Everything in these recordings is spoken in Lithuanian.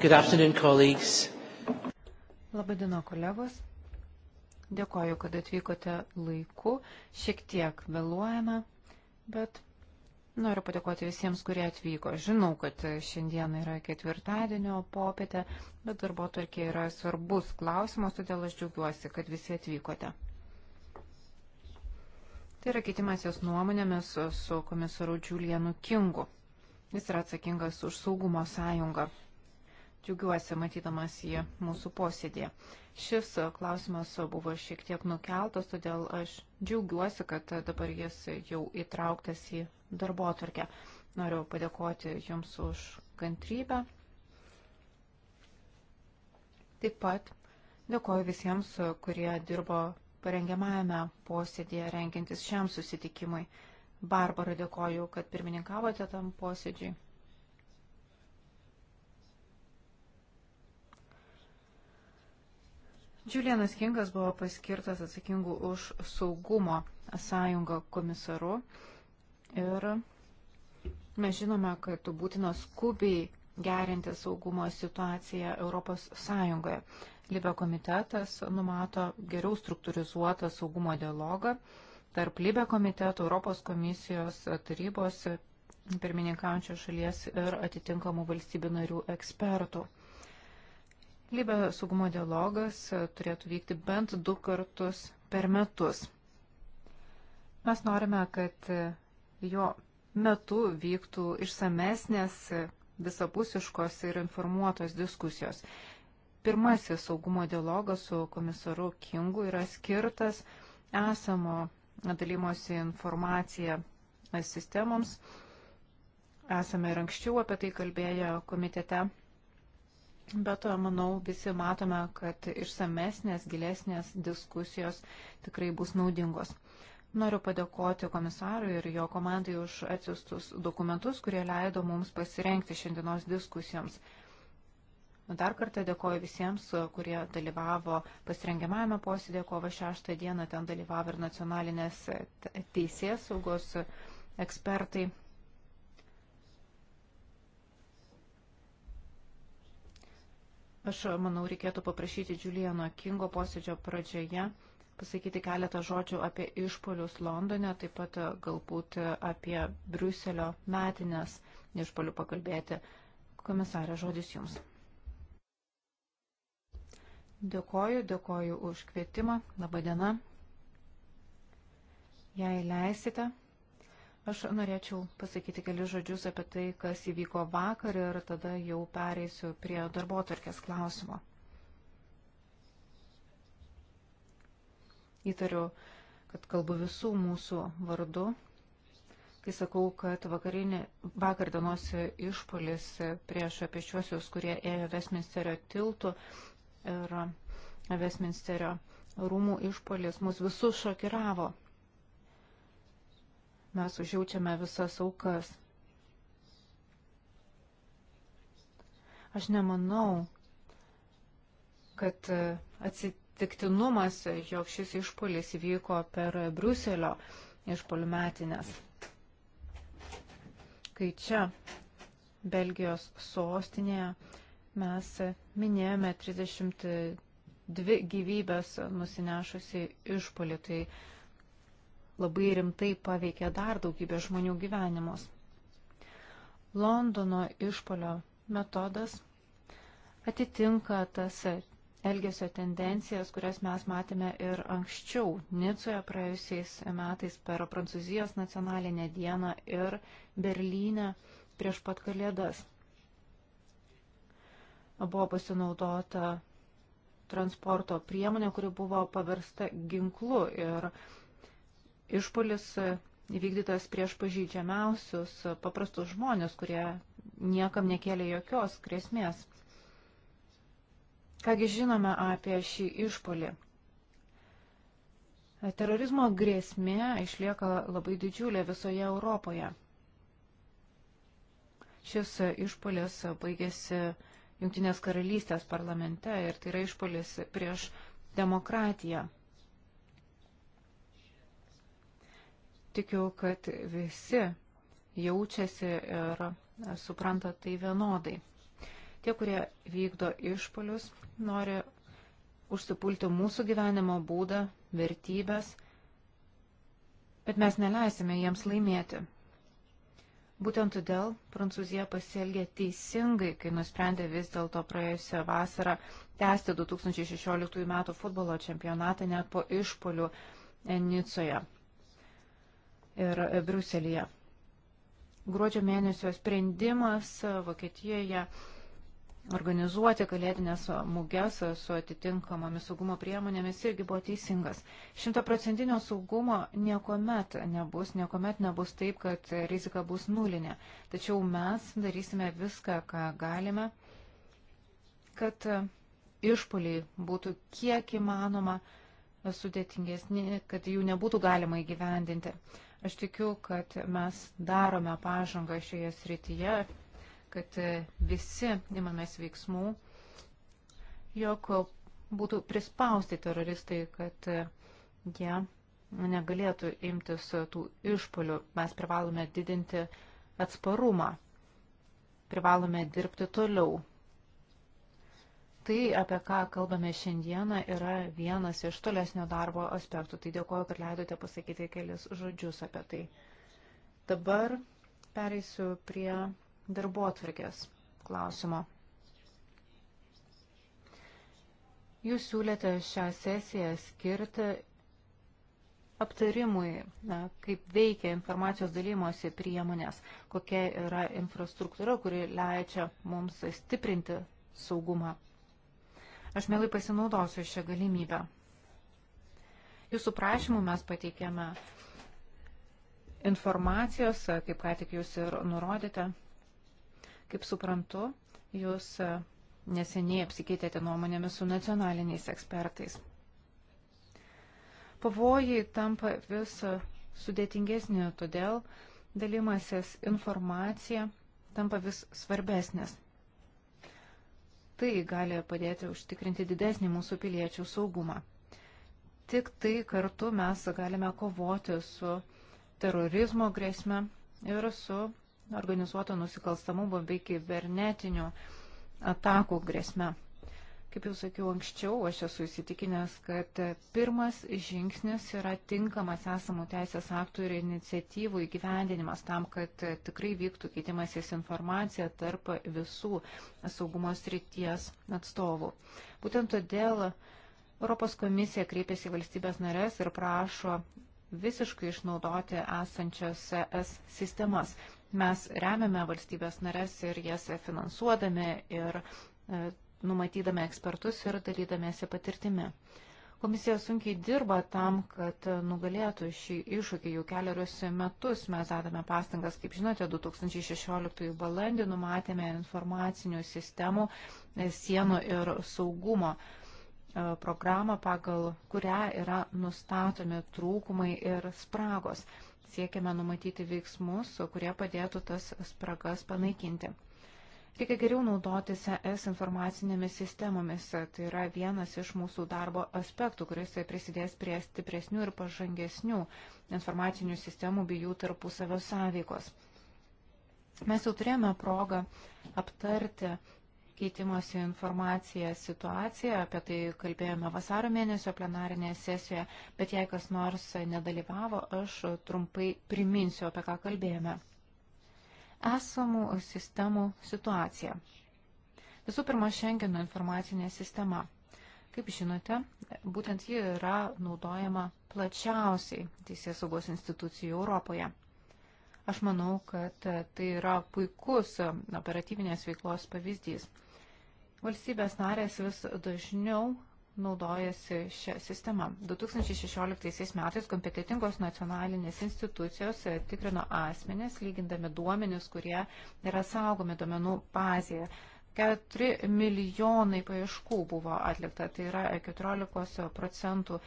Good afternoon, colleagues. Labadiena, kolegos. Dėkoju, kad atvykote laiku. Šiek tiek vėluojame, bet noriu padėkoti visiems, kurie atvyko. Žinau, kad šiandien yra ketvirtadienio popietė, bet darbo tarkė yra svarbus klausimas, todėl aš džiaugiuosi, kad visi atvykote. Tai yra keitimasis nuomonėmis su komisaru Džiulienu Kingu. Jis yra atsakingas už saugumo sąjungą. Džiugiuosi matydamas jį mūsų posėdėje. Šis klausimas buvo šiek tiek nukeltas, todėl aš džiaugiuosi, kad dabar jis jau įtrauktas į darbo atvarkę. Noriu padėkoti Jums už kantrybę. Taip pat dėkoju visiems, kurie dirbo parengiamajame posėdėje renkintis šiam susitikimui. Barbara, dėkoju, kad pirmininkavote tam posėdžiui. Julianas Kingas buvo paskirtas atsakingų už saugumo sąjungą komisaru ir mes žinome, kad būtina skubiai gerinti saugumo situaciją Europos Sąjungoje. Libė komitetas numato geriau struktūrizuotą saugumo dialogą tarp Libė komiteto, Europos komisijos, tarybos pirmininkaujančios šalies ir atitinkamų valstybių narių ekspertų. Libė saugumo dialogas turėtų vykti bent du kartus per metus. Mes norime, kad jo metu vyktų išsamesnės, visapusiškos ir informuotos diskusijos. Pirmasis saugumo dialogas su komisaru Kingu yra skirtas esamo dalymosi informacija sistemoms. Esame ir anksčiau apie tai kalbėję komitete. Bet manau, visi matome, kad išsamesnės, gilesnės diskusijos tikrai bus naudingos. Noriu padėkoti komisarui ir jo komandai už atsiustus dokumentus, kurie leido mums pasirengti šiandienos diskusijoms. Nu, dar kartą dėkoju visiems, kurie dalyvavo pasirengiamame posėdėje kovo 6 dieną, ten dalyvavo ir nacionalinės teisės saugos ekspertai. Aš manau, reikėtų paprašyti Juliano Kingo posėdžio pradžioje pasakyti keletą žodžių apie išpolius Londone, taip pat galbūt apie Briuselio metinės išpolių pakalbėti. Komisarė, žodis jums. Dėkoju, dėkoju už kvietimą. Labadiena. Jei leisite, aš norėčiau pasakyti keli žodžius apie tai, kas įvyko vakar ir tada jau pereisiu prie darbo tarkės klausimo. Įtariu, kad kalbu visų mūsų vardu, kai sakau, kad vakarinė, vakar dienos išpolis prieš pešiuosius, kurie ėjo Vesminsterio tiltų, ir Westminsterio rūmų išpolis mus visus šokiravo. Mes užjaučiame visas aukas. Aš nemanau, kad atsitiktinumas, jog šis išpolis įvyko per Bruselio išpolių metinės. Kai čia, Belgijos sostinėje, mes minėjome 32 gyvybės nusinešusi išpolį, tai labai rimtai paveikė dar daugybė žmonių gyvenimus. Londono išpolio metodas atitinka tas elgesio tendencijas, kurias mes matėme ir anksčiau Nicoje praėjusiais metais per Prancūzijos nacionalinę dieną ir Berlyne prieš pat kalėdas buvo pasinaudota transporto priemonė, kuri buvo paversta ginklu ir išpolis įvykdytas prieš pažydžiamiausius paprastus žmonės, kurie niekam nekėlė jokios grėsmės. Kągi žinome apie šį išpolį? Terorizmo grėsmė išlieka labai didžiulė visoje Europoje. Šis išpolis baigėsi Junktinės karalystės parlamente ir tai yra išpolis prieš demokratiją. Tikiu, kad visi jaučiasi ir supranta tai vienodai. Tie, kurie vykdo išpolius, nori užsipulti mūsų gyvenimo būdą, vertybės, bet mes neleisime jiems laimėti. Būtent todėl Prancūzija pasielgė teisingai, kai nusprendė vis dėlto praėjusią vasarą tęsti 2016 m. futbolo čempionatą net po išpolių Nicoje ir Bruselėje. Gruodžio mėnesio sprendimas Vokietijoje organizuoti kalėdinės muges su atitinkamomis saugumo priemonėmis irgi buvo teisingas. Šimtaprocentinio saugumo niekuomet nebus, niekuomet nebus taip, kad rizika bus nulinė. Tačiau mes darysime viską, ką galime, kad išpoliai būtų kiek įmanoma sudėtingesni, kad jų nebūtų galima įgyvendinti. Aš tikiu, kad mes darome pažangą šioje srityje kad e, visi imamės veiksmų, jog būtų prispausti teroristai, kad e, jie negalėtų imtis tų išpolių. Mes privalome didinti atsparumą, privalome dirbti toliau. Tai, apie ką kalbame šiandieną, yra vienas iš tolesnio darbo aspektų. Tai dėkoju, kad leidote pasakyti kelis žodžius apie tai. Dabar pereisiu prie darbo atvarkės klausimo. Jūs siūlėte šią sesiją skirti aptarimui, na, kaip veikia informacijos dalymosi priemonės, kokia yra infrastruktūra, kuri leidžia mums stiprinti saugumą. Aš mielai pasinaudosiu šią galimybę. Jūsų prašymų mes pateikėme informacijos, kaip ką tik jūs ir nurodėte, Kaip suprantu, jūs e, neseniai apsikeitėte nuomonėmis su nacionaliniais ekspertais. Pavojai tampa vis e, sudėtingesnė, todėl dalimasis informacija tampa vis svarbesnės. Tai gali padėti užtikrinti didesnį mūsų piliečių saugumą. Tik tai kartu mes galime kovoti su terorizmo grėsme ir su organizuoto nusikalstamumo bei kibernetinių atakų grėsme. Kaip jau sakiau anksčiau, aš esu įsitikinęs, kad pirmas žingsnis yra tinkamas esamų teisės aktų ir iniciatyvų įgyvendinimas tam, kad tikrai vyktų keitimasis informacija tarp visų saugumo srities atstovų. Būtent todėl Europos komisija kreipėsi valstybės narės ir prašo visiškai išnaudoti esančias ES sistemas. Mes remiame valstybės narės ir jas finansuodami ir e, numatydami ekspertus ir dalydamėsi patirtimi. Komisija sunkiai dirba tam, kad nugalėtų šį iššūkį. Jau keliarius metus mes dedame pastangas, kaip žinote, 2016 balandį numatėme informacinių sistemų e, sienų ir saugumo e, programą, pagal kurią yra nustatomi trūkumai ir spragos siekiame numatyti veiksmus, kurie padėtų tas spragas panaikinti. Reikia geriau naudotis ES informacinėmis sistemomis. Tai yra vienas iš mūsų darbo aspektų, kuris prisidės prie stipresnių ir pažangesnių informacinių sistemų bei jų tarpusavio sąveikos. Mes jau turėjome progą aptarti keitimosi informacija situacija, apie tai kalbėjome vasaro mėnesio plenarinėje sesijoje, bet jei kas nors nedalyvavo, aš trumpai priminsiu, apie ką kalbėjome. Esamų sistemų situacija. Visų pirma, Šengeno informacinė sistema. Kaip žinote, būtent ji yra naudojama plačiausiai Teisės saugos institucijų Europoje. Aš manau, kad tai yra puikus operatyvinės veiklos pavyzdys. Valstybės narės vis dažniau naudojasi šią sistemą. 2016 metais kompetitingos nacionalinės institucijos e, tikrino asmenės, lygindami duomenis, kurie yra saugomi duomenų bazėje. 4 milijonai paieškų buvo atlikta, tai yra 14 e, procentų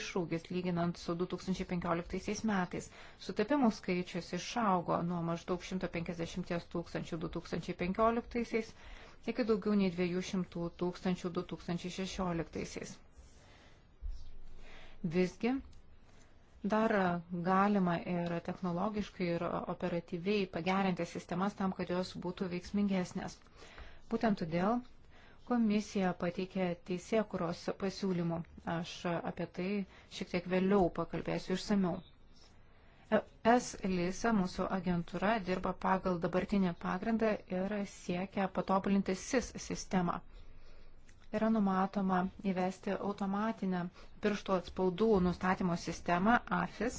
išrūgis lyginant su 2015 metais. Sutapimų skaičius išaugo nuo maždaug 150 tūkstančių 2015 iki daugiau nei 200 tūkstančių 2016. Visgi dar galima ir technologiškai ir operatyviai pagerinti sistemas tam, kad jos būtų veiksmingesnės. Būtent todėl komisija pateikė teisėkuros pasiūlymų. Aš apie tai šiek tiek vėliau pakalbėsiu išsameu. ES Lysa, mūsų agentūra, dirba pagal dabartinį pagrindą ir siekia patobulinti SIS sistemą. Yra numatoma įvesti automatinę pirštų atspaudų nustatymo sistemą AFIS,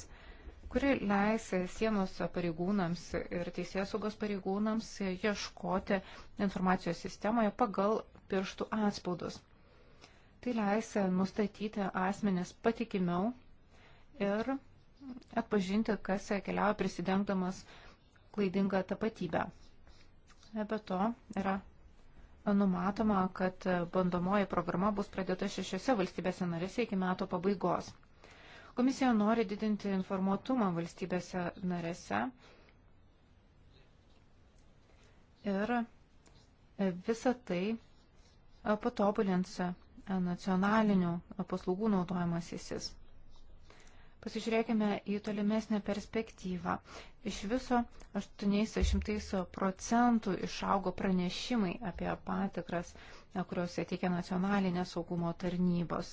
kuri leis sienos pareigūnams ir teisės saugos pareigūnams ieškoti informacijos sistemoje pagal pirštų atspaudus. Tai leis nustatyti asmenis patikimiau ir atpažinti, kas keliauja prisidengdamas klaidingą tapatybę. Be to yra numatoma, kad bandomoji programa bus pradėta šešiose valstybėse narėse iki metų pabaigos. Komisija nori didinti informuotumą valstybėse narėse ir visą tai patobulins nacionalinių paslaugų naudojimas įsis. Pasižiūrėkime į tolimesnę perspektyvą. Iš viso 800 procentų išaugo pranešimai apie patikras, kuriuose teikia nacionalinės saugumo tarnybos.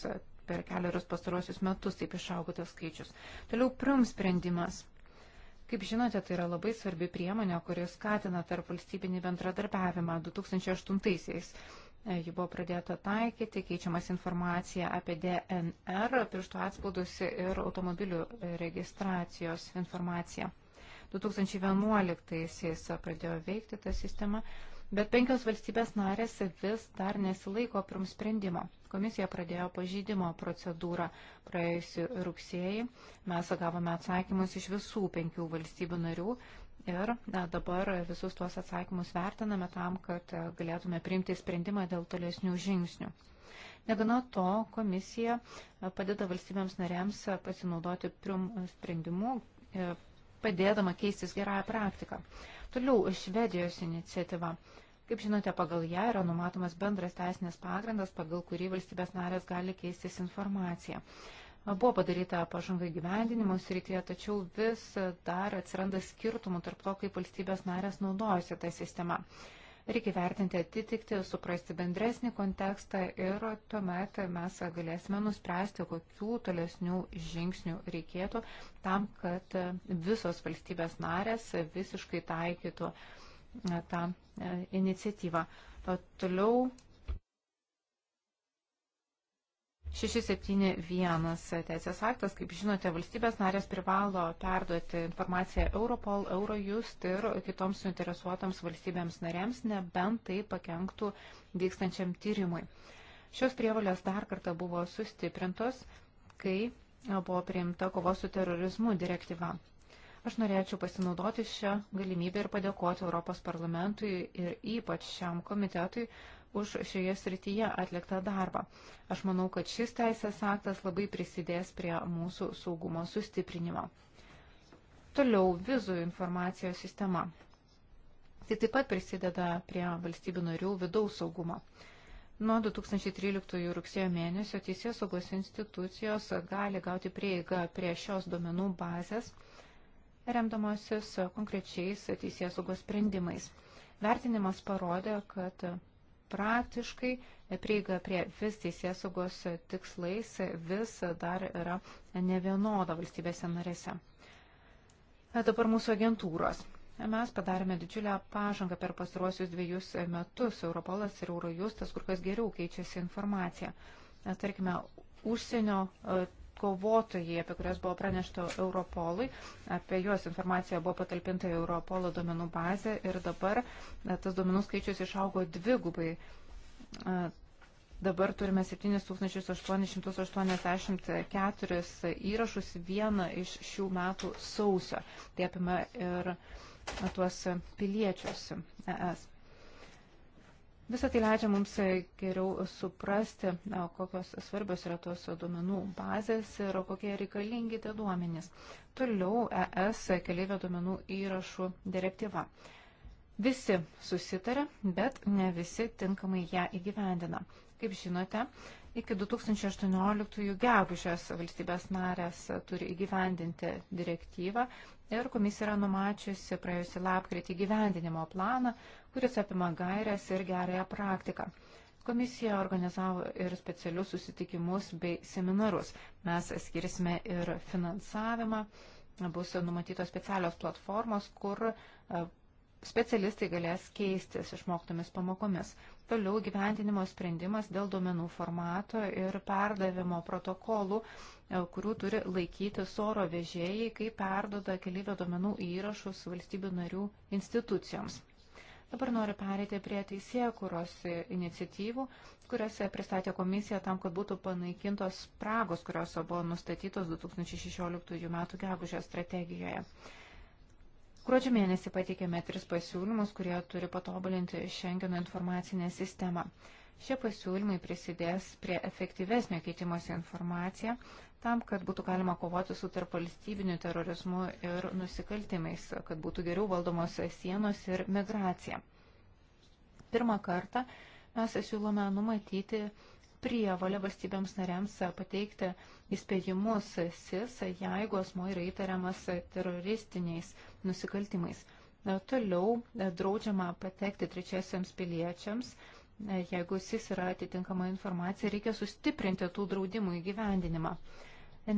Per keliarius pastarosius metus taip išaugo tas skaičius. Toliau prim sprendimas. Kaip žinote, tai yra labai svarbi priemonė, kuris skatina tarp valstybinį bendradarbiavimą 2008-aisiais. E, ji buvo pradėta taikyti, keičiamas informacija apie DNR, pirštų atspaudus ir automobilių registracijos informaciją. 2011-aisiais pradėjo veikti ta sistema, bet penkios valstybės narės vis dar nesilaiko prim sprendimo. Komisija pradėjo pažydimo procedūrą praėjusiu rugsėjį. Mes gavome atsakymus iš visų penkių valstybių narių Ir dabar visus tuos atsakymus vertiname tam, kad galėtume priimti sprendimą dėl tolesnių žingsnių. Negana to, komisija padeda valstybėms narėms pasinaudoti prim sprendimu, e, padėdama keistis gerąją praktiką. Toliau Švedijos iniciatyva. Kaip žinote, pagal ją yra numatomas bendras teisinės pagrindas, pagal kurį valstybės narės gali keistis informaciją. Buvo padaryta pažanga gyvendinimo srityje, tačiau vis dar atsiranda skirtumų tarp to, kaip valstybės narės naudojasi tą sistemą. Reikia vertinti atitikti, suprasti bendresnį kontekstą ir tuomet mes galėsime nuspręsti, kokių tolesnių žingsnių reikėtų tam, kad visos valstybės narės visiškai taikytų tą e, iniciatyvą. Toliau 671 teisės aktas, kaip žinote, valstybės narės privalo perduoti informaciją Europol, Eurojust ir kitoms suinteresuotams valstybėms narėms, nebent tai pakenktų vykstančiam tyrimui. Šios prievalės dar kartą buvo sustiprintos, kai buvo priimta kovos su terorizmu direktyva. Aš norėčiau pasinaudoti šią galimybę ir padėkoti Europos parlamentui ir ypač šiam komitetui už šioje srityje atliktą darbą. Aš manau, kad šis teisės aktas labai prisidės prie mūsų saugumo sustiprinimo. Toliau vizų informacijos sistema. Tai taip pat prisideda prie valstybių narių vidaus saugumo. Nuo 2013 rugsėjo mėnesio teisės saugos institucijos gali gauti prieigą prie šios duomenų bazės, remdamosis konkrečiais teisės saugos sprendimais. Vertinimas parodė, kad Praktiškai prieiga prie vis teisės saugos tikslais vis dar yra nevienoda valstybėse narėse. Dabar mūsų agentūros. Mes padarėme didžiulę pažangą per pastaruosius dviejus metus. Europolas ir Eurojustas kur kas geriau keičiasi informaciją. Tarkime, užsienio kovotojai, apie kurias buvo pranešta Europolui, apie juos informacija buvo patalpinta į Europolo duomenų bazę ir dabar tas duomenų skaičius išaugo dvi gubai. Dabar turime 7884 įrašus vieną iš šių metų sausio. Tai apima ir tuos piliečius ES. Visą tai leidžia mums e, geriau e, suprasti, kokios svarbios yra tos duomenų bazės ir kokie reikalingi tie duomenys. Toliau ES keliaivio duomenų įrašų direktyva. Visi susitarė, bet ne visi tinkamai ją įgyvendina. Kaip žinote, iki 2018 gegužės valstybės narės turi įgyvendinti direktyvą ir komisija yra numačiusi praėjusi lapkritį gyvendinimo planą, kuris apima gairias ir gerąją praktiką. Komisija organizavo ir specialius susitikimus bei seminarus. Mes skirsime ir finansavimą, bus numatytos specialios platformos, kur e, specialistai galės keistis išmoktomis pamokomis. Toliau gyventinimo sprendimas dėl duomenų formato ir perdavimo protokolų E, kurių turi laikyti oro vežėjai, kai perdoda keliaivio domenų įrašus valstybių narių institucijoms. Dabar noriu pereiti prie teisėkuros iniciatyvų, kurias pristatė komisija tam, kad būtų panaikintos spragos, kurios buvo nustatytos 2016 m. gegužės strategijoje. Gruodžio mėnesį pateikėme tris pasiūlymus, kurie turi patobulinti Schengeno informacinę sistemą. Šie pasiūlymai prisidės prie efektyvesnio keitimosi informacija tam, kad būtų galima kovoti su tarpvalstybiniu terorizmu ir nusikaltimais, kad būtų geriau valdomos sienos ir migracija. Pirmą kartą mes siūlome numatyti prievalę valstybėms nariams pateikti įspėjimus SIS, jeigu asmo yra įtariamas teroristiniais nusikaltimais. Toliau draudžiama patekti trečiasiams piliečiams Jeigu SIS yra atitinkama informacija, reikia sustiprinti tų draudimų įgyvendinimą.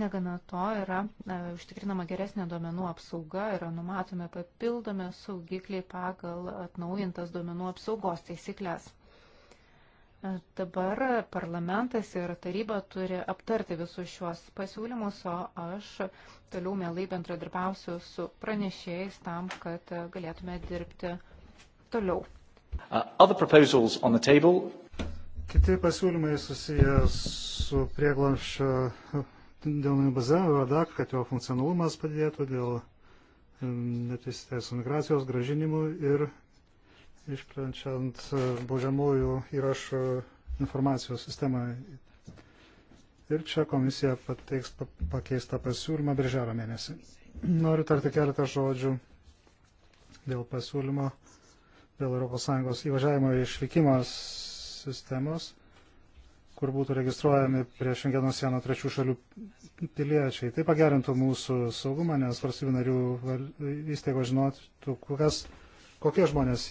Negana to yra na, užtikrinama geresnė duomenų apsauga, yra numatomi papildomi saugikliai pagal atnaujintas duomenų apsaugos taisyklės. E, dabar parlamentas ir taryba turi aptarti visus šiuos pasiūlymus, o aš toliau mielai bendradarbiausiu su pranešėjais tam, kad galėtume dirbti toliau. Uh, Kiti pasiūlymai susiję su prieglanščio dėl nebazavimo DAC, kad jo funkcionalumas padėtų dėl neteisėtės migracijos gražinimų ir išplenčiant e, baudžiamųjų įrašų informacijos sistemą. Ir čia komisija pateiks pakeistą pasiūlymą birželio mėnesį. Noriu tarti keletą žodžių dėl pasiūlymo dėl ES įvažiavimo ir išvykimo sistemos, kur būtų registruojami prie šengeno sienų trečių šalių piliečiai. Tai pagerintų mūsų saugumą, nes valstybių narių įstaigos žinotų, kokias, kokie žmonės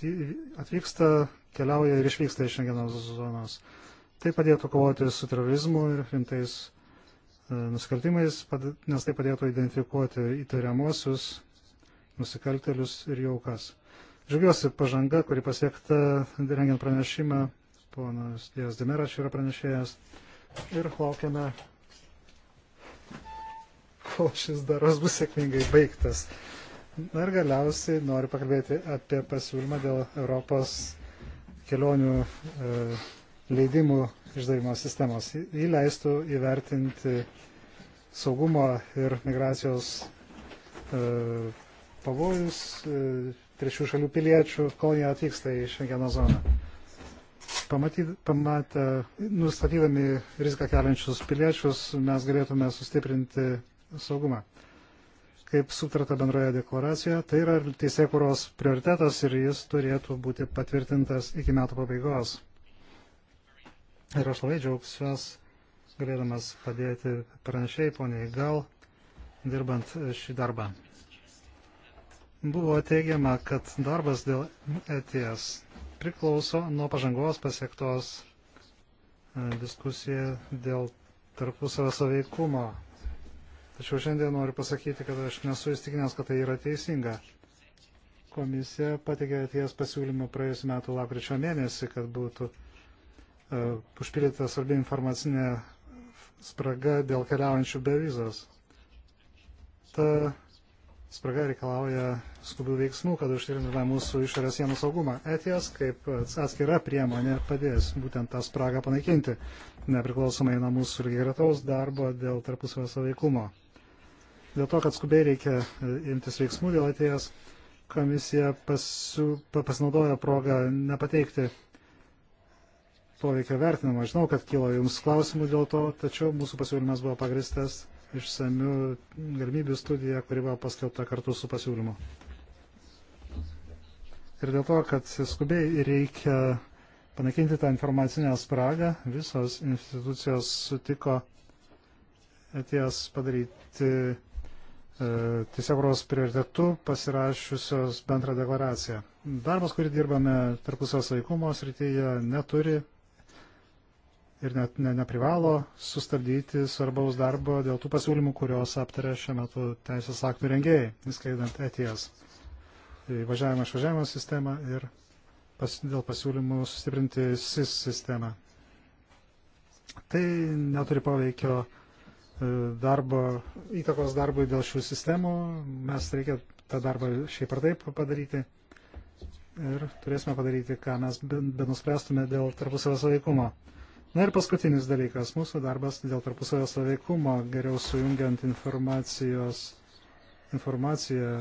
atvyksta, keliauja ir išvyksta iš šengeno zonos. Tai padėtų kovoti su terorizmu ir rimtais e, nusikaltimais, nes tai padėtų identifikuoti įtariamuosius, nusikaltelius ir jaukas. Žiūrėsiu pažanga, kuri pasiekta rengiant pranešimą. Ponas Dijas Dimeras yra pranešėjas. Ir laukiame, kol šis daros bus sėkmingai baigtas. Na ir galiausiai noriu pakalbėti apie pasiūlymą dėl Europos kelionių e, leidimų išdavimo sistemos. Jį leistų įvertinti saugumo ir migracijos e, pavojus, e, trečių šalių piliečių, kol jie atvyksta į Šengeno zoną. Pamatyt, pamatę, nustatydami riziką keliančius piliečius, mes galėtume sustiprinti saugumą. Kaip sutarta bendroje deklaracijoje, tai yra teisėkuros prioritetas ir jis turėtų būti patvirtintas iki metų pabaigos. Ir aš labai džiaugsiuos, galėdamas padėti pranešėjai poniai gal, dirbant šį darbą. Buvo teigiama, kad darbas dėl ETS priklauso nuo pažangos pasiektos e, diskusija dėl tarpusavio saveikumo. Tačiau šiandien noriu pasakyti, kad aš nesu įstikinęs, kad tai yra teisinga. Komisija patikė ateities e pasiūlymą praėjusiu metu lapkričio mėnesį, kad būtų uh, užpildyta svarbi informacinė spraga dėl keliaujančių be vizos. Ta spraga reikalauja skubių veiksmų, kad užtikrintume mūsų išorės sienų saugumą. Etijas kaip atskira priemonė padės būtent tą spragą panaikinti, nepriklausomai nuo mūsų lygigretaus darbo dėl tarpusavio saveikumo. Dėl to, kad skubiai reikia e, imtis veiksmų dėl etijas, komisija pasiu, pasinaudojo progą nepateikti poveikio vertinimo. Žinau, kad kilo jums klausimų dėl to, tačiau mūsų pasiūlymas buvo pagristas išsamių galimybių studiją, kuri buvo paskelbta kartu su pasiūlymu. Ir dėl to, kad skubiai reikia panaikinti tą informacinę spragą, visos institucijos sutiko ties padaryti e, tiesiogros prioritetų pasirašiusios bendrą deklaraciją. Darbas, kurį dirbame tarpusio saikumo srityje, neturi ir net ne, neprivalo sustabdyti svarbaus darbo dėl tų pasiūlymų, kurios aptarė šiuo metu teisės aktų rengėjai, įskaitant ETS. Tai važiavimo išvažiavimo sistemą ir pas, dėl pasiūlymų sustiprinti SIS sistemą. Tai neturi poveikio e, darbo, įtakos darbui dėl šių sistemų. Mes reikia tą darbą šiaip ar taip padaryti ir turėsime padaryti, ką mes benuspręstume dėl tarpusavio saveikumo. Na ir paskutinis dalykas - mūsų darbas dėl tarpusavio saveikumo, geriau sujungiant informacijos, informaciją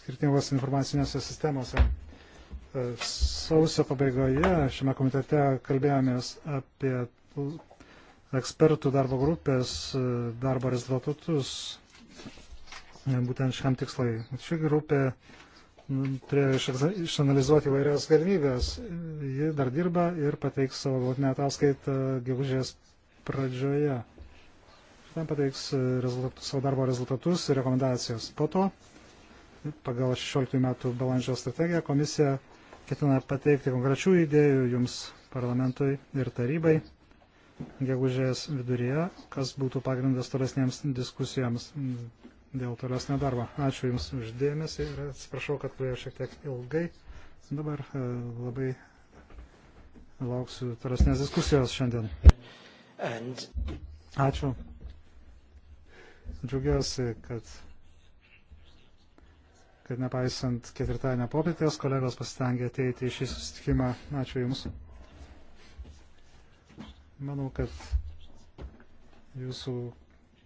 skirtingos informacinėse sistemose. E, sausio pabaigoje šiame komitete kalbėjomės apie ekspertų darbo grupės e, darbo rezultatus e, būtent šiam tikslai. Ši grupė Nu, turėjo išanalizuoti vairias galimybės. Ji dar dirba ir pateiks savo galutinę ataskaitą gegužės pradžioje. Ten pateiks e, rezultatus, savo darbo rezultatus ir rekomendacijas. Po to, pagal 16 metų balandžio strategiją, komisija ketina pateikti konkrečių idėjų jums parlamentui ir tarybai gegužės viduryje, kas būtų pagrindas tolesniems diskusijams dėl tolesnio darbo. Ačiū Jums uždėmesį ir atsiprašau, kad praėjau šiek tiek ilgai. Dabar e, labai lauksiu tolesnės diskusijos šiandien. And... Ačiū. Džiaugiuosi, kad, kad nepaisant ketvirtadienio popietės, kolegos pasitengė ateiti į šį susitikimą. Ačiū Jums. Manau, kad jūsų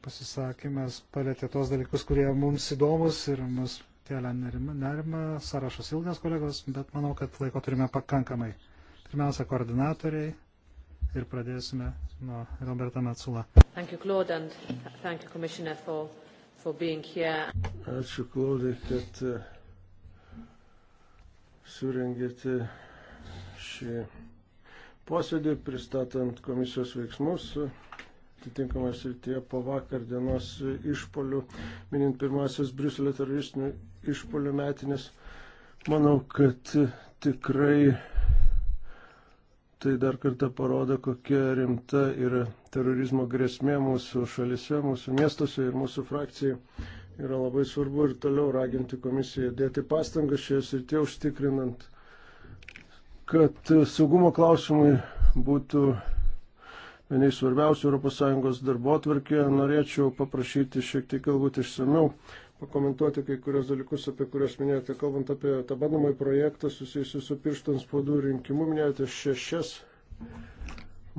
pasisakymas palėtė tos dalykus, kurie mums įdomus ir mus kelia nerima. Sąrašas ilgas, kolegos, bet manau, kad laiko turime pakankamai. Pirmiausia, koordinatoriai ir pradėsime nuo Roberta Matsula. Ačiū, Claude, and thank you, Commissioner, for, for being here. Ačiū, Claude, kad uh, surengėte šį posėdį pristatant komisijos veiksmus atitinkamą srityje po vakar dienos išpolių, minint pirmasis Briuselio teroristinių išpolių metinės. Manau, kad tikrai tai dar kartą parodo, kokia rimta yra terorizmo grėsmė mūsų šalise, mūsų miestuose ir mūsų frakcijai. Yra labai svarbu ir toliau raginti komisiją dėti pastangas šioje srityje užtikrinant, kad saugumo klausimai būtų vieniai svarbiausių ES darbo atvarkė. Norėčiau paprašyti šiek tiek galbūt išsamiau pakomentuoti kai kurios dalykus, apie kuriuos minėjote, kalbant apie tą bandomąjį projektą susijusiu su pirštant spaudų rinkimu, minėjote šešias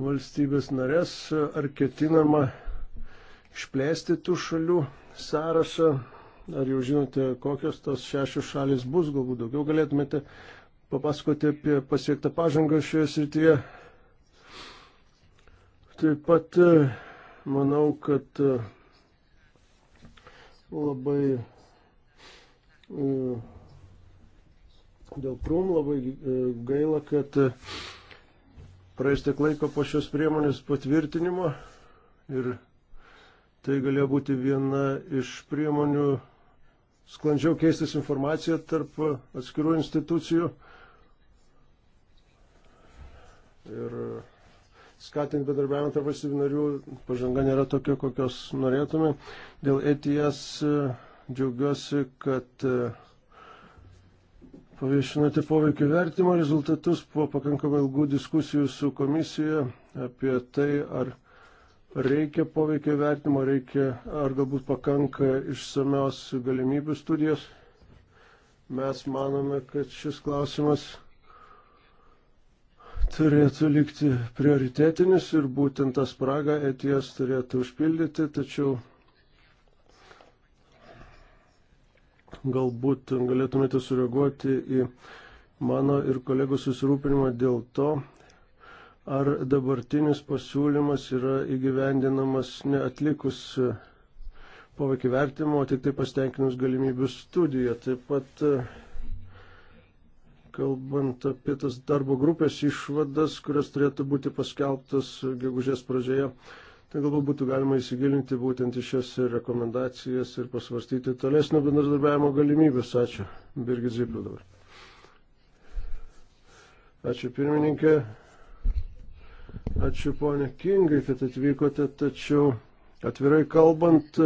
valstybės narės, ar ketinama išplėsti tų šalių sąrašą, ar jau žinote, kokios tos šešios šalis bus, galbūt daugiau galėtumėte papasakoti apie pasiektą pažangą šioje srityje. Taip pat e, manau, kad e, labai e, dėl prūm labai gaila, kad praeis tiek laiko po šios priemonės patvirtinimo ir tai galėjo būti viena iš priemonių sklandžiau keistis informaciją tarp atskirų institucijų. Ir skatinti bedarbiavimą tarp valstybių narių, pažanga nėra tokia, kokios norėtume. Dėl ETS e, džiaugiuosi, kad e, paviešinote poveikio vertimo rezultatus po pakankamai ilgų diskusijų su komisija apie tai, ar reikia poveikio vertimo, reikia, ar galbūt pakanka išsamios galimybių studijos. Mes manome, kad šis klausimas turėtų likti prioritetinis ir būtent tą spragą ETS turėtų užpildyti, tačiau galbūt galėtumėte sureaguoti į mano ir kolegų susirūpinimą dėl to, ar dabartinis pasiūlymas yra įgyvendinamas neatlikus poveikį vertimo, tik tai pastenkinus galimybių studiją. Taip pat kalbant apie tas darbo grupės išvadas, kurios turėtų būti paskelbtas gegužės pradžioje, tai galbūt būtų galima įsigilinti būtent į šias rekomendacijas ir pasvarstyti tolesnio bendradarbiavimo galimybės. Ačiū. Birgit Zipliu dabar. Ačiū pirmininkė. Ačiū ponė Kingai, kad atvykote, tačiau atvirai kalbant,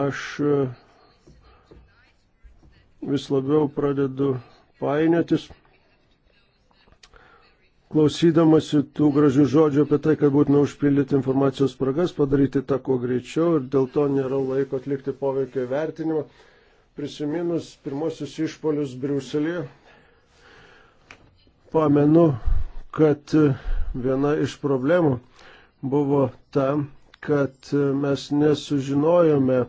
aš vis labiau pradedu painiotis. Klausydamasi tų gražių žodžių apie tai, kad būtina užpildyti informacijos spragas, padaryti tą kuo greičiau ir dėl to nėra laiko atlikti poveikio vertinimą, prisiminus pirmosius išpolius Briuselėje, pamenu, kad viena iš problemų buvo ta, kad mes nesužinojome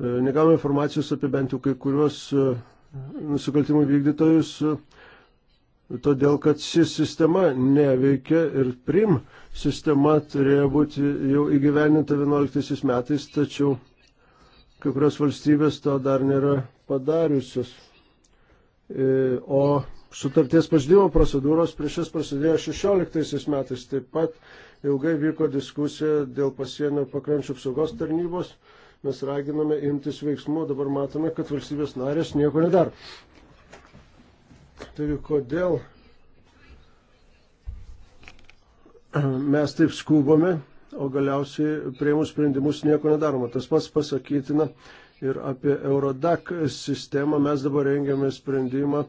negavome informacijos apie bent jau kai kuriuos nusikaltimų vykdytojus, todėl kad ši sistema neveikia ir prim sistema turėjo būti jau įgyveninta 11 metais, tačiau kai kurios valstybės to dar nėra padariusios. E, o sutarties pažydimo procedūros prieš jas prasidėjo 16 metais. Taip pat ilgai vyko diskusija dėl pasienio pakrančių apsaugos tarnybos mes raginame imtis veiksmų, dabar matome, kad valstybės narės nieko nedaro. Taigi kodėl mes taip skubame, o galiausiai prieimus sprendimus nieko nedaroma. Tas pats pasakytina ir apie Eurodac sistemą. Mes dabar rengiame sprendimą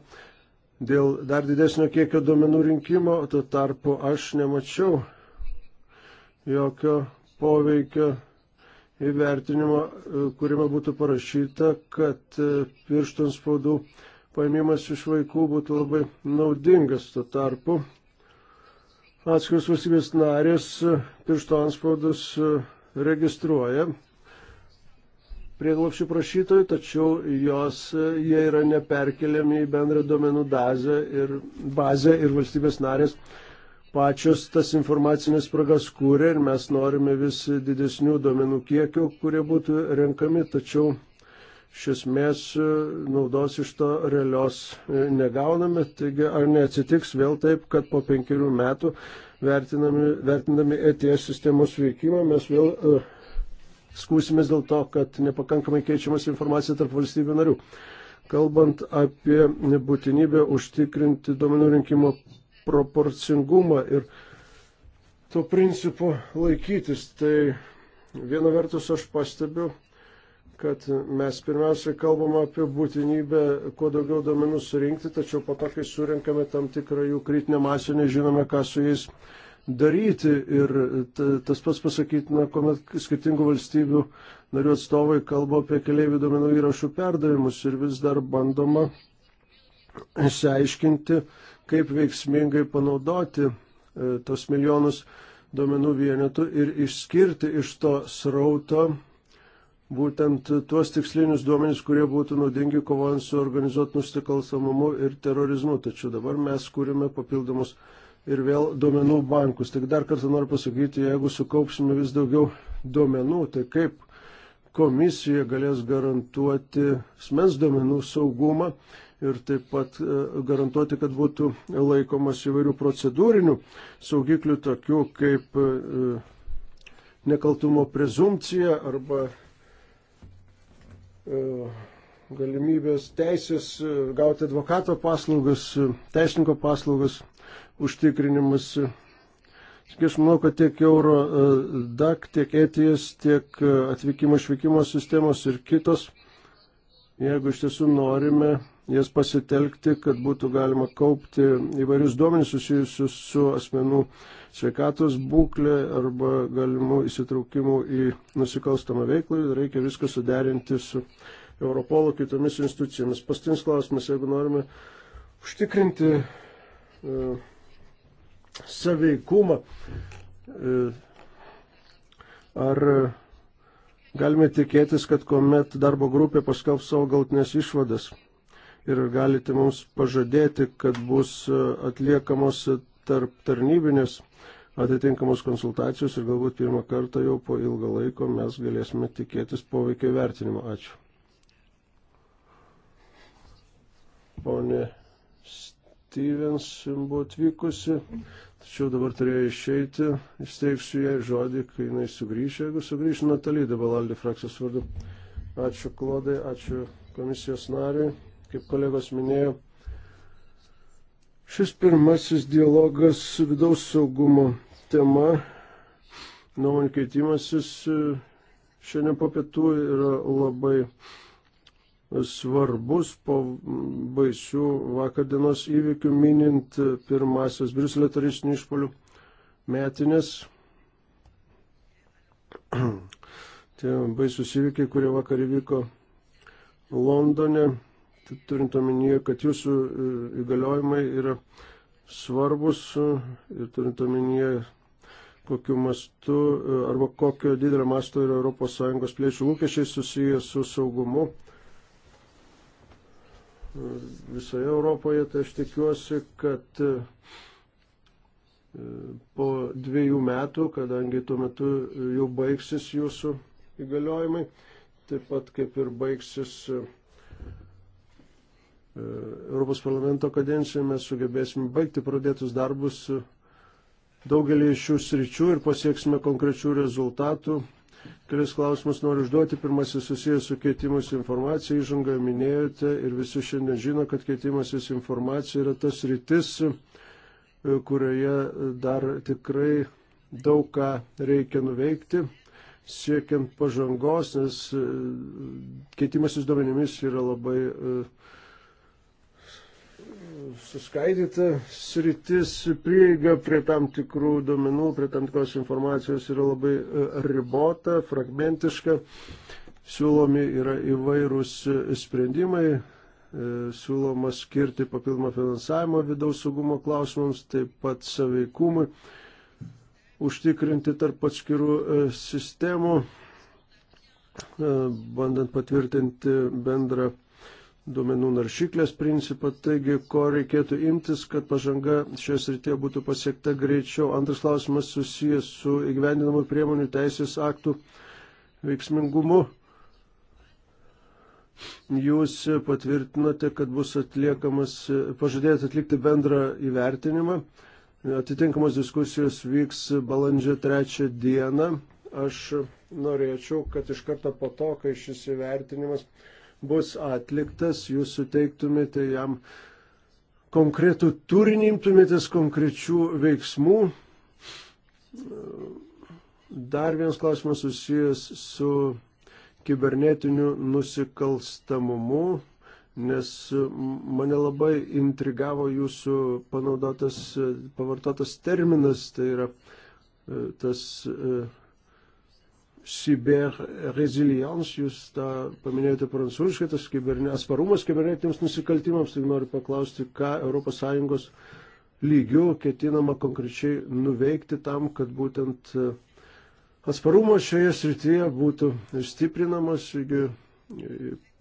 dėl dar didesnio kiekio duomenų rinkimo, o tuo tarpu aš nemačiau jokio poveikio įvertinimo, e, kuriame būtų parašyta, kad e, pirštų spaudų paėmimas iš vaikų būtų labai naudingas. Tuo tarpu atskiros valstybės narės e, pirštų anspaudus registruoja prieglopšių prašytojų, tačiau jos, jie yra neperkeliami į bendrą duomenų bazę ir, bazę ir valstybės narės pačios tas informacinės spragas kūrė ir mes norime vis didesnių duomenų kiekių, kurie būtų renkami, tačiau iš esmės e, naudos iš to realios e, negauname. Taigi ar neatsitiks vėl taip, kad po penkerių metų vertinami, vertinami ETS sistemos veikimą mes vėl uh, e, skūsimės dėl to, kad nepakankamai keičiamas informacija tarp valstybių narių. Kalbant apie būtinybę užtikrinti duomenų rinkimo proporcingumą ir to principo laikytis. Tai viena vertus aš pastebiu, kad mes pirmiausiai kalbame apie būtinybę kuo daugiau domenų surinkti, tačiau po to, kai surinkame tam tikrą jų kritinę masę, nežinome, ką su jais daryti. Ir tas pats pasakytina, kuomet skirtingų valstybių narių atstovai kalba apie keliaivių domenų įrašų perdavimus ir vis dar bandoma išsiaiškinti, kaip veiksmingai panaudoti e, tos milijonus duomenų vienetų ir išskirti iš to srauto būtent tuos tikslinius duomenys, kurie būtų naudingi kovojant su organizuotų nusikalstamumu ir terorizmu. Tačiau dabar mes kūrime papildomus ir vėl duomenų bankus. Tik dar kartą noriu pasakyti, jeigu sukaupsime vis daugiau duomenų, tai kaip komisija galės garantuoti smens duomenų saugumą, ir taip pat e, garantuoti, kad būtų laikomas įvairių procedūrinių saugiklių, tokių kaip e, nekaltumo prezumcija arba e, galimybės teisės gauti advokato paslaugas, teisininko paslaugas užtikrinimas. Aš manau, kad tiek Eurodak, tiek Etijas, tiek atvykimo išvykimo sistemos ir kitos, jeigu iš tiesų norime jas pasitelkti, kad būtų galima kaupti įvairius duomenys susijusius su asmenų sveikatos būklė arba galimų įsitraukimų į nusikalstamą veiklą. Reikia viską suderinti su Europolo kitomis institucijomis. Pastinis klausimas, jeigu norime užtikrinti e, saveikumą, e, ar galime tikėtis, kad kuomet darbo grupė paskelbs savo galtinės išvadas ir galite mums pažadėti, kad bus e, atliekamos tarp tarnybinės atitinkamos konsultacijos ir galbūt pirmą kartą jau po ilgą laiko mes galėsime tikėtis poveikio vertinimo. Ačiū. Pone Stevens buvo atvykusi, tačiau dabar turėjo išeiti. Įsteigsiu jai žodį, kai jinai sugrįš, jeigu sugrįš Natalija Balaldė frakcijos vardu. Ačiū Klodai, ačiū komisijos nariui. Kaip kolegos minėjo, šis pirmasis dialogas su vidaus saugumo tema, nuomonių keitimasis e, šiandien po pietų yra labai svarbus po baisių vakar dienos įvykių minint pirmasis Briuselio teroristinių išpolių metinės. Tie baisus įvykiai, kurie vakar įvyko Londone, turint omenyje, kad jūsų e, įgaliojimai yra svarbus e, ir turint omenyje, kokiu mastu e, arba kokio didelio masto yra ES plėčių lūkesčiai susijęs su saugumu visoje Europoje, tai aš tikiuosi, kad po dviejų metų, kadangi tuo metu jau baigsis jūsų įgaliojimai, taip pat kaip ir baigsis Europos parlamento kadencijoje mes sugebėsime baigti pradėtus darbus daugelį iš šių sričių ir pasieksime konkrečių rezultatų. Kelis klausimus noriu užduoti. Pirmasis susijęs su keitimus informacija. Įžangą minėjote ir visi šiandien žino, kad keitimasis informacija yra tas rytis, kurioje dar tikrai daug ką reikia nuveikti siekiant pažangos, nes keitimasis duomenimis yra labai uh, suskaidyta sritis, prieiga prie tam tikrų duomenų, prie tam tikros informacijos yra labai e, ribota, fragmentiška, siūlomi yra įvairūs e, sprendimai, e, siūloma skirti papildomą finansavimą vidaus saugumo klausimams, taip pat saveikumui, užtikrinti tarp atskirų sistemų, bandant patvirtinti bendrą duomenų naršyklės principą, taigi ko reikėtų imtis, kad pažanga šioje srityje būtų pasiekta greičiau. Antras klausimas susijęs su įgyvendinamų priemonių teisės aktų veiksmingumu. Jūs patvirtinote, kad bus atliekamas, pažadėjote atlikti bendrą įvertinimą. Atitinkamos diskusijos vyks balandžio trečią dieną. Aš norėčiau, kad iš karto po to, kai šis įvertinimas bus atliktas, jūs suteiktumėte jam konkretų turinį, imtumėtės konkrečių veiksmų. Dar vienas klausimas susijęs su kibernetiniu nusikalstamumu, nes mane labai intrigavo jūsų panaudotas, pavartotas terminas, tai yra e, tas e, Cyber Resilience, jūs tą paminėjote prancūziškai, tas kiberne, atsparumas kibernetiniams nusikaltimams, tai noriu paklausti, ką ES lygių ketinama konkrečiai nuveikti tam, kad būtent e, atsparumas šioje srityje būtų stiprinamas, e,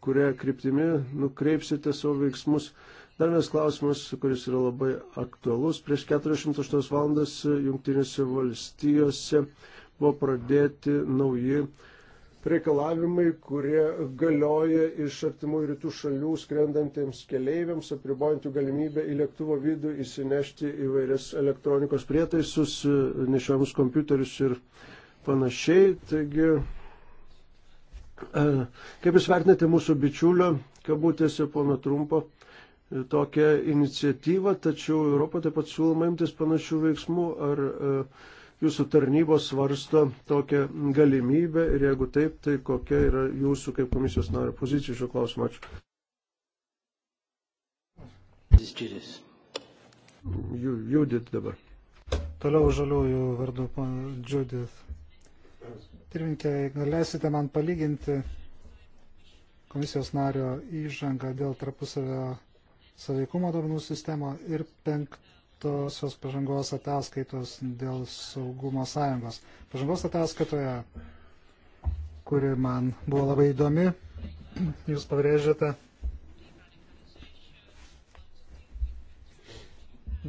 kuria kryptimi nukreipsite savo veiksmus. Dar vienas klausimas, kuris yra labai aktualus. Prieš 48 valandas e, Junktinėse valstijose buvo pradėti nauji reikalavimai, kurie galioja iš artimų rytų šalių skrendantiems keleiviams, apribojant jų galimybę į lėktuvo vidų įsinešti įvairias elektronikos prietaisus, nešiojamus kompiuterius ir panašiai. Taigi, kaip Jūs vertinate mūsų bičiulio, kabutėse pono Trumpo, tokią iniciatyvą, tačiau Europą taip pat siūloma imtis panašių veiksmų, ar jūsų tarnybos svarsto tokią galimybę ir jeigu taip, tai kokia yra jūsų kaip komisijos nario pozicija šio klausimo. Ačiū. Judit dabar. Toliau žaliųjų vardu, Judith. Pirminkė, galėsite man palyginti komisijos nario įžangą dėl tarpusavio saveikumo duomenų sistemo ir penktą paskelbtosios pažangos ataskaitos dėl saugumo sąjungos. Pažangos ataskaitoje, kuri man buvo labai įdomi, jūs pabrėžėte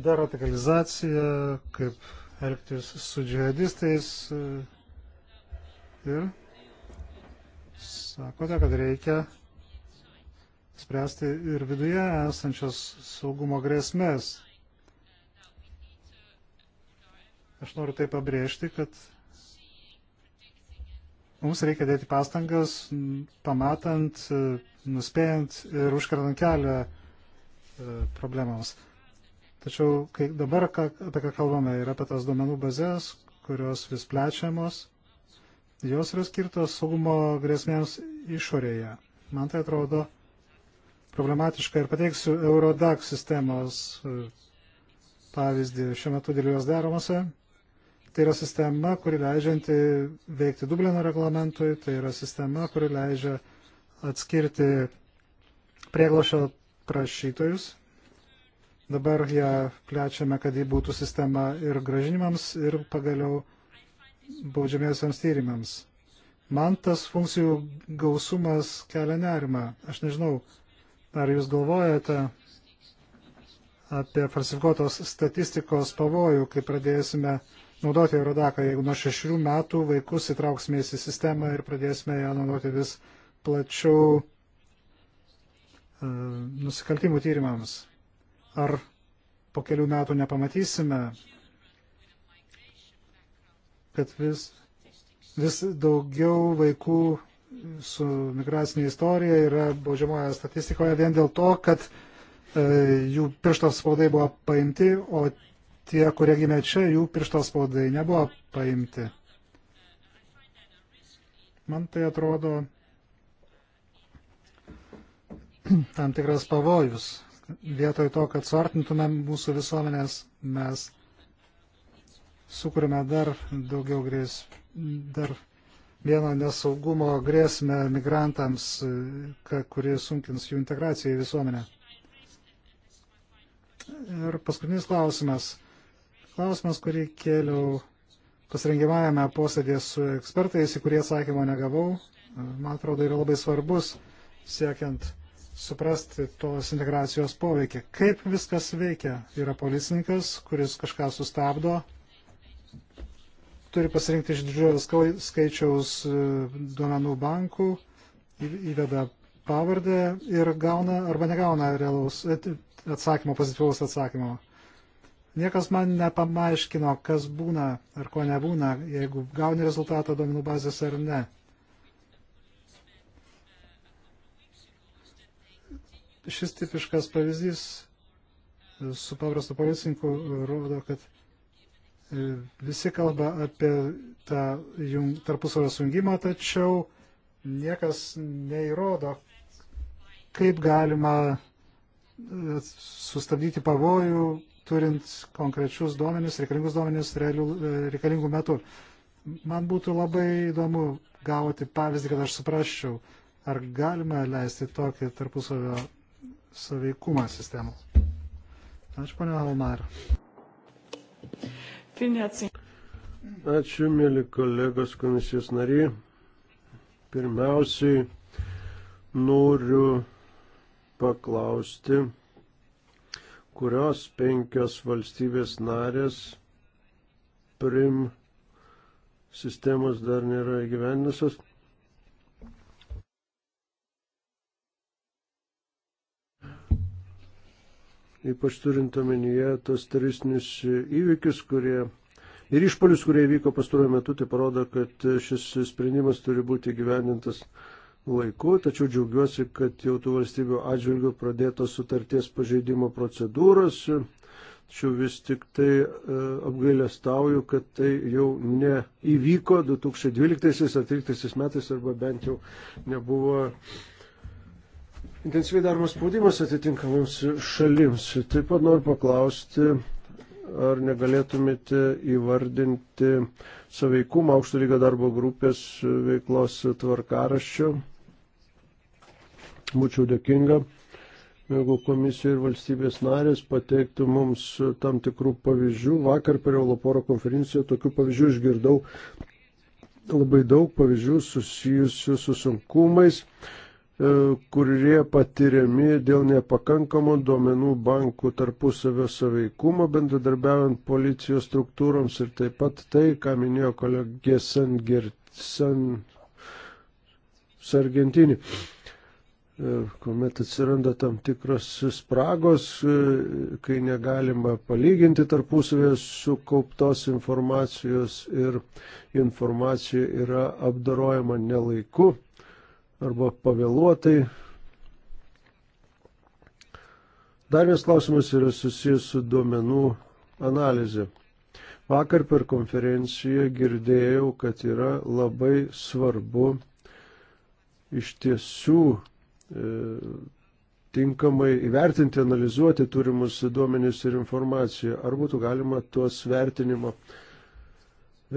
deradikalizaciją, kaip elgtis su džihadistais ir sakote, kad reikia spręsti ir viduje esančias saugumo grėsmės. Aš noriu tai pabrėžti, kad mums reikia dėti pastangas, pamatant, nuspėjant ir užkardant kelią e, problemams. Tačiau kai dabar ką, apie ką kalbame, yra apie tas duomenų bazės, kurios vis plečiamos, jos yra skirtos saugumo grėsmėms išorėje. Man tai atrodo problematiška ir pateiksiu Eurodax sistemos e, pavyzdį šiuo metu dėl jos daromose. Tai yra sistema, kuri leidžianti veikti Dublino reglamentui, tai yra sistema, kuri leidžia atskirti prieglošio prašytojus. Dabar ją plečiame, kad ji būtų sistema ir gražinimams, ir pagaliau baudžiamiesiams tyrimams. Man tas funkcijų gausumas kelia nerimą. Aš nežinau, ar jūs galvojate apie falsifikuotos statistikos pavojų, kai pradėsime uh, naudoti Eurodaką, jeigu nuo šešių metų vaikus įtrauksime į sistemą ir pradėsime ją naudoti vis plačiau e, nusikaltimų tyrimams. Ar po kelių metų nepamatysime, kad vis, vis daugiau vaikų su migracinė istorija yra baudžiamoje statistikoje vien dėl to, kad e, jų pirštos spaudai buvo paimti, o tie, kurie gimė čia, jų pirštos spaudai nebuvo paimti. Man tai atrodo tam tikras pavojus. Vietoj to, kad suartintume mūsų visuomenės, mes sukūrėme dar daugiau grės, dar vieną nesaugumo grėsmę migrantams, kuri sunkins jų integraciją į visuomenę. Ir paskutinis klausimas klausimas, kurį kėliau pasirengimajame posėdėje su ekspertais, į kurį atsakymą negavau, man atrodo, yra labai svarbus siekiant suprasti tos integracijos poveikį. Kaip viskas veikia? Yra policininkas, kuris kažką sustabdo, turi pasirinkti iš didžiojo skaičiaus e, duomenų bankų, įveda pavardę ir gauna arba negauna realaus atsakymo, pozityvaus atsakymo. Niekas man nepamaiškino, kas būna ar ko nebūna, jeigu gauni rezultatą duomenų bazės ar ne. Šis tipiškas pavyzdys su paprastu policininku rodo, kad e, visi kalba apie tą jung, tarpusavio sungimą, tačiau niekas neįrodo, kaip galima e, sustabdyti pavojų, turint konkrečius duomenis, reikalingus duomenis realių, e, reikalingų metų. Man būtų labai įdomu gauti pavyzdį, kad aš suprasčiau, ar galima leisti tokį tarpusavio saveikumą sistemų. Ačiū, ponia Halmar. Ačiū, mėly kolegos komisijos nariai. Pirmiausiai noriu paklausti kurios penkios valstybės narės prim sistemos dar nėra įgyvendinusios. Ypač turint omenyje tos teroristinius įvykius, kurie ir išpolius, kurie vyko pastaruoju metu, tai parodo, kad šis sprendimas turi būti gyvenintas laiku, tačiau džiaugiuosi, kad jau tų valstybių atžvilgių pradėtos sutarties pažeidimo procedūros, tačiau vis tik tai e, apgailestauju, kad tai jau neįvyko 2012 ar 2013 metais arba bent jau nebuvo intensyviai daromas spaudimas atitinkamoms šalims. Taip pat noriu paklausti, ar negalėtumėte įvardinti saveikumą aukšto lygio darbo grupės veiklos tvarkaraščio Būčiau dėkinga, jeigu komisija ir valstybės narės pateiktų mums tam tikrų pavyzdžių. Vakar per Europoro konferenciją tokių pavyzdžių išgirdau labai daug pavyzdžių susijusių su sunkumais, e, kurie patiriami dėl nepakankamo duomenų bankų tarpusavio saveikumo, bendradarbiaujant policijos struktūroms ir taip pat tai, ką minėjo kolegė Sangirtsen Sargentinį. San E, kuomet atsiranda tam tikros spragos, e, kai negalima palyginti tarpusavėje sukauptos informacijos ir informacija yra apdarojama nelaiku arba pavėluotai. Dar vienas klausimas yra susijęs su duomenų analizė. Vakar per konferenciją girdėjau, kad yra labai svarbu iš tiesų E, tinkamai įvertinti, analizuoti turimus duomenys ir informaciją. Ar būtų galima tuos vertinimo,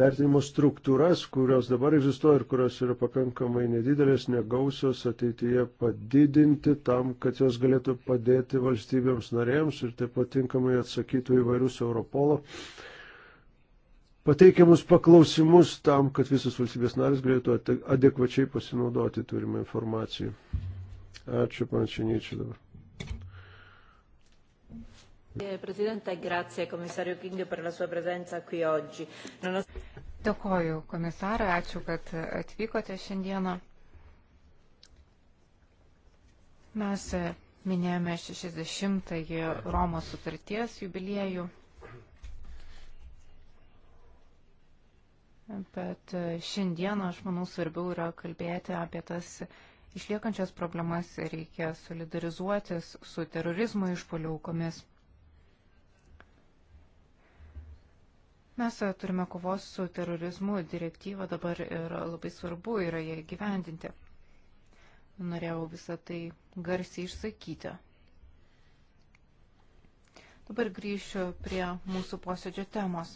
vertinimo struktūras, kurios dabar egzistuoja ir kurios yra pakankamai nedidelės, negausios, ateityje padidinti tam, kad jos galėtų padėti valstybėms narėms ir taip pat tinkamai atsakytų įvairius Europolo pateikiamus paklausimus tam, kad visos valstybės narės galėtų adekvačiai pasinaudoti turimą informaciją. Ačiū, panačiniečiai dabar. Presidente, e grazie komisario King per la sua presenza qui oggi. Non ho... Dėkoju komisarai, ačiū, kad atvykote šiandieną. Mes minėjome 60-ąjį Romos sutarties jubiliejų, bet šiandieną, aš manau, svarbiau yra kalbėti apie tas Išliekančias problemas reikia solidarizuotis su terorizmo išpolių aukomis. Mes turime kovos su terorizmu direktyvą dabar ir labai svarbu yra ją gyvendinti. Norėjau visą tai garsiai išsakyti. Dabar grįšiu prie mūsų posėdžio temos.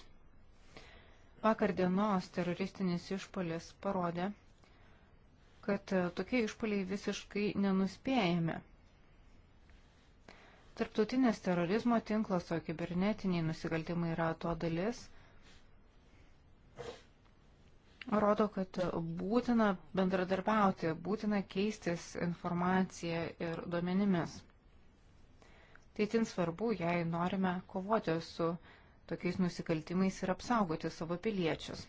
Vakar dienos teroristinis išpolis parodė, kad e, tokie išpoliai visiškai nenuspėjami. Tarptautinės terorizmo tinklas, o kibernetiniai nusikaltimai yra to dalis, rodo, kad būtina bendradarbiauti, būtina keistis informaciją ir duomenimis. Tai tin svarbu, jei norime kovoti su tokiais nusikaltimais ir apsaugoti savo piliečius.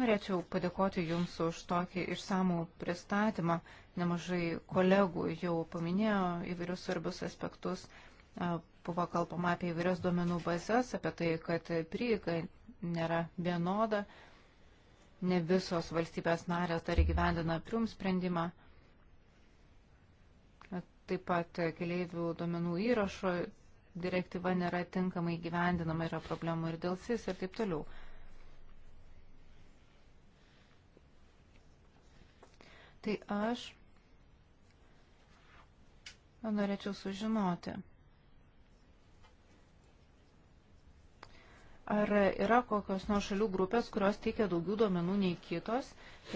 Norėčiau padėkoti Jums už tokį išsamų pristatymą. Nemažai kolegų jau paminėjo įvairius svarbius aspektus. Buvo kalbama apie įvairias duomenų bazės, apie tai, kad prieiga nėra vienoda, ne visos valstybės narės dar įgyvendina prium sprendimą. Taip pat keliaivių duomenų įrašo direktyva nėra tinkamai gyvendinama, yra problemų ir dėl SIS ir taip toliau. tai aš norėčiau sužinoti. Ar yra kokios nors šalių grupės, kurios teikia daugiau duomenų nei kitos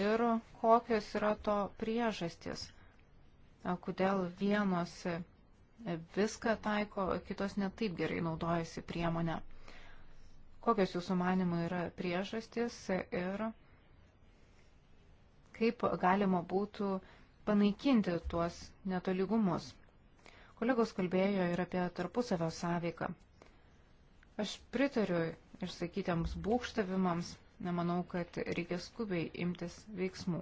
ir kokios yra to priežastis, kodėl vienos viską taiko, kitos netaip gerai naudojasi priemonę. Kokios jūsų manimų yra priežastis ir kaip galima būtų panaikinti tuos netolygumus. Kolegos kalbėjo ir apie tarpusavio sąveiką. Aš pritariu išsakytiems būkštavimams, nemanau, kad reikia skubiai imtis veiksmų.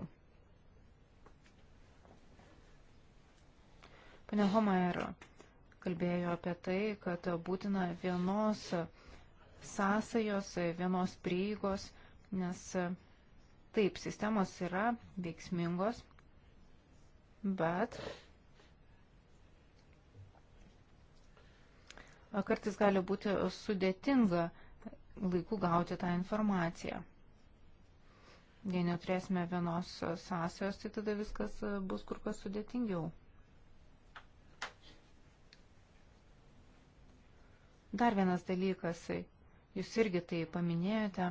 Pane Homaero kalbėjo apie tai, kad būtina vienos sąsajos, vienos prieigos, nes Taip, sistemos yra veiksmingos, bet kartais gali būti sudėtinga laiku gauti tą informaciją. Jei neturėsime vienos sąsajos, tai tada viskas bus kur kas sudėtingiau. Dar vienas dalykas, jūs irgi tai paminėjote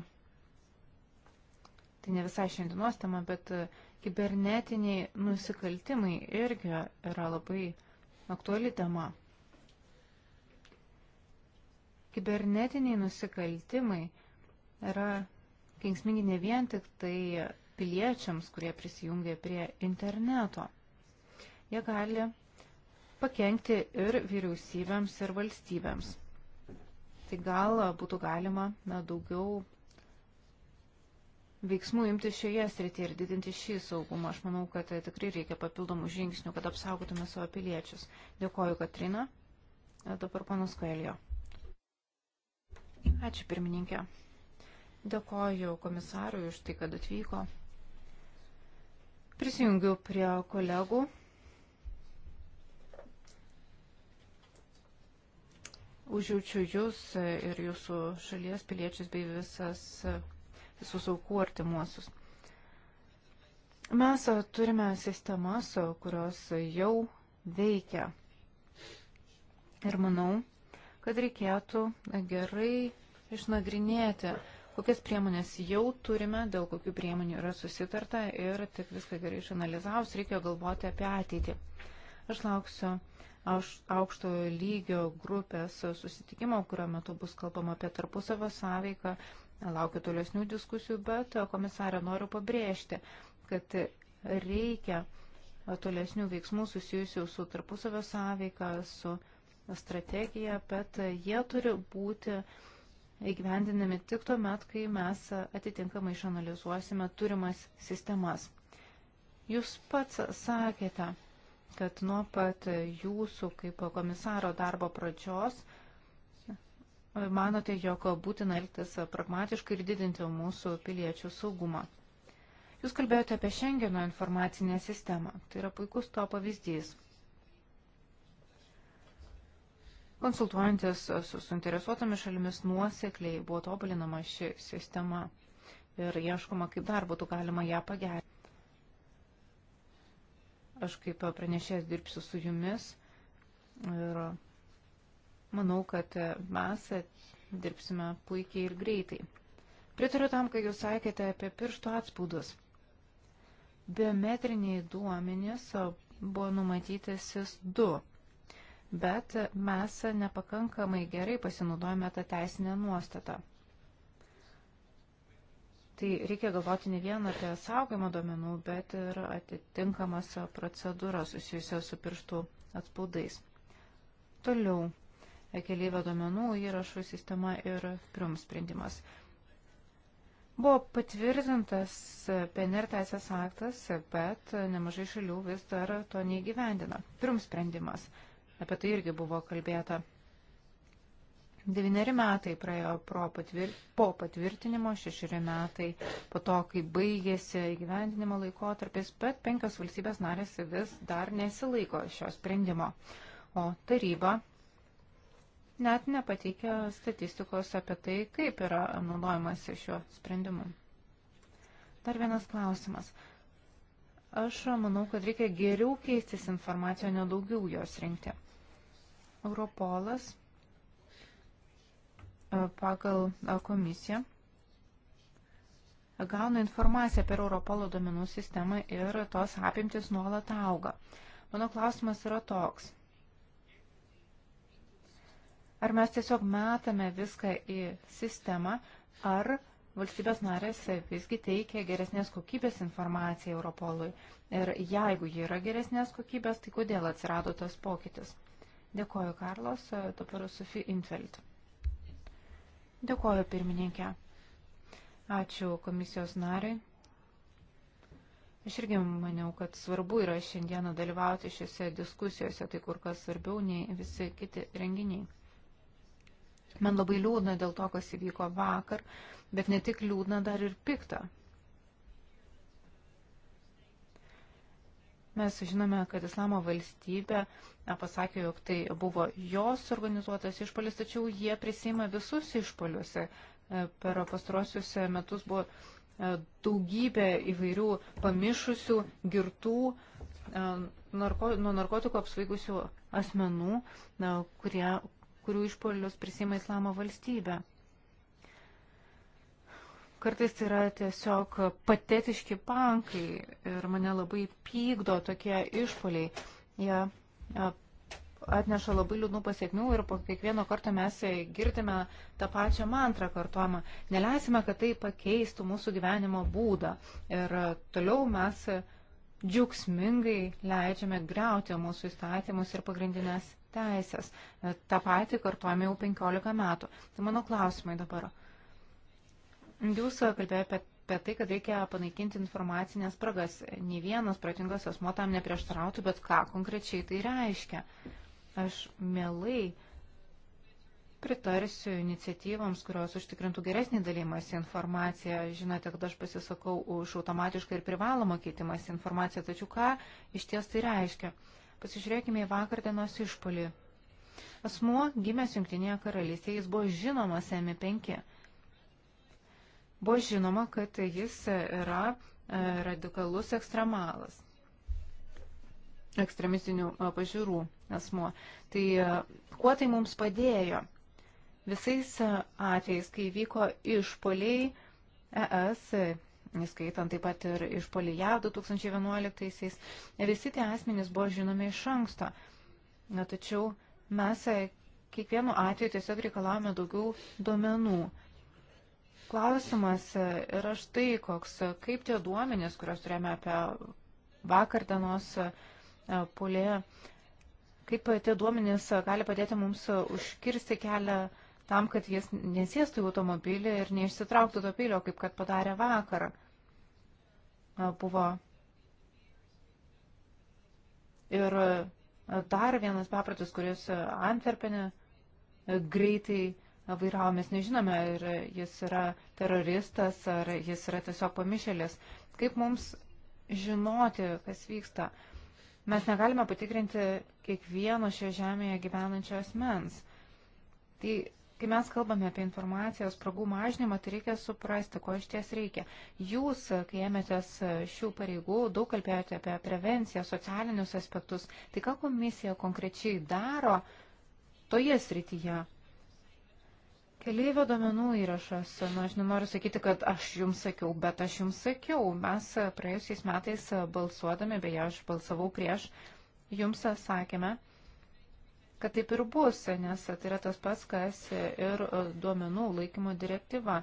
tai ne visai šiandienos tema, bet e, kibernetiniai nusikaltimai irgi yra labai aktuali tema. Kibernetiniai nusikaltimai yra kengsmingi ne vien tik tai piliečiams, kurie prisijungia prie interneto. Jie gali pakengti ir vyriausybėms, ir valstybėms. Tai gal būtų galima na, daugiau veiksmų imti šioje srityje ir didinti šį saugumą. Aš manau, kad e, tikrai reikia papildomų žingsnių, kad apsaugotume savo piliečius. Dėkoju, Katrina. E, dabar panas Koelio. Ačiū, pirmininkė. Dėkoju komisarui už tai, kad atvyko. Prisijungiu prie kolegų. Užjaučiu jūs ir jūsų šalies piliečius bei visas visus aukų artimuosius. Mes turime sistemas, kurios jau veikia. Ir manau, kad reikėtų gerai išnagrinėti, kokias priemonės jau turime, dėl kokių priemonių yra susitarta ir tik viską gerai išanalizavus reikia galvoti apie ateitį. Aš lauksiu aš aukštojo lygio grupės susitikimo, kurio metu bus kalbama apie tarpusavio sąveiką Laukiu tolesnių diskusijų, bet e, komisarė noriu pabrėžti, kad reikia e, tolesnių veiksmų susijusių su tarpusavio sąveika, su strategija, bet e, jie turi būti įgyvendinami tik tuo met, kai mes atitinkamai išanalizuosime turimas sistemas. Jūs pats sakėte, kad nuo pat jūsų kaip komisaro darbo pradžios manote, jog būtina elgtis pragmatiškai ir didinti mūsų piliečių saugumą. Jūs kalbėjote apie Šengeno informacinę sistemą. Tai yra puikus to pavyzdys. Konsultuojantis su suinteresuotomis šalimis nuosekliai buvo tobulinama ši sistema ir ieškoma, kaip dar būtų galima ją pagerinti. Aš kaip pranešėjas dirbsiu su jumis ir Manau, kad mes dirbsime puikiai ir greitai. Pritariu tam, kai jūs sakėte apie pirštų atspaudus. Biometriniai duomenys buvo numatyti SIS-2, bet mes nepakankamai gerai pasinaudojame tą teisinę nuostatą. Tai reikia galvoti ne vien apie saugojimo duomenų, bet ir atitinkamas procedūras susijusios su pirštų atspaudais. Toliau keliaivio duomenų įrašų sistema ir prim sprendimas. Buvo patvirtintas PNR teisės aktas, bet nemažai šalių vis dar to neįgyvendina. Prim sprendimas. Apie tai irgi buvo kalbėta. Devineri metai praėjo patvir... po patvirtinimo, šešeri metai po to, kai baigėsi įgyvendinimo laikotarpis, bet penkios valstybės narės vis dar nesilaiko šio sprendimo. O taryba net nepateikia statistikos apie tai, kaip yra naudojamasi šiuo sprendimu. Dar vienas klausimas. Aš manau, kad reikia geriau keistis informaciją, nedaugiau jos rinkti. Europolas e, pagal e, komisiją gauna informaciją per Europolo domenų sistemą ir tos apimtis nuolat auga. Mano klausimas yra toks. Ar mes tiesiog metame viską į sistemą, ar valstybės narės visgi teikia geresnės kokybės informaciją Europolui. Ir jeigu ji yra geresnės kokybės, tai kodėl atsirado tas pokytis? Dėkoju, Karlos, dabar Sufi Infeld. Dėkoju, pirmininkė. Ačiū komisijos nariai. Aš irgi maniau, kad svarbu yra šiandieną dalyvauti šiuose diskusijose, tai kur kas svarbiau nei visi kiti renginiai. Man labai liūdna dėl to, kas įvyko vakar, bet ne tik liūdna, dar ir pikta. Mes žinome, kad Islamo valstybė pasakė, jog tai buvo jos organizuotas išpolis, tačiau jie prisima visus išpolius. E, per pastarosius metus buvo e, daugybė įvairių pamišusių, girtų, e, narko, nuo narkotikų apsvaigusių asmenų, kurie kurių išpolius prisima islamo valstybė. Kartais tai yra tiesiog patetiški pankai ir mane labai pykdo tokie išpoliai. Jie atneša labai liūdnų pasiekmių ir po kiekvieno karto mes girdime tą pačią mantrą kartuojamą. Neleisime, kad tai pakeistų mūsų gyvenimo būdą. Ir toliau mes džiaugsmingai leidžiame greuti mūsų įstatymus ir pagrindinės teisės. Ta pati kartuojame jau 15 metų. Tai mano klausimai dabar. Jūs kalbėjote apie, apie tai, kad reikia panaikinti informacinės spragas. Ne vienas protingas asmo tam neprieštarautų, bet ką konkrečiai tai reiškia. Aš mielai pritarsiu iniciatyvams, kurios užtikrintų geresnį dalymąsi informaciją. Žinote, kad aš pasisakau už automatišką ir privalomą keitimąsi informaciją, tačiau ką iš ties tai reiškia? Pasižiūrėkime į vakar dienos išpolį. Asmuo gimęs Junktinėje karalystėje, jis buvo žinomas M5. Buvo žinoma, kad jis yra e, radikalus ekstremalas, ekstremistinių e, pažiūrų asmuo. Tai e, kuo tai mums padėjo? Visais atvejais, kai vyko išpoliai, ES įskaitant taip pat ir iš Polijav 2011-aisiais, visi tie asmenys buvo žinomi iš anksto. Na, tačiau mes e, kiekvienu atveju tiesiog reikalavome daugiau duomenų. Klausimas e, yra štai koks, e, kaip tie duomenys, kuriuos turėjome apie vakar dienos pulė, kaip tie duomenys gali padėti mums užkirsti kelią tam, kad jis nesėstų į automobilį ir neišsitrauktų to pilio, kaip kad padarė vakar. Buvo ir dar vienas papratis, kuris Antverpenė greitai vairavo, mes nežinome, ar jis yra teroristas, ar jis yra tiesiog pamišėlis. Kaip mums žinoti, kas vyksta? Mes negalime patikrinti kiekvieno šioje žemėje gyvenančio asmens. Tai Kai mes kalbame apie informacijos spragų mažinimą, tai reikia suprasti, ko iš ties reikia. Jūs, kai ėmėtės šių pareigų, daug kalbėjote apie prevenciją, socialinius aspektus. Tai ką komisija konkrečiai daro toje srityje? Keleivio domenų įrašas. Na, aš nenoriu sakyti, kad aš jums sakiau, bet aš jums sakiau. Mes praėjusiais metais balsuodami, beje, aš balsavau prieš, jums sakėme, kad taip ir bus, nes tai yra tas pats, kas ir e, duomenų laikymo direktyva.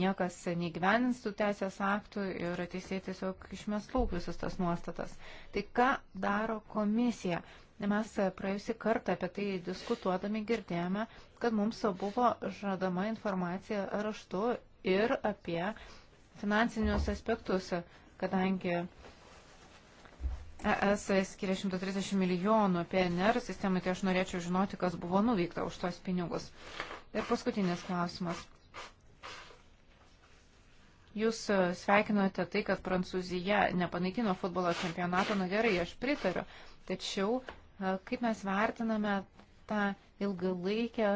Niekas neįgyvenins tų teisės aktų ir teisėjai tiesiog išmes lauk visas tas nuostatas. Tai ką daro komisija? Mes praėjusį kartą apie tai diskutuodami girdėjome, kad mums buvo žadama informacija raštu ir apie finansinius aspektus, kadangi ES tai skiria 130 milijonų PNR sistemai, tai aš norėčiau žinoti, kas buvo nuveikta už tos pinigus. Ir paskutinis klausimas. Jūs e, sveikinote tai, kad Prancūzija nepanaikino futbolo čempionato, na gerai, aš pritariu. Tačiau e, kaip mes vertiname tą ilgalaikę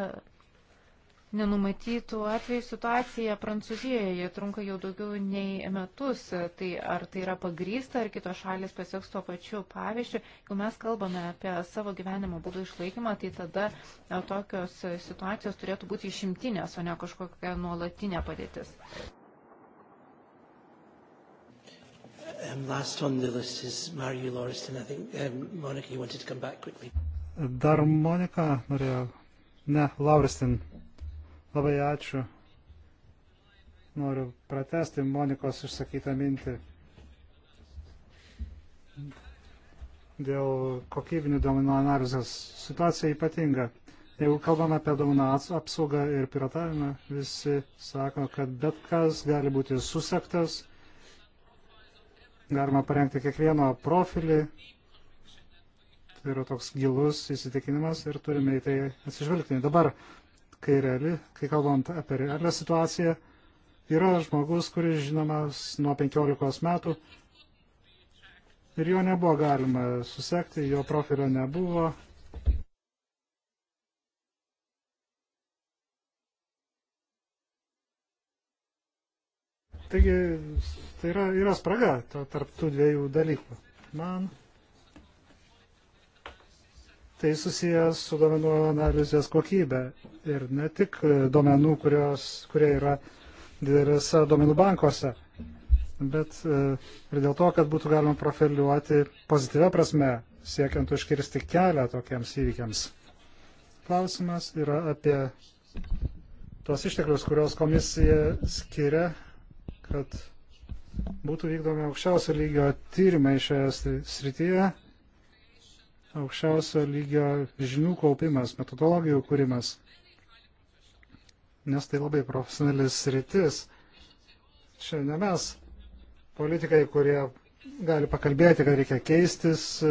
nenumatytų atvejų situacija Prancūzijoje trunka jau daugiau nei metus. Tai ar tai yra pagrysta, ar kitos šalis pasieks tuo pačiu pavyzdžiu. Jeigu mes kalbame apie savo gyvenimo būdų išlaikymą, tai tada e, tokios situacijos turėtų būti išimtinės, o ne kažkokia nuolatinė padėtis. Um, um, Dar Monika norėjo. Ne, Lauristin Labai ačiū. Noriu pratesti Monikos išsakytą mintį dėl kokybinių duomenų analizės. Situacija ypatinga. Jeigu kalbame apie duomenų apsaugą ir piratavimą, visi sako, kad bet kas gali būti susektas. Galima parengti kiekvieno profilį. Tai yra toks gilus įsitikinimas ir turime į tai atsižvelgti. Dabar kai, reali, kai kalbant apie realią situaciją, yra žmogus, kuris žinomas nuo 15 metų ir jo nebuvo galima susekti, jo profilio nebuvo. Taigi, tai yra, yra spraga tarp tų dviejų dalykų. Man Tai susijęs su duomenų analizės kokybė ir ne tik duomenų, kurios, kurie yra didelėse duomenų bankuose, bet e, ir dėl to, kad būtų galima profiliuoti pozityvę prasme, siekiant užkirsti kelią tokiems įvykiams. Klausimas yra apie tuos išteklius, kurios komisija skiria, kad būtų vykdomi aukščiausio lygio tyrimai šioje srityje aukščiausio lygio žinių kaupimas, metodologijų kūrimas, nes tai labai profesionalis rytis. Čia ne mes, politikai, kurie gali pakalbėti, kad reikia keistis e,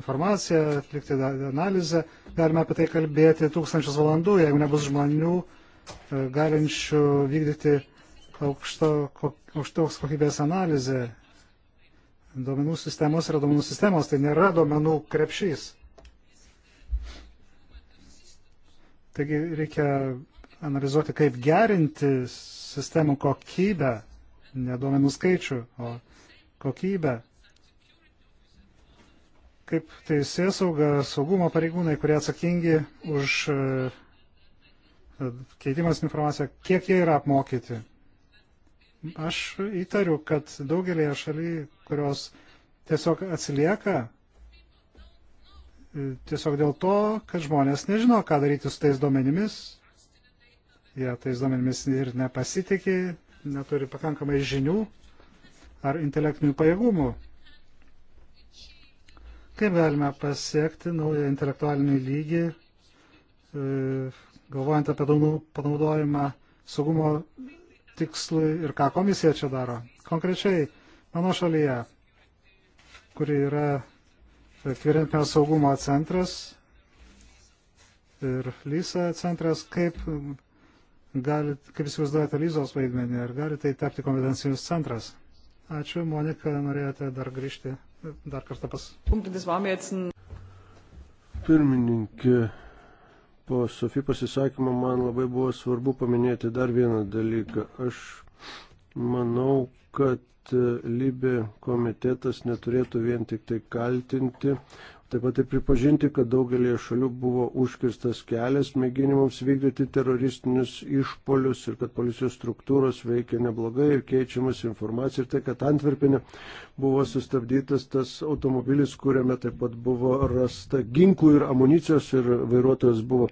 informaciją, atlikti analizę, galime apie tai kalbėti tūkstančius valandų, jeigu nebus žmonių e, galinčių vykdyti aukšto, aukštos kokybės analizę Duomenų sistemos yra duomenų sistemos, tai nėra duomenų krepšys. Taigi reikia analizuoti, kaip gerinti sistemų kokybę, ne duomenų skaičių, o kokybę. Kaip teisės sauga, saugumo pareigūnai, kurie atsakingi už e, e, keitimas informacija, kiek jie yra apmokyti, Aš įtariu, kad daugelėje šaly, kurios tiesiog atsilieka, e, tiesiog dėl to, kad žmonės nežino, ką daryti su tais duomenimis, jie tais duomenimis ir nepasitikė, neturi pakankamai žinių ar intelektinių pajėgumų. Kaip galime pasiekti naują intelektualinį lygį, e, galvojant apie duomenų panaudojimą saugumo tikslui ir ką komisija čia daro. Konkrečiai mano šalyje, kuri yra kibernetinio saugumo centras ir LISA centras, kaip, gali, kaip įsivaizduojate LISOS vaidmenį, ar gali tai tapti kompetencijos centras? Ačiū, Monika, norėjote dar grįžti, dar kartą pas. Tai Pirmininkė, po Sofi pasisakymo man labai buvo svarbu paminėti dar vieną dalyką. Aš manau, kad Libė komitetas neturėtų vien tik tai kaltinti Taip pat ir pripažinti, kad daugelie šalių buvo užkirstas kelias mėginimams vykdyti teroristinius išpolius ir kad policijos struktūros veikia neblogai ir keičiamas informacija. Ir tai, kad Antverpinė buvo sustabdytas tas automobilis, kuriame taip pat buvo rasta ginklų ir amunicijos ir vairuotojas buvo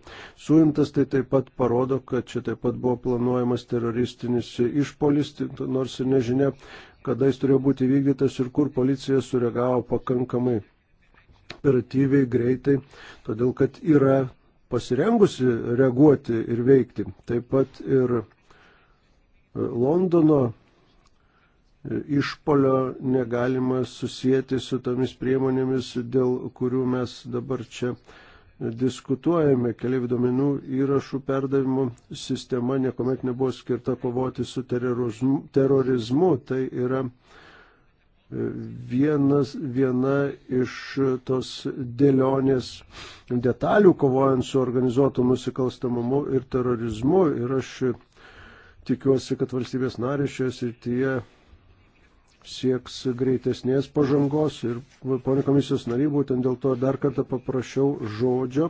suimtas, tai taip pat parodo, kad čia taip pat buvo planuojamas teroristinis išpolis, nors ir nežinia, kada jis turėjo būti vykdytas ir kur policija sureagavo pakankamai operatyviai, greitai, todėl kad yra pasirengusi reaguoti ir veikti. Taip pat ir e, Londono e, išpolio negalima susijęti su tomis priemonėmis, dėl kurių mes dabar čia diskutuojame. Keliaivių duomenų įrašų perdavimo sistema niekuomet nebuvo skirta kovoti su terorizmu. Tai yra uh, vienas, viena iš tos dėlionės detalių kovojant su organizuotu nusikalstamumu ir terorizmu. Ir aš tikiuosi, kad valstybės narės šioje srityje sieks greitesnės pažangos. Ir, ponė komisijos nariai, būtent dėl to dar kartą paprašiau žodžio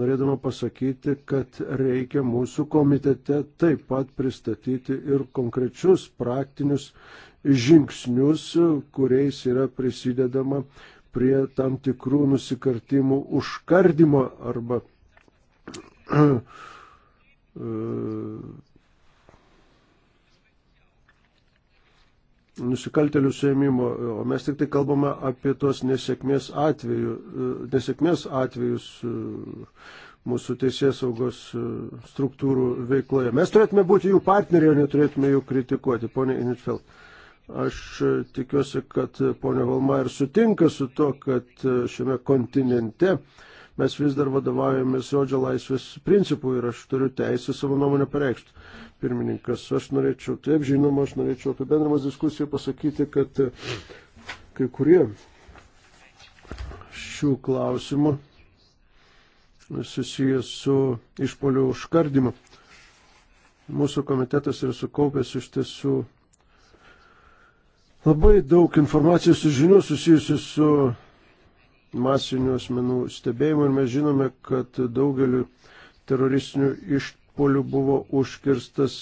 norėdama pasakyti, kad reikia mūsų komitete taip pat pristatyti ir konkrečius praktinius žingsnius, kuriais yra prisidedama prie tam tikrų nusikartimų užkardimo arba e, nusikaltelių suėmimo, o mes tik tai kalbame apie tos nesėkmės, atveju, e, nesėkmės atvejus e, mūsų teisės saugos struktūrų veikloje. Mes turėtume būti jų partneriai, o neturėtume jų kritikuoti, ponė Initfeld. Aš tikiuosi, kad ponia Valmair sutinka su to, kad šiame kontinente mes vis dar vadovaujamės žodžio laisvės principų ir aš turiu teisę savo nuomonę pareikšti. Pirmininkas, aš norėčiau, taip žinoma, aš norėčiau apie bendramas diskusiją pasakyti, kad kai kurie šių klausimų susijęs su išpolių užkardimu. Mūsų komitetas yra sukaupęs iš tiesų Labai daug informacijos ir žinių susijusių su masinių asmenų stebėjimu ir mes žinome, kad daugeliu teroristinių išpolių buvo užkirstas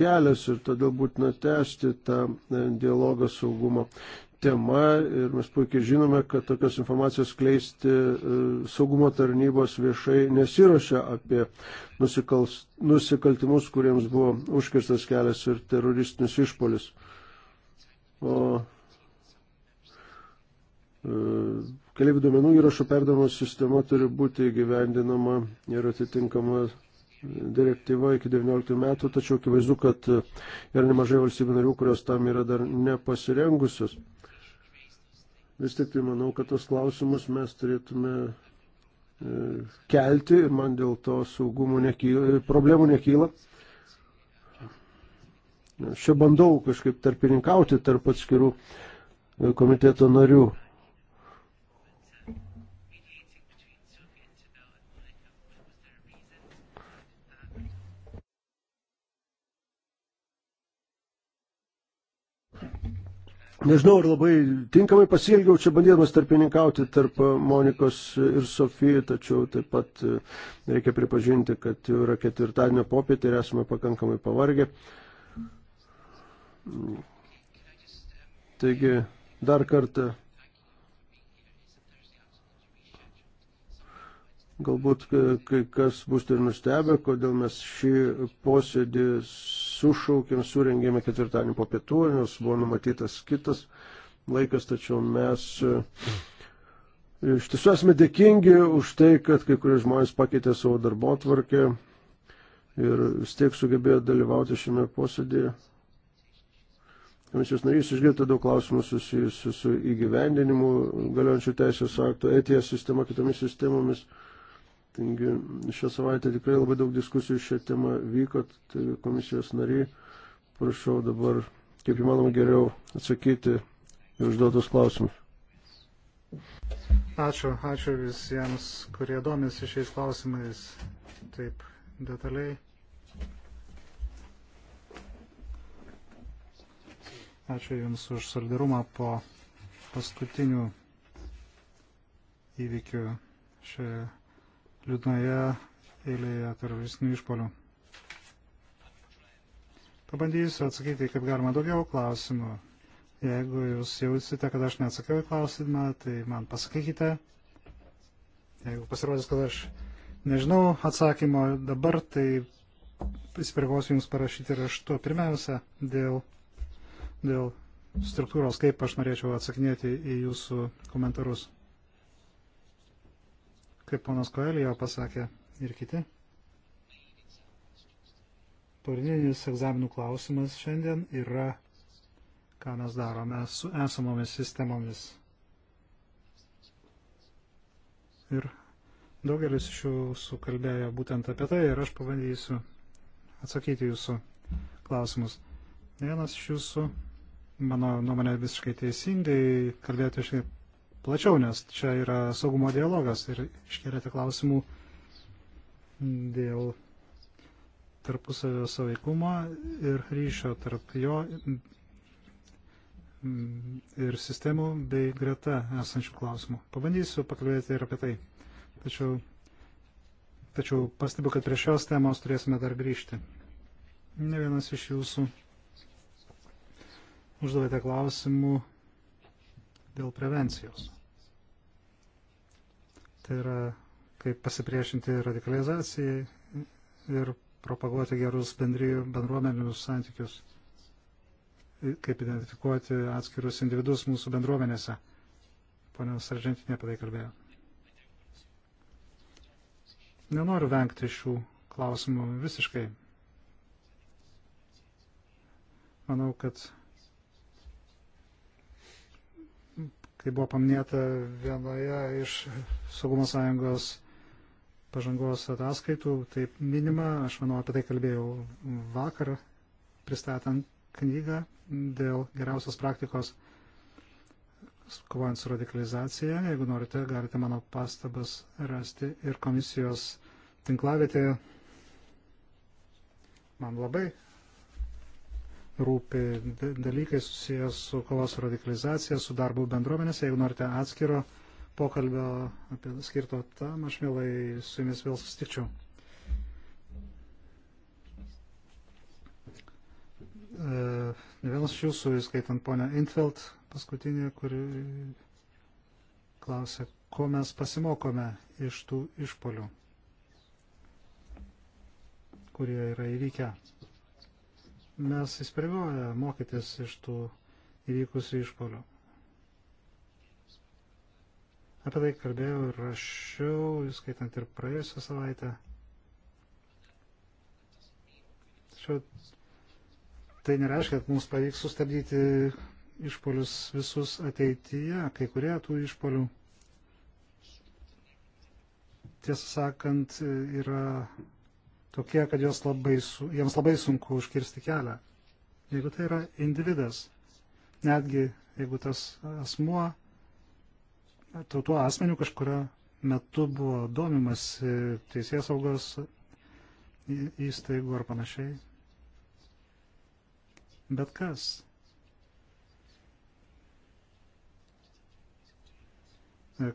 kelias ir todėl būtina tęsti tą e, dialogą saugumo tema ir mes puikiai žinome, kad tokios informacijos kleisti e, saugumo tarnybos viešai nesiuošia apie nusikaltimus, kuriems buvo užkirstas kelias ir teroristinius išpolius o e, keliaivių duomenų įrašų perdavimo sistema turi būti gyvendinama ir atitinkama direktyva iki 19 metų, tačiau akivaizdu, kad yra nemažai valstybių narių, kurios tam yra dar nepasirengusios. Vis tik tai manau, kad tos klausimus mes turėtume e, kelti ir man dėl to saugumo nekyla, problemų nekyla. Aš čia bandau kažkaip tarpininkauti tarp atskirų e, komiteto narių. Nežinau, ar labai tinkamai pasielgiau čia bandydamas tarpininkauti tarp Monikos ir Sofijų, tačiau taip pat e, reikia pripažinti, kad jau yra ketvirtadienio popietė ir esame pakankamai pavargę. Taigi, dar kartą galbūt kai kas bus ir nustebę, kodėl mes šį posėdį sušaukėm, surengėme ketvirtadienį po pietų, nes buvo numatytas kitas laikas, tačiau mes e, iš tiesų esame dėkingi už tai, kad kai kurie žmonės pakeitė savo darbo tvarkę ir vis tiek sugebėjo dalyvauti šiame posėdėje. Komisijos narys išgirta daug klausimų susijusių su įgyvendinimu galiojančių teisės aktų, ETS sistema, kitomis sistemomis. Taigi šią savaitę tikrai labai daug diskusijų šią temą vyko, tai komisijos nariai, prašau dabar, kaip įmanoma, geriau atsakyti į užduotus klausimus. Ačiū, ačiū visiems, kurie domisi šiais klausimais taip detaliai. Ačiū Jums už solidarumą po paskutinių įvykių šioje liūdnoje eilėje teroristinių išpolių. Pabandysiu atsakyti, kaip galima daugiau klausimų. Jeigu jūs jausite, kad aš neatsakiau į klausimą, tai man pasakykite. Jeigu pasirodys, kad aš nežinau atsakymo dabar, tai įsipareigosiu jums parašyti raštu. Pirmiausia, dėl dėl struktūros, kaip aš norėčiau atsakinėti į jūsų komentarus. Kaip ponas Koelijo pasakė ir kiti. Pagrindinis egzaminų klausimas šiandien yra, ką mes darome su esamomis sistemomis. Ir daugelis iš jūsų kalbėjo būtent apie tai ir aš pabandysiu atsakyti jūsų klausimus. Vienas iš jūsų mano nuomonė, visiškai teisingai kalbėti iš plačiau, nes čia yra saugumo dialogas ir iškėlėte klausimų dėl tarpusavio savaikumo ir ryšio tarp jo ir sistemų bei greta esančių klausimų. Pabandysiu pakalbėti ir apie tai. Tačiau, tačiau pastebiu, kad prie šios temos turėsime dar grįžti. Ne vienas iš jūsų uždavėte klausimų dėl prevencijos. Tai yra kaip pasipriešinti radikalizacijai ir propaguoti gerus bendrijų bendruomenių santykius, kaip identifikuoti atskirus individus mūsų bendruomenėse. Pone Saržantinė apie tai kalbėjo. Nenoriu vengti šių klausimų visiškai. Manau, kad tai buvo paminėta vienoje iš Saugumo sąjungos pažangos ataskaitų, taip minima, aš manau, apie tai kalbėjau vakar, pristatant knygą dėl geriausios praktikos kovojant su radikalizacija. Jeigu norite, galite mano pastabas rasti ir komisijos tinklavietėje. Man labai rūpi dalykai susijęs su kovos radikalizacija, su darbu bendruomenėse. Jeigu norite atskiro pokalbio apie skirto tam, aš mielai su jumis vėl sustikčiau. E, ne vienas iš jūsų, įskaitant ponę Intfeld, paskutinė, kuri klausė, ko mes pasimokome iš tų išpolių, kurie yra įvykę mes įsipareigoję mokytis iš tų įvykusių išpolių. Apie tai kalbėjau ir rašiau, skaitant ir praėjusią savaitę. Tačiau tai nereiškia, kad mums pavyks sustabdyti išpolius visus ateityje, kai kurie tų išpolių. Tiesą sakant, yra tokie, kad labai su, jiems labai sunku užkirsti kelią. Jeigu tai yra individas, netgi jeigu tas asmuo, tuo, tuo asmeniu kažkurio metu buvo domimas teisės saugos įstaigų ar panašiai. Bet kas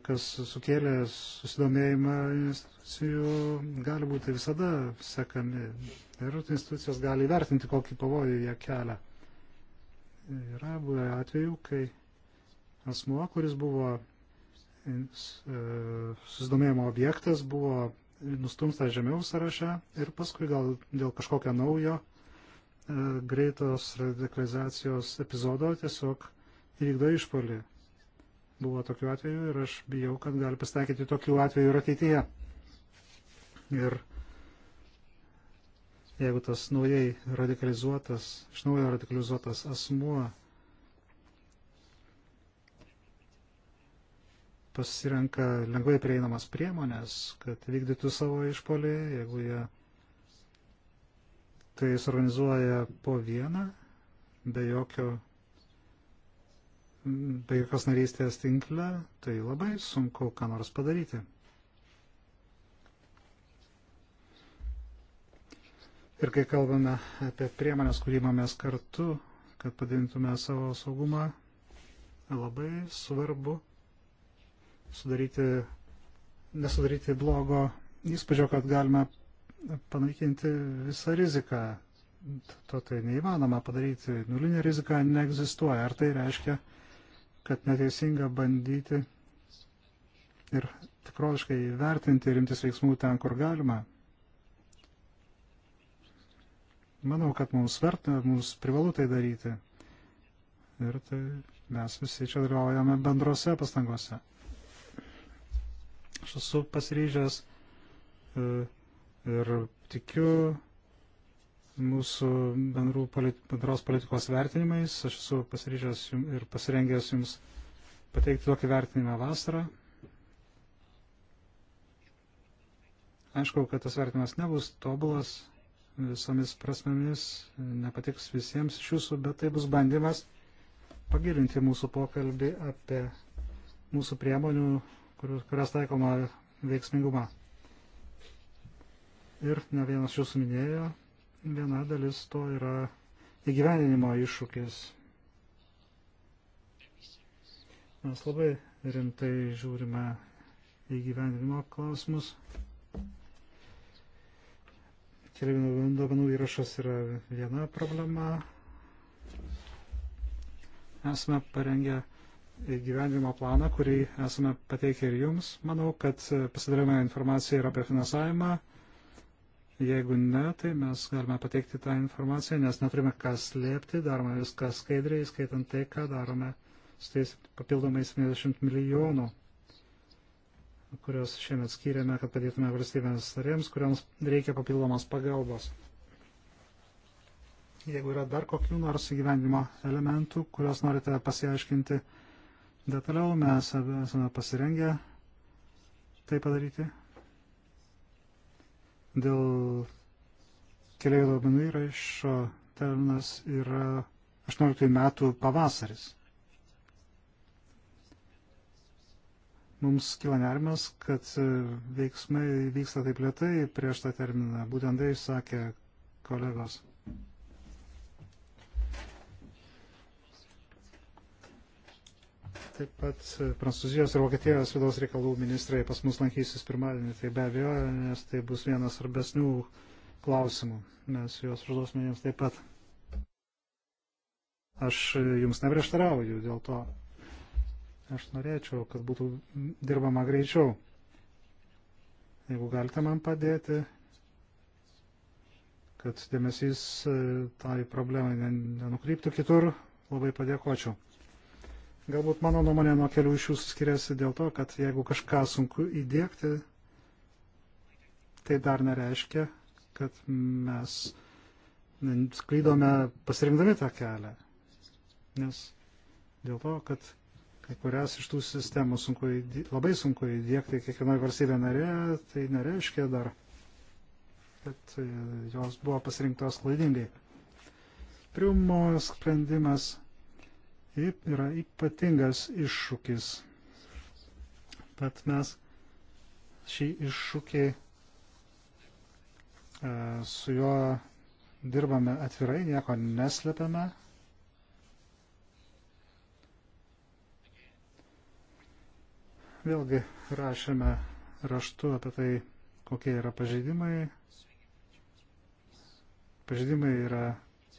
kas sukėlė susidomėjimą institucijų, gali būti visada sekami ir institucijos gali įvertinti, kokį pavojų jie kelia. Yra buvę atvejų, kai asmuo, kuris buvo e, susidomėjimo objektas, buvo nustumstas žemiau sąraše ir paskui gal dėl kažkokio naujo e, greitos radikalizacijos epizodo tiesiog įvykdo išpolį Buvo tokių atvejų ir aš bijau, kad gali pasitaikyti tokių atvejų ir ateityje. Ir jeigu tas naujai radikalizuotas, iš naujo radikalizuotas asmuo pasirenka lengvai prieinamas priemonės, kad vykdytų savo išpolį, jeigu jie tai suorganizuoja po vieną, be jokio be jokios narystės tinkle, tai labai sunku ką nors padaryti. Ir kai kalbame apie priemonės, kurį mamės kartu, kad padintume savo saugumą, labai svarbu sudaryti, nesudaryti blogo įspūdžio, kad galime panaikinti visą riziką. To tai neįmanoma padaryti. Nulinė rizika neegzistuoja. Ar tai reiškia, kad neteisinga bandyti ir tikroviškai vertinti rimtis veiksmų ten, kur galima. Manau, kad mums verta, mums privalu tai daryti. Ir tai mes visi čia dalyvaujame bendrose pastangose. Aš esu pasiryžęs e, ir tikiu mūsų bendrų politi bendros politikos vertinimais. Aš esu pasiryžęs ir pasirengęs jums pateikti tokį vertinimą vasarą. Aišku, kad tas vertinimas nebus tobulas visomis prasmėmis, nepatiks visiems iš jūsų, bet tai bus bandymas pagilinti mūsų pokalbį apie mūsų priemonių, kurias taikoma veiksmingumą. Ir ne vienas jūsų minėjo, Viena dalis to yra įgyveninimo iššūkis. Mes labai rimtai žiūrime įgyvendinimo klausimus. Keliavinų duomenų įrašas yra viena problema. Esame parengę įgyvendinimo planą, kurį esame pateikę ir jums. Manau, kad pasidarėme informaciją ir apie finansavimą Jeigu ne, tai mes galime pateikti tą informaciją, nes neturime ką slėpti, darome viską skaidriai, skaitant tai, ką darome su tais papildomais 70 milijonų, kurios šiemet skiriame, kad padėtume valstybėms narėms, kuriams reikia papildomos pagalbos. Jeigu yra dar kokių nors įgyvendimo elementų, kuriuos norite pasiaiškinti detaliau, mes esame pasirengę tai padaryti. Dėl keliaivių duomenų įrašo terminas yra 18 metų pavasaris. Mums kyla nerimas, kad veiksmai vyksta taip lietai prieš tą terminą. Būtent tai išsakė kolegos. Taip pat e, Prancūzijos ir Vokietijos vidaus reikalų ministrai pas mus lankysis pirmadienį. Tai be abejo, nes tai bus vienas svarbesnių klausimų. Mes juos užduosime jiems taip pat. Aš e, jums neprieštarauju dėl to. Aš norėčiau, kad būtų dirbama greičiau. Jeigu galite man padėti, kad dėmesys e, tai problemai nenukryptų kitur, labai padėkočiau. Galbūt mano nuomonė nuo kelių iš jūsų skiriasi dėl to, kad jeigu kažką sunku įdėkti, tai dar nereiškia, kad mes sklydome pasirinkdami tą kelią. Nes dėl to, kad kai kurias iš tų sistemų sunku įdėkti, labai sunku įdėkti kiekvienoje valstybėje narėje, tai nereiškia dar, kad e, jos buvo pasirinktos klaidingai. Priumo sprendimas yra ypatingas iššūkis. Bet mes šį iššūkį e, su juo dirbame atvirai, nieko neslepiame. Vėlgi rašėme raštu apie tai, kokie yra pažeidimai. Pažeidimai yra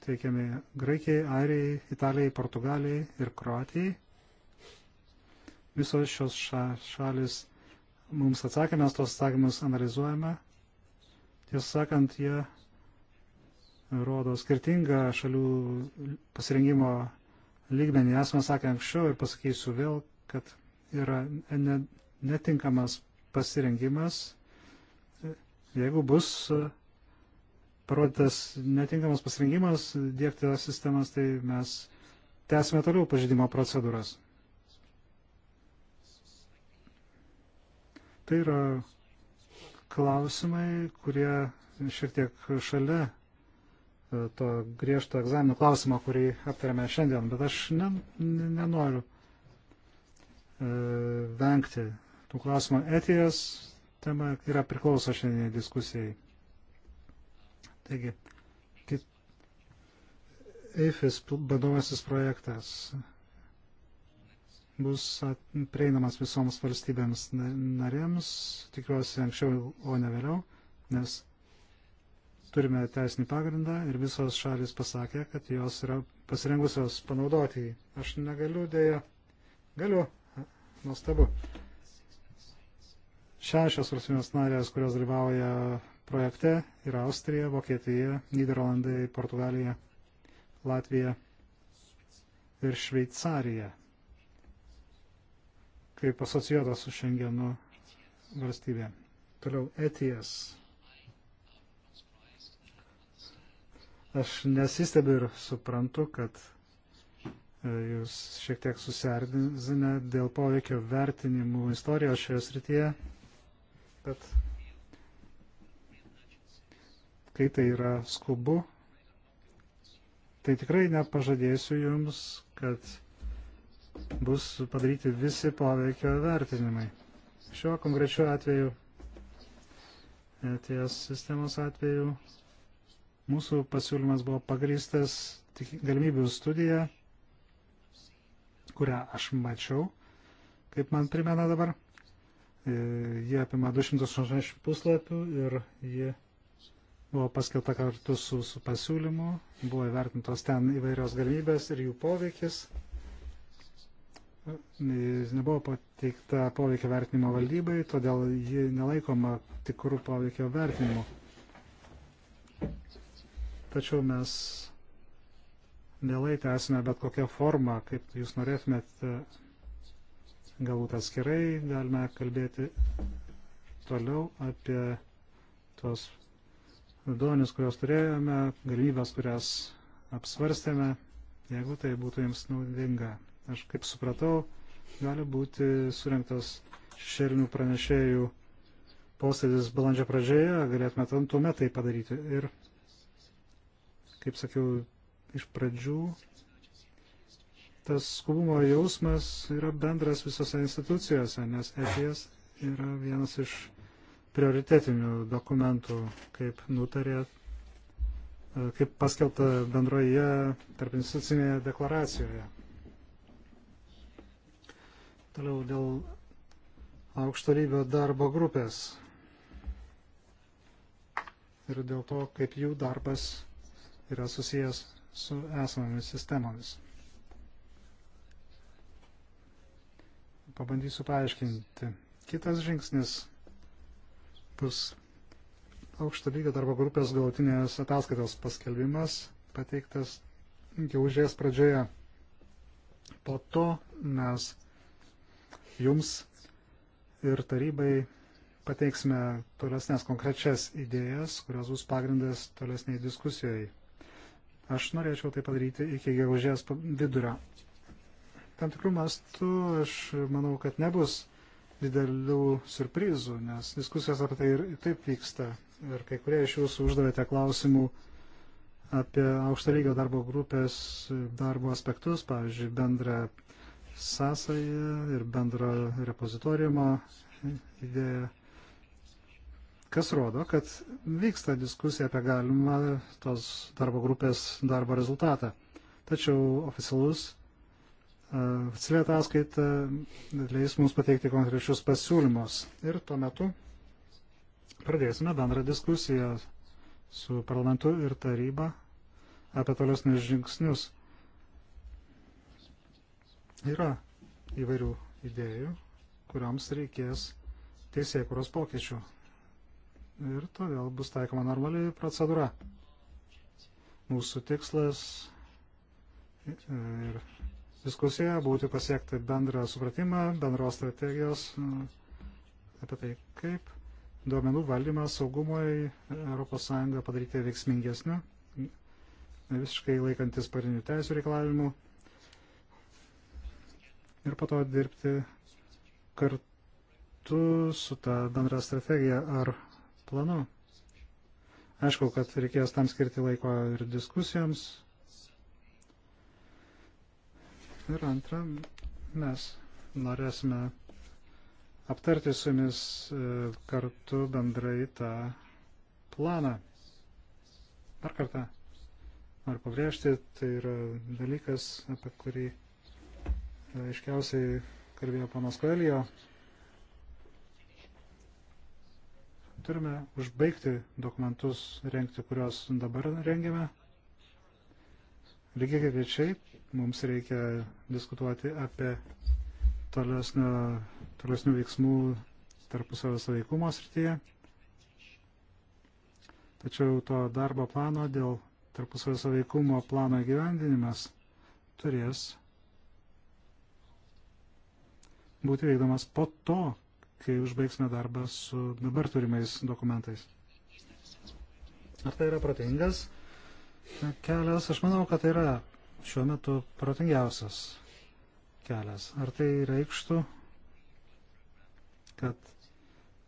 teikiami Graikijai, Airijai, Italijai, Portugalijai ir Kroatijai. Visos šios šalis mums atsakė, mes tos atsakymus analizuojame. Tiesą sakant, jie rodo skirtingą šalių pasirengimo lygmenį. Esame sakę anksčiau ir pasakysiu vėl, kad yra netinkamas pasirengimas, jeigu bus parodytas netinkamas pasirinkimas dėkti tas sistemas, tai mes tęsime toliau pažydimo procedūras. Tai yra klausimai, kurie šiek tiek šalia e, to griežto egzaminų klausimo, kurį aptarėme šiandien, bet aš ne, ne, nenoriu e, vengti tų klausimų. Etijos tema yra priklauso šiandien diskusijai. Taigi, kit... EIFIS vadovasis projektas bus prieinamas visoms valstybėms narėms, tikiuosi anksčiau, o ne vėliau, nes turime teisinį pagrindą ir visos šalis pasakė, kad jos yra pasirengusios panaudoti jį. Aš negaliu dėja. Galiu. Nuostabu. Šešios valstybės narės, kurios dalyvauja projekte yra Austrija, Vokietija, Niderlandai, Portugalija, Latvija ir Šveicarija kaip asocijuota su Šengeno valstybė. Toliau ETS. Aš nesistebiu ir suprantu, kad e, jūs šiek tiek suserdinę dėl poveikio vertinimų istorijos šioje srityje, bet kai tai yra skubu, tai tikrai nepažadėsiu Jums, kad bus padaryti visi poveikio vertinimai. Šiuo konkrečiu atveju, e ties sistemos atveju, mūsų pasiūlymas buvo pagrįstas galimybių studija, kurią aš mačiau, kaip man primena dabar. E, jie apima 280 puslapių ir jie buvo paskelbta kartu su, su pasiūlymu, buvo įvertintos ten įvairios galimybės ir jų poveikis. Nebuvo pateikta poveikio vertinimo valdybai, todėl ji nelaikoma tikrų poveikio vertinimu. Tačiau mes mielai tęsime bet kokią formą, kaip jūs norėtumėt, galbūt atskirai galime kalbėti toliau apie tuos duomenis, kuriuos turėjome, galimybės, kurias apsvarstėme, jeigu tai būtų jums naudinga. Aš kaip supratau, gali būti surinktas šešėlinių pranešėjų posėdis balandžio pradžioje, galėtume tuomet tai padaryti. Ir, kaip sakiau, iš pradžių tas skubumo jausmas yra bendras visose institucijose, nes ETS yra vienas iš prioritetinių dokumentų, kaip nutarė, e, kaip paskelbta bendroje tarp institucinėje deklaracijoje. Toliau dėl aukšto lygio darbo grupės ir dėl to, kaip jų darbas yra susijęs su esamomis sistemomis. Pabandysiu paaiškinti. Kitas žingsnis bus aukšto lygio darbo grupės galutinės ataskaitos paskelbimas pateiktas gegužės pradžioje. Po to mes jums ir tarybai pateiksime tolesnės konkrečias idėjas, kurios bus pagrindas tolesniai diskusijai. Aš norėčiau tai padaryti iki gegužės vidurio. Tam tikrų mastų aš manau, kad nebus didelių surprizų, nes diskusijos apie tai ir taip vyksta. Ir kai kurie iš jūsų uždavėte klausimų apie aukšto lygio darbo grupės darbo aspektus, pavyzdžiui, bendrą sąsąją ir bendrą repozitoriumo idėją. Kas rodo, kad vyksta diskusija apie galimą tos darbo grupės darbo rezultatą. Tačiau oficialus E, Oficialiai ataskaita leis mums pateikti konkrečius pasiūlymus ir tuo metu pradėsime bendrą diskusiją su parlamentu ir taryba apie tolesnius žingsnius. Yra įvairių idėjų, kuriams reikės teisėkuros pokyčių. Ir todėl bus taikoma normali procedūra. Mūsų tikslas ir diskusiją būtų pasiekti bendrą supratimą, bendros strategijos mm, apie tai, kaip duomenų valdymą saugumui ES padaryti veiksmingesniu, visiškai laikantis parinių teisų reikalavimų ir po to dirbti kartu su ta bendra strategija ar planu. Aišku, kad reikės tam skirti laiko ir diskusijoms, Ir antra, mes norėsime aptarti su jumis e, kartu bendrai tą planą. Dar kartą noriu pabrėžti, tai yra dalykas, apie kurį aiškiausiai kalbėjo panas Koelijo. Turime užbaigti dokumentus, rengti, kuriuos dabar rengiame. Lygiai kaip viečiai mums reikia diskutuoti apie tolesnio, tolesnių veiksmų tarpusavio saveikumo srityje. Tačiau to darbo plano dėl tarpusavio saveikumo plano gyvendinimas turės būti veikdamas po to, kai užbaigsime darbą su dabar turimais dokumentais. Ar tai yra protingas kelias? Aš manau, kad tai yra šiuo metu protingiausias kelias. Ar tai reikštų, kad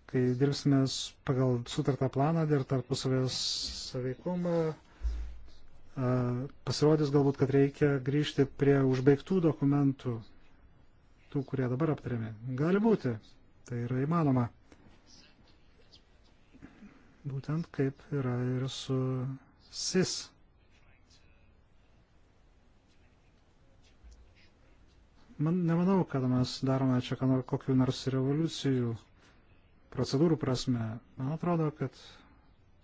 kai dirbsime pagal sutartą planą ir tarpusavės saveikumą, pasirodys galbūt, kad reikia grįžti prie užbaigtų dokumentų, tų, kurie dabar aptarėme. Gali būti, tai yra įmanoma. Būtent kaip yra ir su SIS Man, nemanau, kad mes darome čia kokiu nors revoliucijų procedūrų prasme. Man atrodo, kad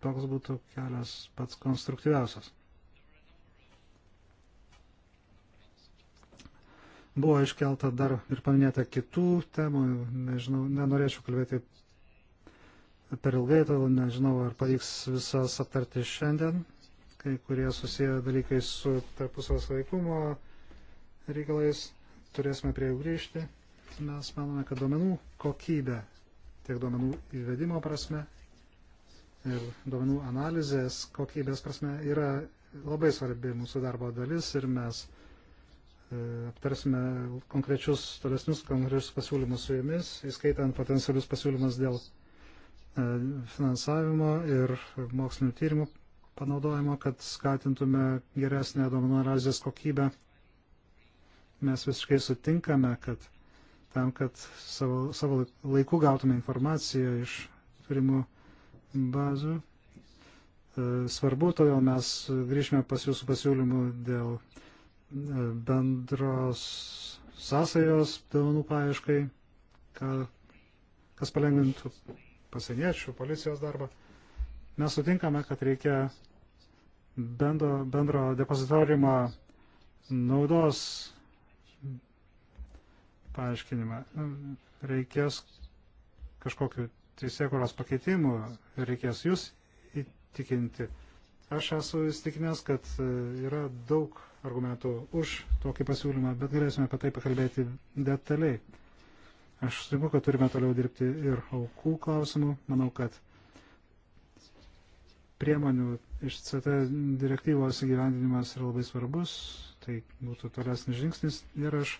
toks būtų kelias pats konstruktyviausias. Buvo iškelta dar ir paminėta kitų temų, nežinau, nenorėčiau kalbėti per ilgai, todėl nežinau, ar pavyks visas aptarti šiandien, kai kurie susiję dalykai su tarpusavos vaikumo reikalais turėsime prie jų grįžti. Mes manome, kad duomenų kokybė tiek duomenų įvedimo prasme ir duomenų analizės kokybės prasme yra labai svarbi mūsų darbo dalis ir mes e, aptarsime konkrečius tolesnius konkrečius pasiūlymus su jumis, įskaitant potencialius pasiūlymus dėl e, finansavimo ir mokslinių tyrimų panaudojimo, kad skatintume geresnę duomenų analizės kokybę mes visiškai sutinkame, kad tam, kad savo, savo laiku gautume informaciją iš turimų bazų, e, svarbu, todėl mes grįžime pas jūsų pasiūlymų dėl e, bendros sąsajos duomenų paieškai, kas palengvintų pasieniečių, policijos darbą. Mes sutinkame, kad reikia bendro, bendro depozitorimo naudos paaiškinimą. Nu, reikės kažkokiu teisėkuros pakeitimu, reikės jūs įtikinti. Aš esu įstikinęs, kad e, yra daug argumentų už tokį pasiūlymą, bet galėsime apie tai pakalbėti detaliai. Aš sutinku, kad turime toliau dirbti ir aukų klausimų. Manau, kad priemonių iš CT direktyvos įgyvendinimas yra labai svarbus, tai būtų tolesnis žingsnis ir aš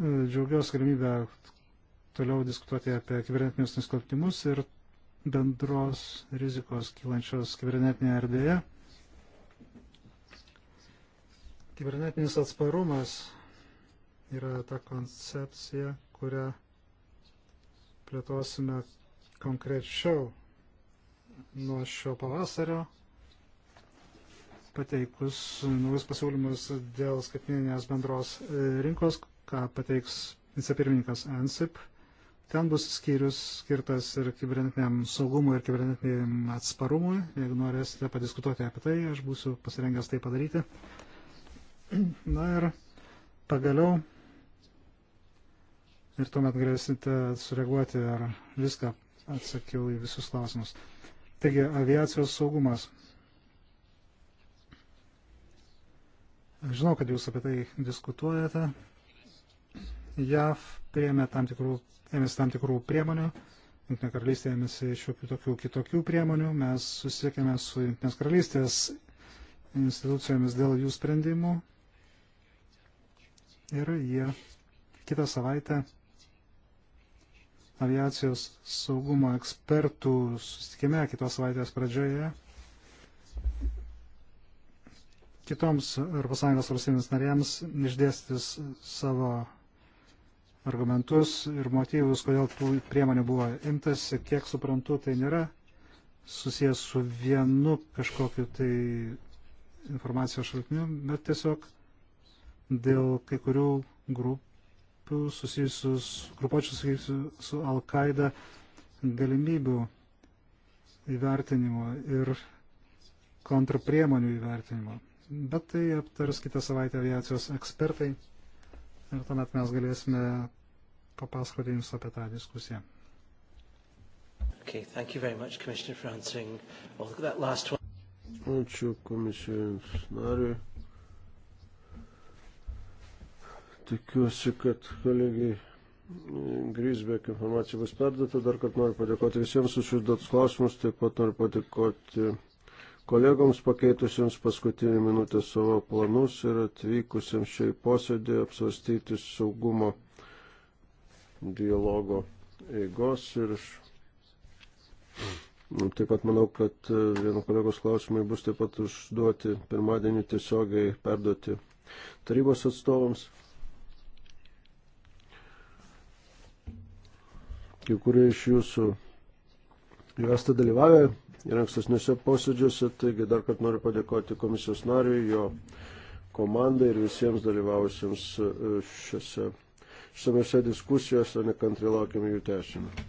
džiaugiausi galimybę toliau diskutuoti apie kibernetinius nusikaltimus ir bendros rizikos kylančios kibernetinėje erdvėje. Kibernetinis atsparumas yra ta koncepcija, kurią plėtosime konkrečiau nuo šio pavasario, pateikus naujus pasiūlymus dėl skaitmeninės bendros rinkos, ką pateiks vicepirmininkas ANSIP. Ten bus skyrius skirtas ir kibernetiniam saugumui ir kibernetiniam atsparumui. Jeigu norėsite padiskutuoti apie tai, aš būsiu pasirengęs tai padaryti. Na ir pagaliau, ir tuomet galėsite sureaguoti, ar viską atsakiau į visus klausimus. Taigi, aviacijos saugumas. Žinau, kad jūs apie tai diskutuojate. JAV priėmė tam tikrų, ėmėsi tam tikrų priemonių, Junktinė karalystė ėmėsi šiokių tokių kitokių priemonių, mes susisiekėme su Junktinės karalystės institucijomis dėl jų sprendimų ir jie kitą savaitę aviacijos saugumo ekspertų susitikime kitos savaitės pradžioje kitoms ES valstybėms narėms išdėstis savo argumentus ir motyvus, kodėl tų priemonių buvo imtas ir kiek suprantu, tai nėra susijęs su vienu kažkokiu tai informacijos šaltiniu, bet tiesiog dėl kai kurių grupių susijusių, grupuočių susijusių su Al-Qaeda galimybių įvertinimo ir kontrapriemonių įvertinimo. Bet tai aptars kitą savaitę aviacijos ekspertai ir tuomet mes galėsime papasakoti Jums apie tą diskusiją. Okay, thank you very much, Commissioner, for answering all that last one. Ačiū komisijos nariui. Tikiuosi, kad kolegai Grisbek informacija bus perduota. Dar kartą noriu padėkoti visiems už užduotus klausimus, taip pat noriu padėkoti kolegoms pakeitusiems paskutinį minutę savo planus ir atvykusiems šiai posėdį apsvarstyti saugumo dialogo eigos ir iš... Mm, taip pat manau, kad e, vieno kolegos klausimai bus taip pat užduoti pirmadienį tiesiogiai perduoti tarybos atstovams. Kai kurie iš jūsų jau esate dalyvavę ir ankstesniuose posėdžiuose. Taigi dar kartą noriu padėkoti komisijos nariui, jo komandai ir visiems dalyvausiems e, šiose, šiose diskusijose, nekantri laukiame jų tęsinio.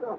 Да.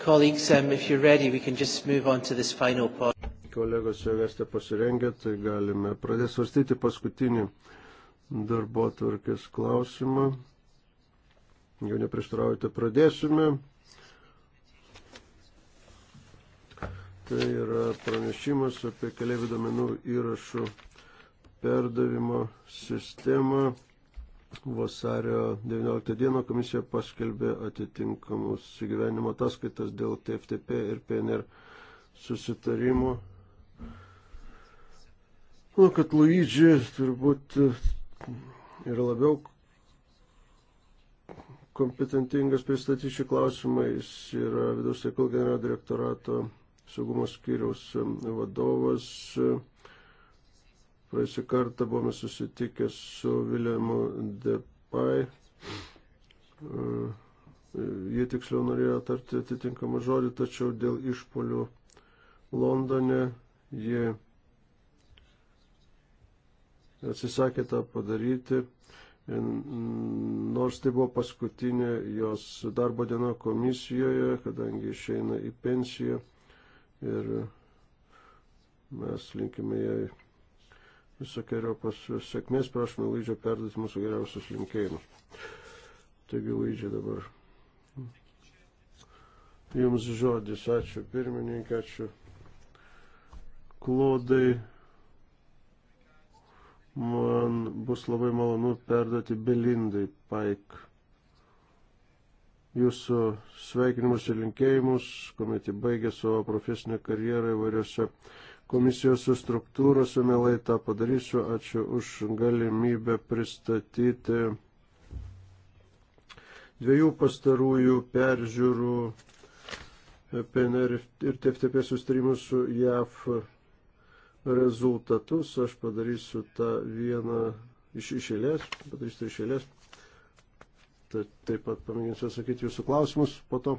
Colleagues, um, if you're ready, we can just move on to this final point. Kolegos, jeigu esate pasirengę, tai galime pradėti svarstyti paskutinį darbo tvarkės klausimą. Jau neprieštaraujate, pradėsime. Tai yra pranešimas apie keliaivių domenų įrašų perdavimo sistemą. Vasario 19 dieną komisija paskelbė atitinkamus įgyvenimo ataskaitas dėl TFTP ir PNR susitarimo. Nu, kad Luigi turbūt ir labiau kompetentingas pristatyti šį klausimą. Jis yra vidaus reikalų generalinio direktorato saugumo skyriaus vadovas. Praėjusią kartą buvome susitikę su Viljamu Depai. E, jie tiksliau norėjo tarti atitinkamą žodį, tačiau dėl išpolių Londone jie atsisakė tą padaryti, nors tai buvo paskutinė jos darbo diena komisijoje, kadangi išeina į pensiją ir mes linkime jai visokiojo pas sėkmės, prašome Laidžio perduoti mūsų geriausius linkėjimus. Taigi Laidžia dabar. Jums žodis, ačiū pirmininkė, ačiū klodai man bus labai malonu perduoti Belindai Paik jūsų sveikinimus ir linkėjimus, kuomet įbaigė savo profesinę karjerą įvairiose komisijos struktūrose, mielai tą padarysiu. Ačiū už galimybę pristatyti dviejų pastarųjų peržiūrų PNR ir TFTP sustarimus su JAV rezultatus. Aš padarysiu tą vieną iš, iš eilės, padarysiu tai iš eilės. Ta, taip pat pamėginsiu atsakyti jūsų klausimus po to.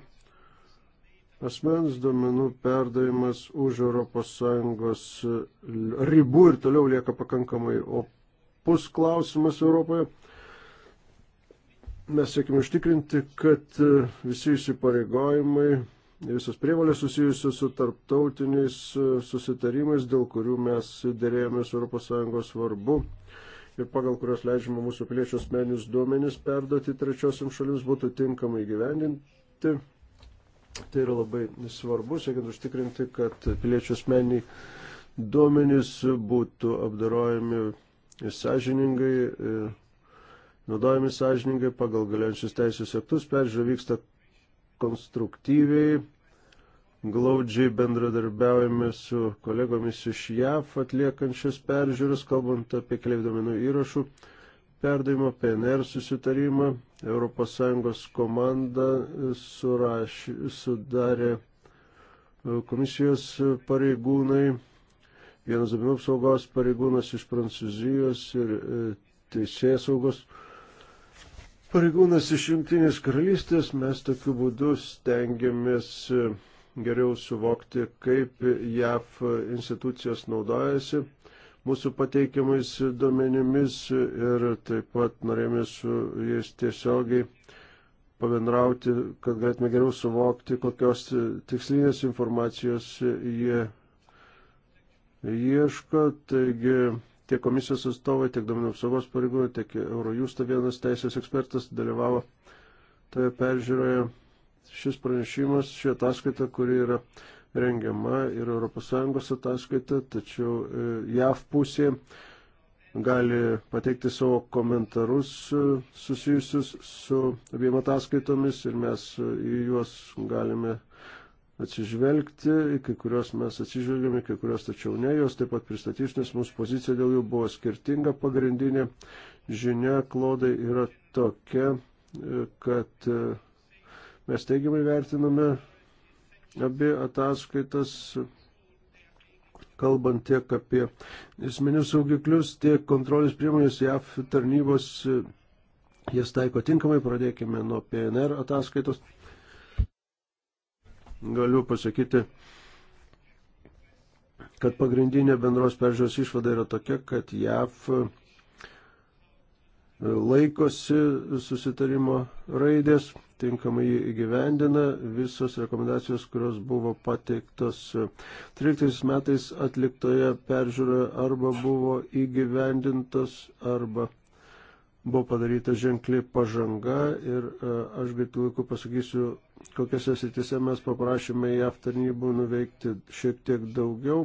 Asmens duomenų perdavimas už ES ribų ir toliau lieka pakankamai opus klausimas Europoje. Mes siekime užtikrinti, kad visi įsipareigojimai visos prievalės susijusios su tarptautiniais e, susitarimais, dėl kurių mes dėrėjomės ES varbu ir pagal kurios leidžiama mūsų piliečių asmeninius duomenys perduoti trečiosiam šalims būtų tinkamai gyvendinti. Tai yra labai svarbu, siekiant užtikrinti, kad piliečių asmeniai duomenys būtų apdarojami sąžiningai e, naudojami sąžiningai pagal galiojančius teisės aktus, peržiūra vyksta konstruktyviai, glaudžiai bendradarbiaujame su kolegomis iš JAF atliekančias peržiūras, kalbant apie keliaivių domenų įrašų perdavimo PNR susitarimą. ES komanda suraš, sudarė e, komisijos pareigūnai, vienas duomenų apsaugos pareigūnas iš Prancūzijos ir e, teisėsaugos saugos pareigūnas iš Junktinės karalystės, mes tokiu būdu stengiamės e, geriau suvokti, kaip JAF institucijos naudojasi mūsų pateikiamais duomenimis ir taip pat norėjome su jais tiesiogiai pabendrauti, kad galėtume geriau suvokti, kokios tikslinės informacijos jie ieško. Taigi Tiek komisijos atstovai, tiek domenų apsaugos pareigūnai, tiek Eurojusto vienas teisės ekspertas dalyvavo toje peržiūroje. Šis pranešimas, ši ataskaita, kuri yra rengiama ir ES ataskaita, tačiau e, JAV pusė gali pateikti savo komentarus e, susijusius su abiem ataskaitomis ir mes e, į juos galime atsižvelgti, kai kurios mes atsižvelgėme, kai kurios tačiau ne, jos taip pat pristatys, nes mūsų pozicija dėl jų buvo skirtinga. Pagrindinė žinia, klodai, yra tokia, e, kad e, mes teigiamai vertiname abi ataskaitas, kalbant tiek apie esminius saugiklius, tiek kontrolės priemonės JAF tarnybos, e, jas taiko tinkamai, pradėkime nuo PNR ataskaitos galiu pasakyti, kad pagrindinė bendros peržiūros išvada yra tokia, kad JAV e, laikosi susitarimo raidės, tinkamai įgyvendina visos rekomendacijos, kurios buvo pateiktos 13 e, metais atliktoje peržiūroje arba buvo įgyvendintos arba buvo padaryta ženkli pažanga ir e, aš greitų laikų pasakysiu kokiose sritise mes paprašėme JAV tarnybų nuveikti šiek tiek daugiau.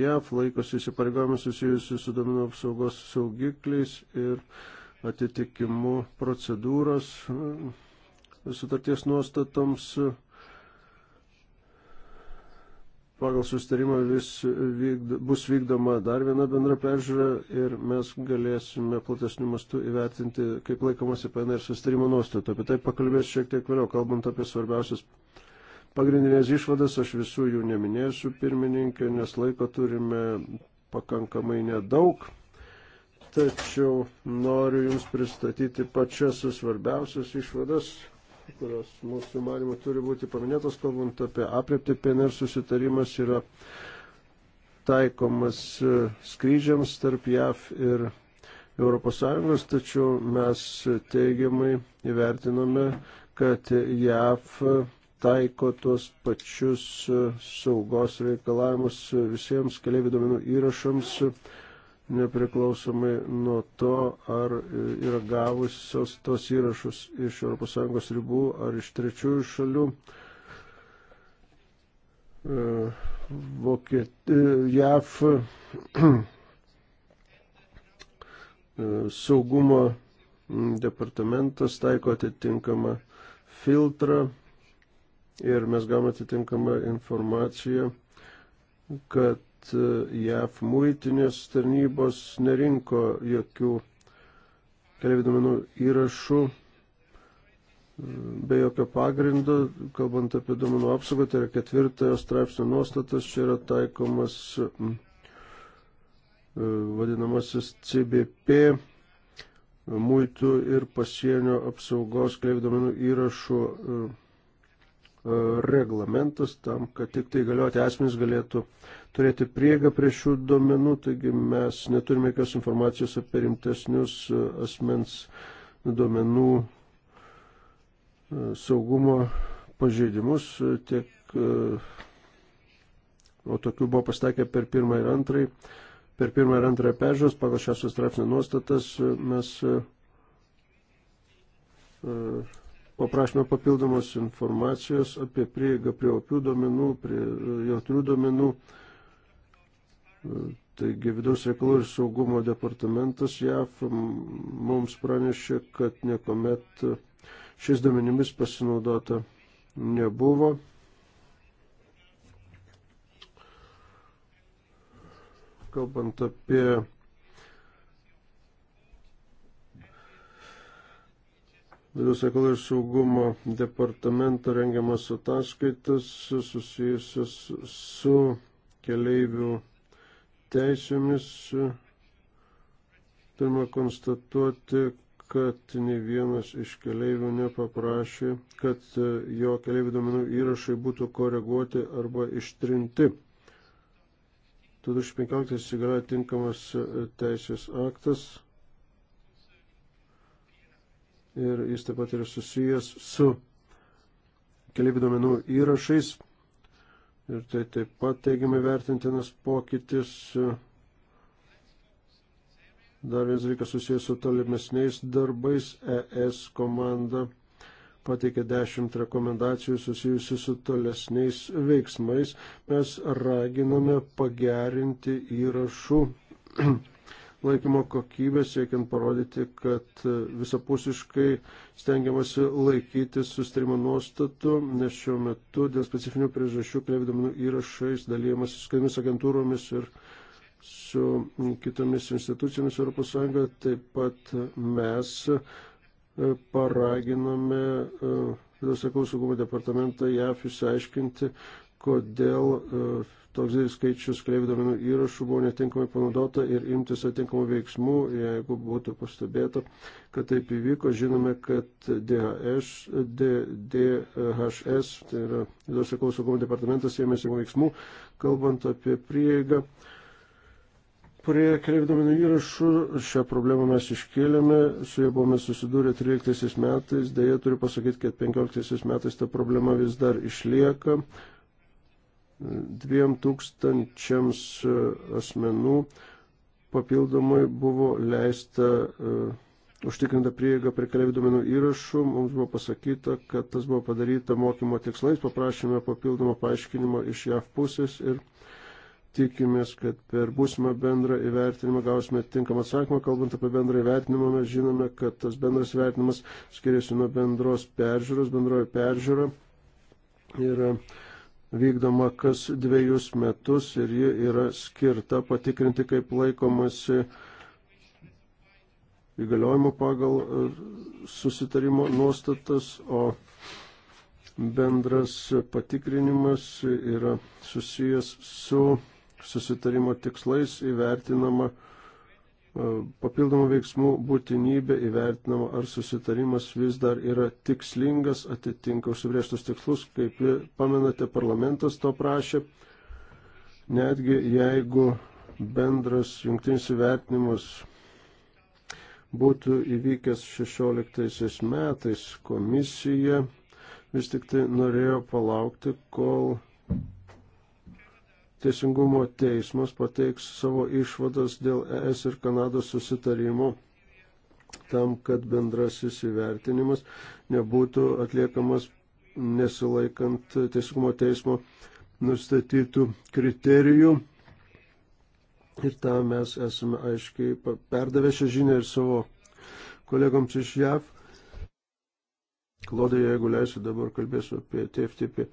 JAV laikosi įsipareigojimų susijusių su domino apsaugos saugikliais ir atitikimu procedūros sutarties nuostatoms pagal sustarimą vis vykd, bus vykdoma dar viena bendra peržiūra ir mes galėsime platesnių mastų įvertinti, kaip laikomasi PNR sustarimo nuostatų. Apie tai pakalbėsiu šiek tiek vėliau, kalbant apie svarbiausias pagrindinės išvadas. Aš visų jų neminėsiu, pirmininkė, nes laiko turime pakankamai nedaug. Tačiau noriu Jums pristatyti pačias svarbiausias išvadas kurios mūsų manimo turi būti paminėtos, kalbant apie apriepti PNR susitarimas yra taikomas e, skrydžiams tarp JAV ir ES, tačiau mes teigiamai įvertinome, kad JAV taiko tuos pačius e, saugos reikalavimus visiems keliaivių duomenų įrašams nepriklausomai nuo to, ar yra gavusios tos įrašus iš ES ribų ar iš trečiųjų šalių. E, Vokiet... E, JAF e, saugumo departamentas taiko atitinkamą filtrą ir mes gavome atitinkamą informaciją, kad E, JAF muitinės tarnybos nerinko jokių keliaivių duomenų įrašų e, be jokio pagrindo, kalbant apie duomenų apsaugą, tai yra ketvirtojo straipsnio nuostatas, čia yra taikomas e, vadinamasis CBP muitų ir pasienio apsaugos keliaivių duomenų įrašų reglamentas tam, kad tik tai galioti asmenys galėtų turėti prieigą prie šių duomenų, taigi mes neturime jokios informacijos apie rimtesnius e, asmens duomenų e, saugumo pažeidimus, e, tiek, o tokių buvo pastakę per pirmą ir antrąjį, per pirmą ir antrąją pežos, pagal šios straipsnio nuostatas mes paprašėme papildomos informacijos apie prieigą prie opių domenų, prie jautrių domenų. Taigi vidaus reikalų ir saugumo departamentas JAF mums pranešė, kad niekuomet šiais domenimis pasinaudota nebuvo. Kalbant apie Vidaus reikalų ir saugumo departamento rengiamas ataskaitas susijusias su keleivių teisėmis. Turime konstatuoti, kad ne vienas iš keleivių nepaprašė, kad jo keleivių domenų įrašai būtų koreguoti arba ištrinti. 2015 įsigalioja tinkamas teisės aktas, ir jis taip pat yra susijęs su keliaivių duomenų įrašais ir tai taip pat teigiamai vertintinas pokytis. Dar vienas dalykas susijęs su tolimesniais darbais ES komanda pateikė dešimt rekomendacijų susijusių su tolesniais veiksmais. Mes raginame pagerinti įrašų laikymo kokybę, siekiant parodyti, kad e, visapusiškai stengiamasi laikytis sustrimo nuostatų, nes šiuo metu dėl specifinių priežasčių kreipdaminų įrašais dalyjamas su kitomis agentūromis ir su kitomis institucijomis ES, taip pat mes e, paraginome e, vidaus reikalų saugumo departamentą JAF išsiaiškinti, kodėl uh, toks didelis skaičius kreivių duomenų įrašų buvo netinkamai panaudota ir imtis atinkamų veiksmų, jeigu būtų pastebėta, kad taip įvyko. Žinome, kad DHS, D, DHS, tai yra Vidaus reikalų saugumo departamentas, ėmėsi veiksmų, kalbant apie prieigą. Prie kreivių duomenų įrašų šią problemą mes iškėlėme, su ja buvome susidūrę 13 metais, dėja turiu pasakyti, kad 15 metais ta problema vis dar išlieka dviem tūkstančiams e, asmenų papildomai buvo leista e, užtikrinta prieiga prie keliaivių duomenų įrašų. Mums buvo pasakyta, kad tas buvo padaryta mokymo tikslais, paprašėme papildomo paaiškinimo iš JAV pusės ir tikimės, kad per būsimą bendrą įvertinimą gausime tinkamą atsakymą. Kalbant apie bendrą įvertinimą, mes žinome, kad tas bendras įvertinimas skiriasi nuo bendros peržiūros, bendroji peržiūra yra vykdoma kas dviejus metus ir ji yra skirta patikrinti, kaip laikomasi įgaliojimo pagal e, susitarimo nuostatas, o bendras patikrinimas yra susijęs su susitarimo tikslais įvertinama papildomų veiksmų būtinybė įvertinama, ar susitarimas vis dar yra tikslingas, atitinka užsibrieštus tikslus, kaip pamenate, parlamentas to prašė, netgi jeigu bendras jungtinis įvertinimas būtų įvykęs 16 metais, komisija vis tik tai norėjo palaukti, kol Teisingumo teismas pateiks savo išvadas dėl ES ir Kanados susitarimo tam, kad bendrasis įvertinimas nebūtų atliekamas nesilaikant Teisingumo teismo nustatytų kriterijų. Ir tą mes esame aiškiai perdavę šią žinią ir savo kolegoms iš JAV. Klodai, jeigu leisiu, dabar kalbėsiu apie TFTP.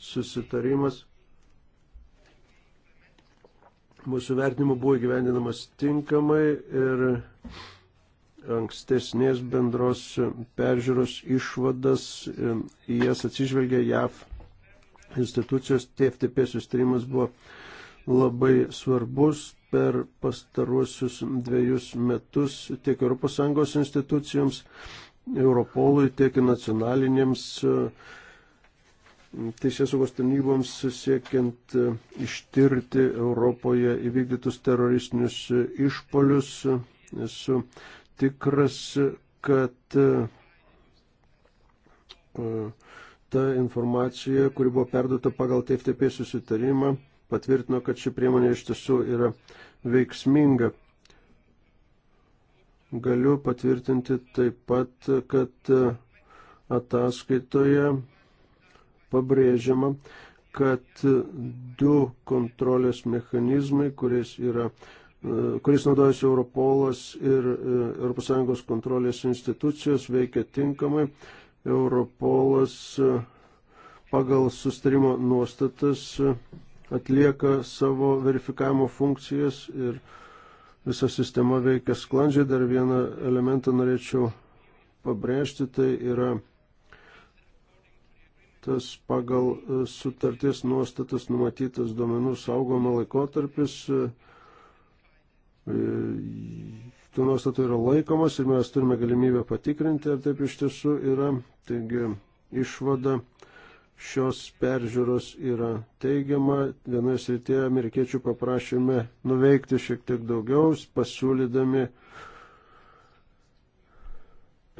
susitarimas mūsų vertinimu buvo įgyvendinamas tinkamai ir ankstesnės bendros peržiūros išvadas į jas atsižvelgia JAV institucijos. TFTP sustarimas buvo labai svarbus per pastaruosius dviejus metus tiek ES institucijoms, Europolui, tiek nacionalinėms uh, teisės saugos tarnyboms siekiant e, ištirti Europoje įvykdytus teroristinius e, išpolius. Esu tikras, kad e, ta informacija, kuri buvo perduota pagal TFTP susitarimą, patvirtino, kad ši priemonė iš tiesų yra veiksminga. Galiu patvirtinti taip pat, kad ataskaitoje pabrėžiama, kad du kontrolės mechanizmai, kuris yra kuris naudojasi Europolas ir ES kontrolės institucijos, veikia tinkamai. Europolas e, pagal sustarimo nuostatas e, atlieka savo verifikavimo funkcijas ir visa sistema veikia sklandžiai. Dar vieną elementą norėčiau pabrėžti, tai yra tas pagal e, sutarties nuostatas numatytas duomenų saugojimo laikotarpis. E, e, tų nuostatų yra laikomas ir mes turime galimybę patikrinti, ar taip iš tiesų yra. Taigi išvada šios peržiūros yra teigiama. Vienoje srityje amerikiečių paprašėme nuveikti šiek tiek daugiau, pasiūlydami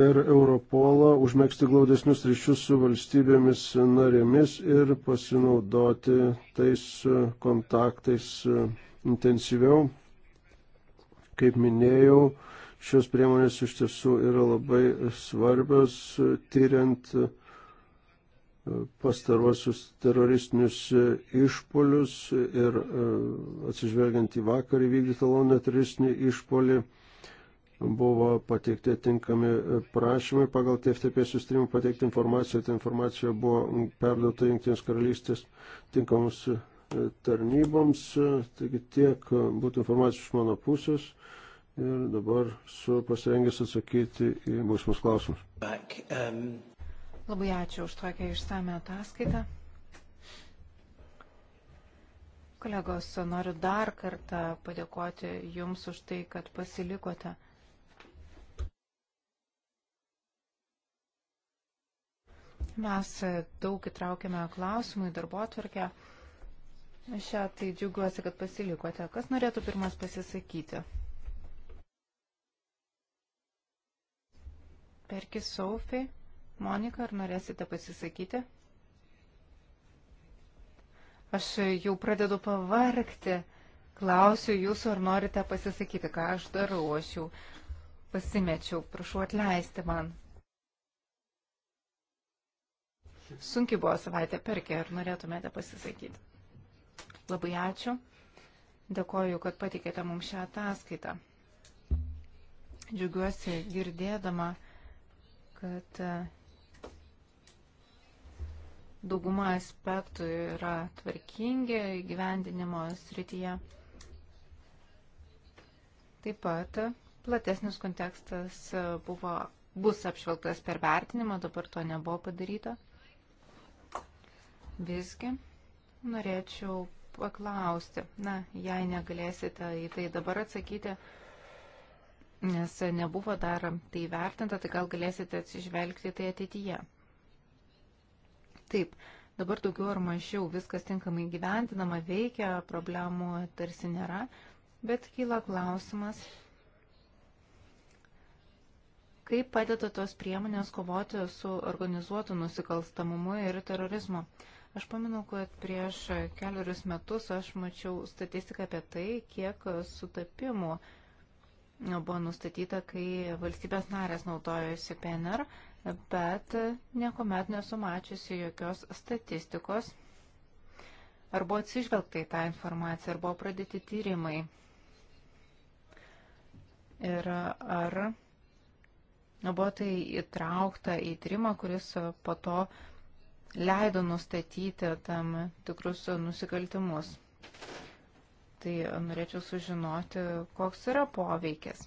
per Europolą užmėgsti glaudesnius ryšius su valstybėmis narėmis ir pasinaudoti tais kontaktais intensyviau. Kaip minėjau, šios priemonės iš tiesų yra labai svarbios tyriant pastaruosius teroristinius išpolius ir e, atsižvelgiant į vakar įvykdytą Londono teroristinį išpolį buvo pateikti tinkami prašymai pagal TFTP sustrimų pateikti informaciją. Ta informacija buvo perduota Junktinės karalystės tinkamus e, tarnyboms. E, taigi tiek būtų informacijos iš mano pusės. Ir dabar su pasirengęs atsakyti į būsimus klausimus. Back, um... Labai ačiū už tokią išsame ataskaitą. Kolegos, noriu dar kartą padėkoti Jums už tai, kad pasilikote. Mes daug įtraukėme klausimų į darbo atvarkę. Šią tai džiugiuosi, kad pasilikote. Kas norėtų pirmas pasisakyti? Perki Sofi, Monika, ar norėsite pasisakyti? Aš jau pradedu pavarkti. Klausiu jūsų, ar norite pasisakyti, ką aš darau. Aš jau pasimečiau, prašau atleisti man sunki buvo savaitė perkė, ar norėtumėte pasisakyti. Labai ačiū. Dėkoju, kad patikėte mums šią ataskaitą. Džiugiuosi girdėdama, kad e, dauguma aspektų yra tvarkingi gyvendinimo srityje. Taip pat e, platesnis kontekstas e, buvo, bus apšvelgtas per vertinimą, dabar to nebuvo padaryta. Visgi norėčiau paklausti, na, jei negalėsite į tai dabar atsakyti, nes nebuvo dar tai vertinta, tai gal galėsite atsižvelgti tai ateityje. Taip, dabar daugiau ar mažiau viskas tinkamai gyventinama, veikia, problemų tarsi nėra, bet kyla klausimas, kaip padeda tos priemonės kovoti su organizuotu nusikalstamumu ir terorizmu. Aš pamenu, kad prieš keliarius metus aš mačiau statistiką apie tai, kiek sutapimų buvo nustatyta, kai valstybės narės naudojosi PNR, bet niekuomet nesu mačiusi jokios statistikos. Ar buvo atsižvelgta į tą informaciją, ar buvo pradėti tyrimai. Ir ar buvo tai įtraukta į tyrimą, kuris po to uh, leido nustatyti tam tikrus nusikaltimus. Tai norėčiau sužinoti, koks yra poveikis,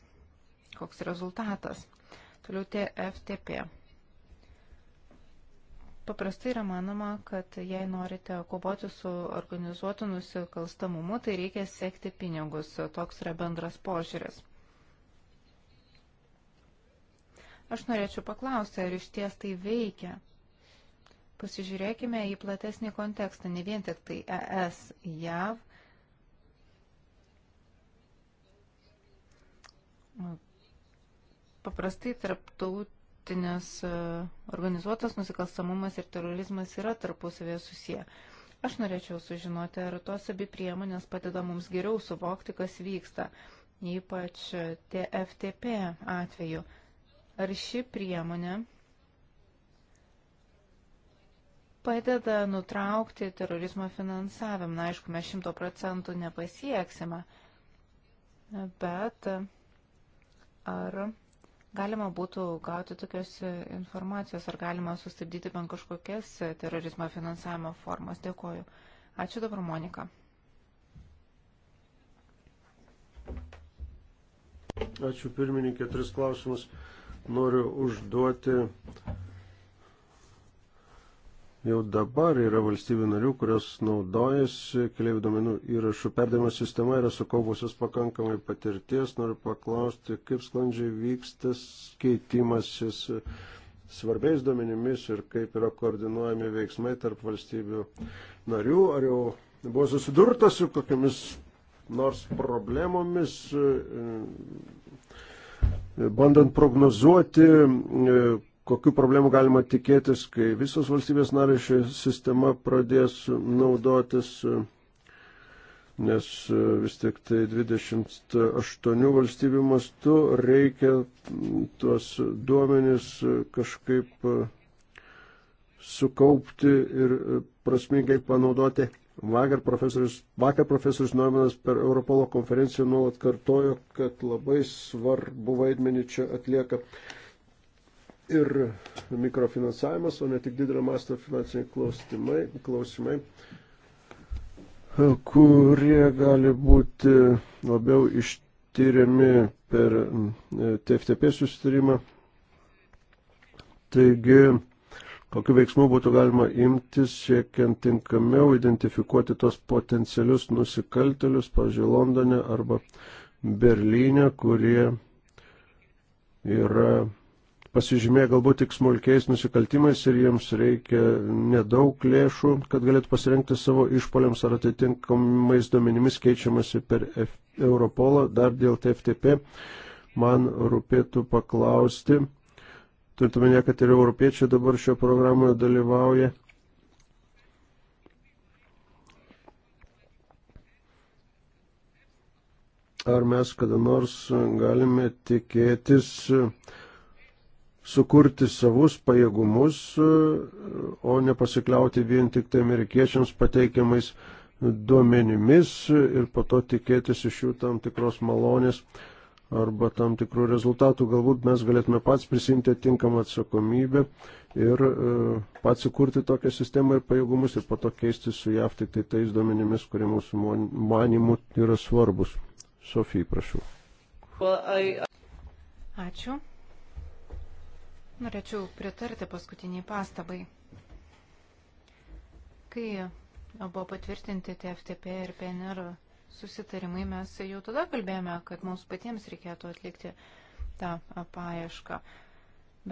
koks rezultatas. Toliau tie FTP. Paprastai yra manoma, kad jei norite kovoti su organizuotu nusikalstamumu, tai reikia sekti pinigus. Toks yra bendras požiūris. Aš norėčiau paklausti, ar iš ties tai veikia. Pasižiūrėkime į platesnį kontekstą, ne vien tik tai ES, JAV. Paprastai tarptautinis e, organizuotas nusikalstamumas ir terorizmas yra tarpusavėje susiję. Aš norėčiau sužinoti, ar tos abi priemonės padeda mums geriau suvokti, kas vyksta, ypač TFTP atveju. Ar ši priemonė padeda nutraukti terorizmo finansavimą. Na, aišku, mes šimto procentų nepasieksime, bet ar galima būtų gauti tokios informacijos, ar galima sustabdyti bent kažkokias terorizmo finansavimo formas. Dėkoju. Ačiū dabar, Monika. Ačiū pirmininkė, tris klausimus noriu užduoti Jau dabar yra valstybių narių, kurios naudojasi keliaivių domenų įrašų perdavimo sistema, yra sukaupusios pakankamai patirties. Noriu paklausti, kaip sklandžiai vyksta keitimasis svarbiais duomenimis ir kaip yra koordinuojami veiksmai tarp valstybių narių. Ar jau buvo susidurta su kokiamis nors problemomis, e, bandant prognozuoti e, kokių problemų galima tikėtis, kai visos valstybės narės ši sistema pradės naudotis, nes vis tik tai 28 valstybių mastu reikia tuos duomenis kažkaip sukaupti ir prasmingai panaudoti. Vakar profesorius, vakar profesorius Normanas per Europolo konferenciją nuolat kartojo, kad labai svarbu vaidmenį čia atlieka ir mikrofinansavimas, o ne tik didelio masto finansiniai klausimai, klausimai, kurie gali būti labiau ištyriami per e, TFTP susitarimą. Taigi, kokiu veiksmu būtų galima imtis, siekiant tinkamiau identifikuoti tos potencialius nusikaltelius, pavyzdžiui, Londone arba Berlyne, kurie yra pasižymėję galbūt tik smulkiais nusikaltimais ir jiems reikia nedaug lėšų, kad galėtų pasirinkti savo išpoliams ar atitinkamais duomenimis keičiamasi per F Europolą. Dar dėl TFTP man rūpėtų paklausti, turint omenyje, kad ir europiečiai dabar šio programoje dalyvauja. Ar mes kada nors galime tikėtis uh, sukurti savus pajėgumus, e, o nepasikliauti vien tik tai amerikiečiams pateikiamais duomenimis ir po to tikėtis iš jų tam tikros malonės arba tam tikrų rezultatų. Galbūt mes galėtume pats prisimti tinkamą atsakomybę ir e, pats įkurti tokią sistemą ir pajėgumus ir po to keisti su JAV tik tai tais duomenimis, kurie mūsų manimų yra svarbus. Sofija, prašau. Ačiū. Norėčiau pritarti paskutiniai pastabai. Kai buvo patvirtinti TFTP ir PNR susitarimai, mes jau tada kalbėjome, kad mums patiems reikėtų atlikti tą paiešką.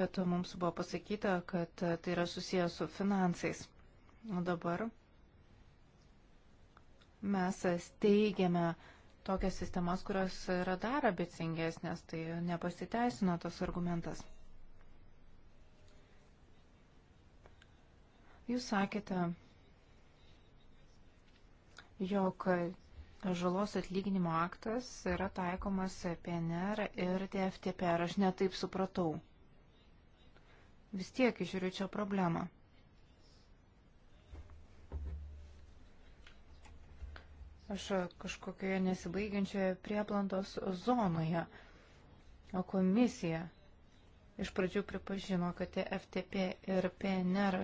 Bet mums buvo pasakyta, kad tai yra susijęs su finansais. O dabar mes steigiame tokias sistemas, kurios yra dar abicingesnės, tai nepasiteisino tas argumentas. Jūs sakėte, jog žalos atlyginimo aktas yra taikomas PNR ir TFTP. Ar aš netaip supratau? Vis tiek išžiūriu čia problemą. Aš kažkokioje nesibaigiančioje prieplantos zonoje. O komisija iš pradžių pripažino, kad FTP ir PNR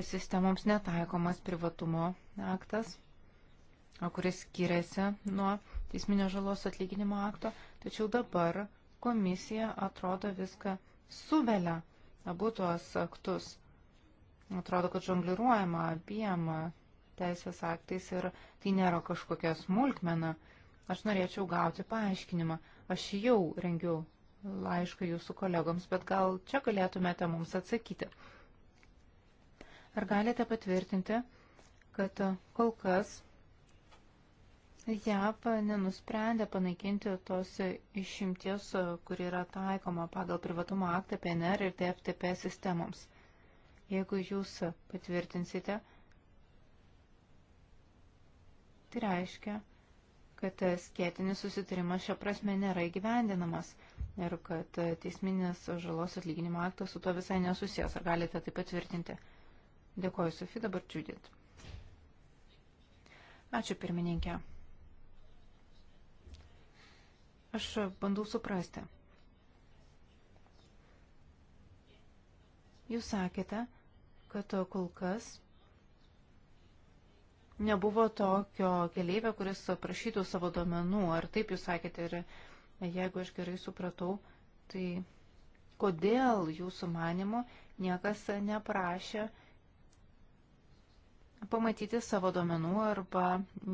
sistemoms netaikomas privatumo aktas, kuris skiriasi nuo teisminio žalos atlyginimo akto, tačiau dabar komisija atrodo viską suvelia abu tuos aktus. Atrodo, kad žongliruojama abiem teisės aktais ir tai nėra kažkokia smulkmena. Aš norėčiau gauti paaiškinimą. Aš jau rengiu laišką jūsų kolegoms, bet gal čia galėtumėte mums atsakyti. Ar galite patvirtinti, kad kol kas JAP nenusprendė panaikinti tos išimties, kur yra taikoma pagal privatumo aktą PNR ir TFTP sistemoms? Jeigu jūs patvirtinsite, tai reiškia, kad skėtinis susitarimas šia prasme nėra įgyvendinamas ir kad teisminės žalos atlyginimo aktas su to visai nesusijęs. Ar galite tai patvirtinti? Dėkoju, Sofi, dabar Judith. Ačiū, pirmininkė. Aš bandau suprasti. Jūs sakėte, kad kol kas nebuvo tokio keleivio, kuris prašytų savo domenų. Ar taip jūs sakėte? Ir jeigu aš gerai supratau, tai kodėl jūsų manimo niekas neprašė pamatyti savo duomenų arba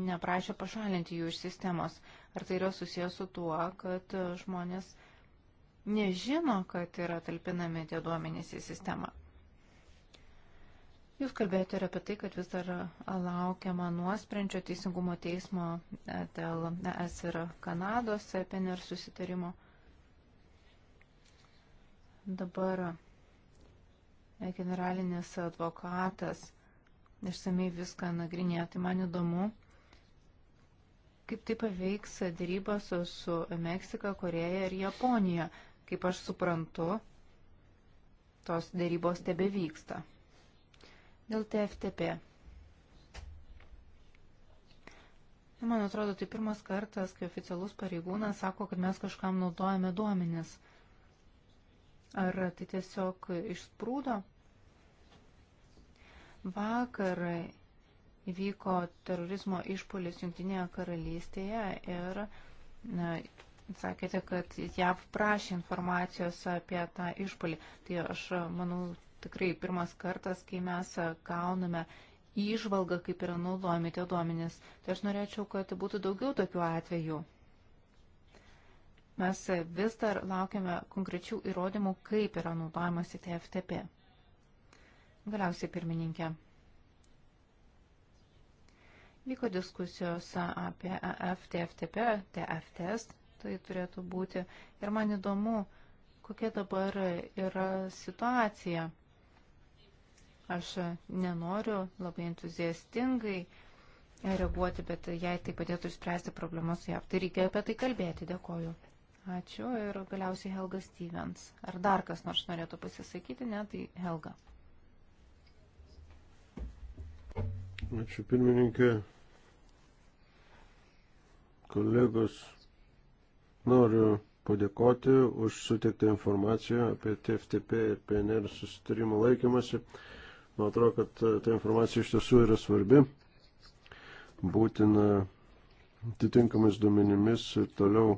neprašė pašalinti jų iš sistemos. Ar tai yra susijęs su tuo, kad žmonės nežino, kad yra talpinami tie duomenys į sistemą? Jūs kalbėjote ir apie tai, kad vis dar laukiama nuosprendžio teisingumo teismo e, dėl ES ir Kanados e PNR susitarimo. Dabar e, generalinis advokatas išsamei viską nagrinėjo. Tai man įdomu, kaip tai paveiks dėrybos su Meksika, Koreja ir Japonija. Kaip aš suprantu, tos dėrybos tebe vyksta. Dėl TFTP. Man atrodo, tai pirmas kartas, kai oficialus pareigūnas sako, kad mes kažkam naudojame duomenis. Ar tai tiesiog išsprūdo? Vakar įvyko terorizmo išpolis Junktinėje karalystėje ir na, sakėte, kad JAV prašė informacijos apie tą išpolį. Tai aš manau tikrai pirmas kartas, kai mes gauname įžvalgą, kaip yra naudojami tie duomenys. Tai aš norėčiau, kad būtų daugiau tokių atvejų. Mes vis dar laukiame konkrečių įrodymų, kaip yra naudojamas į TFTP. Galiausiai pirmininkė. Vyko diskusijos apie EF, TFTP, TFTS, tai turėtų būti. Ir man įdomu, kokia dabar yra situacija. Aš nenoriu labai entuziastingai reaguoti, bet jei tai padėtų išspręsti problemas su JAV, tai reikia apie tai kalbėti. Dėkoju. Ačiū ir galiausiai Helga Stevens. Ar dar kas nors norėtų pasisakyti? Ne, tai Helga. Ačiū pirmininkė. Kolegos, noriu padėkoti už suteiktą informaciją apie TFTP ir PNR susitarimų laikymasi. Man atrodo, kad ta informacija iš tiesų yra svarbi. Būtina atitinkamais duomenimis toliau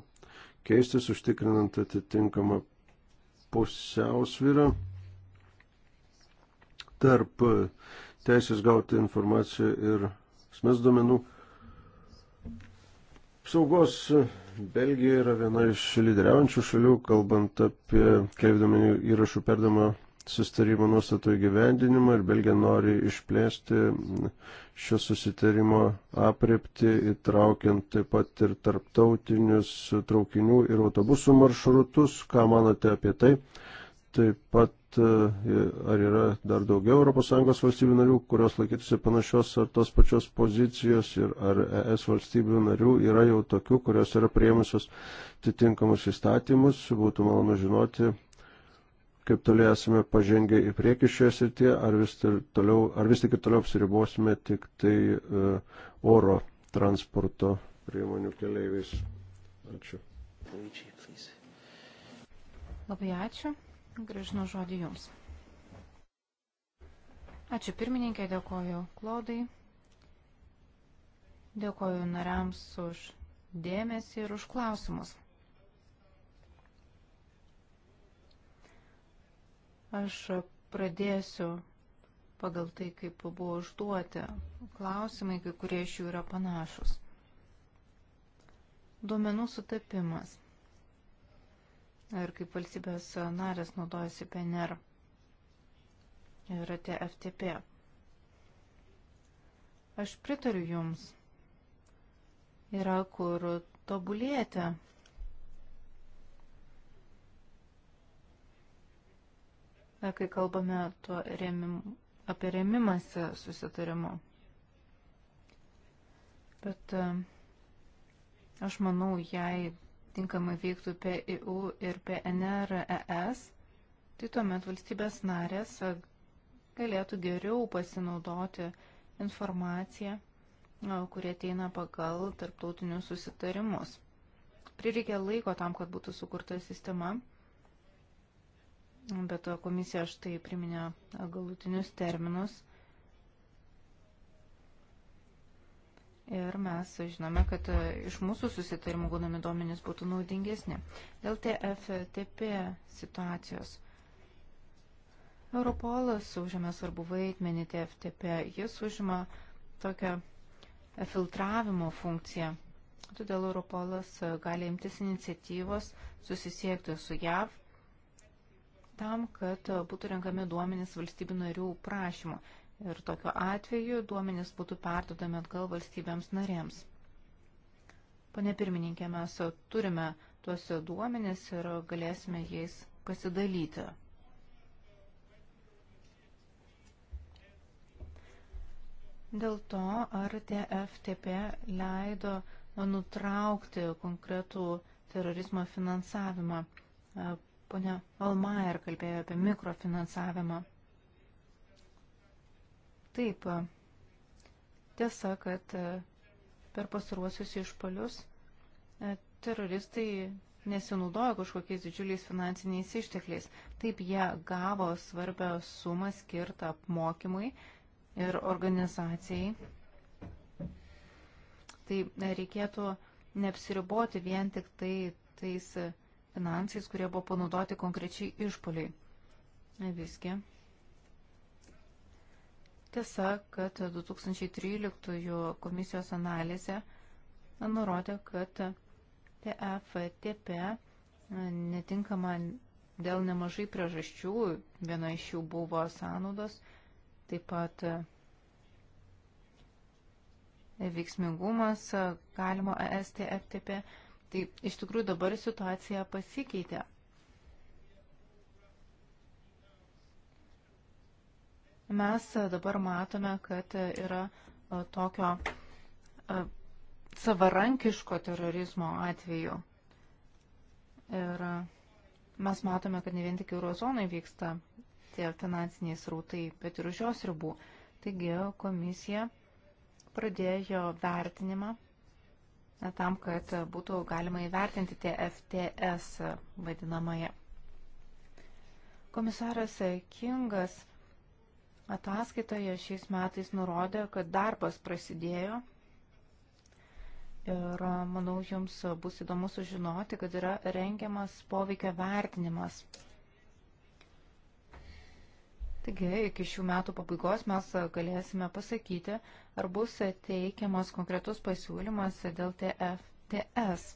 keistis, užtikrinant atitinkamą pusiausvyrą tarp teisės gauti informaciją ir asmens duomenų. Saugos Belgija yra viena iš lyderiaujančių šalių, kalbant apie kelbdomenių įrašų perdamą susitarimo nuostatų įgyvendinimą ir Belgija nori išplėsti šio susitarimo apriepti, įtraukiant taip pat ir tarptautinius traukinių ir autobusų maršrutus. Ką manote apie tai? Taip pat, e, ar yra dar daugiau ES valstybių narių, kurios laikytųsi panašios ar tos pačios pozicijos ir ar ES valstybių narių yra jau tokių, kurios yra prieimusios atitinkamus įstatymus, būtų malonu žinoti, kaip toli esame pažengę į priekį šioje srityje, ar vis, toliau, ar vis tik ir toliau apsiribosime tik tai uh, oro transporto priemonių keleiviais. Ačiū. Labai ačiū. Gražinu žodį Jums. Ačiū pirmininkė, dėkoju Klodai. Dėkoju nariams už dėmesį ir už klausimus. Aš pradėsiu pagal tai, kaip buvo užduoti klausimai, kai kurie iš jų yra panašus. Duomenų sutapimas ir kaip valstybės narės naudojasi PNR ir tie FTP. Aš pritariu Jums. Yra kur tobulėti. Na, kai kalbame remim, apie remimąsi susitarimu. Bet e, aš manau, jei tinkamai veiktų PIU ir PNR ES, tai tuomet valstybės narės galėtų geriau pasinaudoti informaciją, kurie ateina pagal tarptautinius susitarimus. Prireikė laiko tam, kad būtų sukurta sistema, bet komisija štai priminė galutinius terminus Ir mes žinome, kad e, iš mūsų susitarimų gaunami duomenys būtų naudingesni. Dėl TFTP situacijos. Europolas užėmė svarbu vaidmenį TFTP. Jis užima tokią filtravimo funkciją. Todėl Europolas e, gali imtis iniciatyvos susisiekti su JAV tam, kad e, būtų renkami duomenys valstybių narių prašymu ir tokiu atveju duomenys būtų perdodami atgal valstybėms narėms. Pane pirmininkė, mes turime tuos duomenys ir galėsime jais pasidalyti. Dėl to, ar TFTP leido nutraukti konkretų terorizmo finansavimą. Pone Almajer kalbėjo apie mikrofinansavimą. Taip, tiesa, kad per pastaruosius išpalius teroristai nesinaudojo kažkokiais didžiuliais finansiniais ištekliais. Taip jie gavo svarbę sumą skirtą apmokymui ir organizacijai. Tai reikėtų neapsiriboti vien tik tai tais finansais, kurie buvo panaudoti konkrečiai išpoliai. Visgi Tiesa, kad 2013 komisijos analizė nurodė, kad TFTP netinkama dėl nemažai priežasčių, viena iš jų buvo sąnaudos, taip pat veiksmingumas galimo ESTFTP. Tai iš tikrųjų dabar situacija pasikeitė. Mes e, dabar matome, kad e, yra e, tokio savarankiško terorizmo atveju. Ir mes matome, kad ne vien tik eurozonai vyksta tie finansiniai srautai, bet ir už jos ribų. Taigi komisija pradėjo vertinimą tam, kad būtų galima įvertinti tie FTS vadinamąją. Komisaras Kingas Ataskaitoje šiais metais nurodė, kad darbas prasidėjo ir manau, jums bus įdomu sužinoti, kad yra rengiamas poveikio vertinimas. Taigi, iki šių metų pabaigos mes galėsime pasakyti, ar bus teikiamas konkretus pasiūlymas dėl TFTS.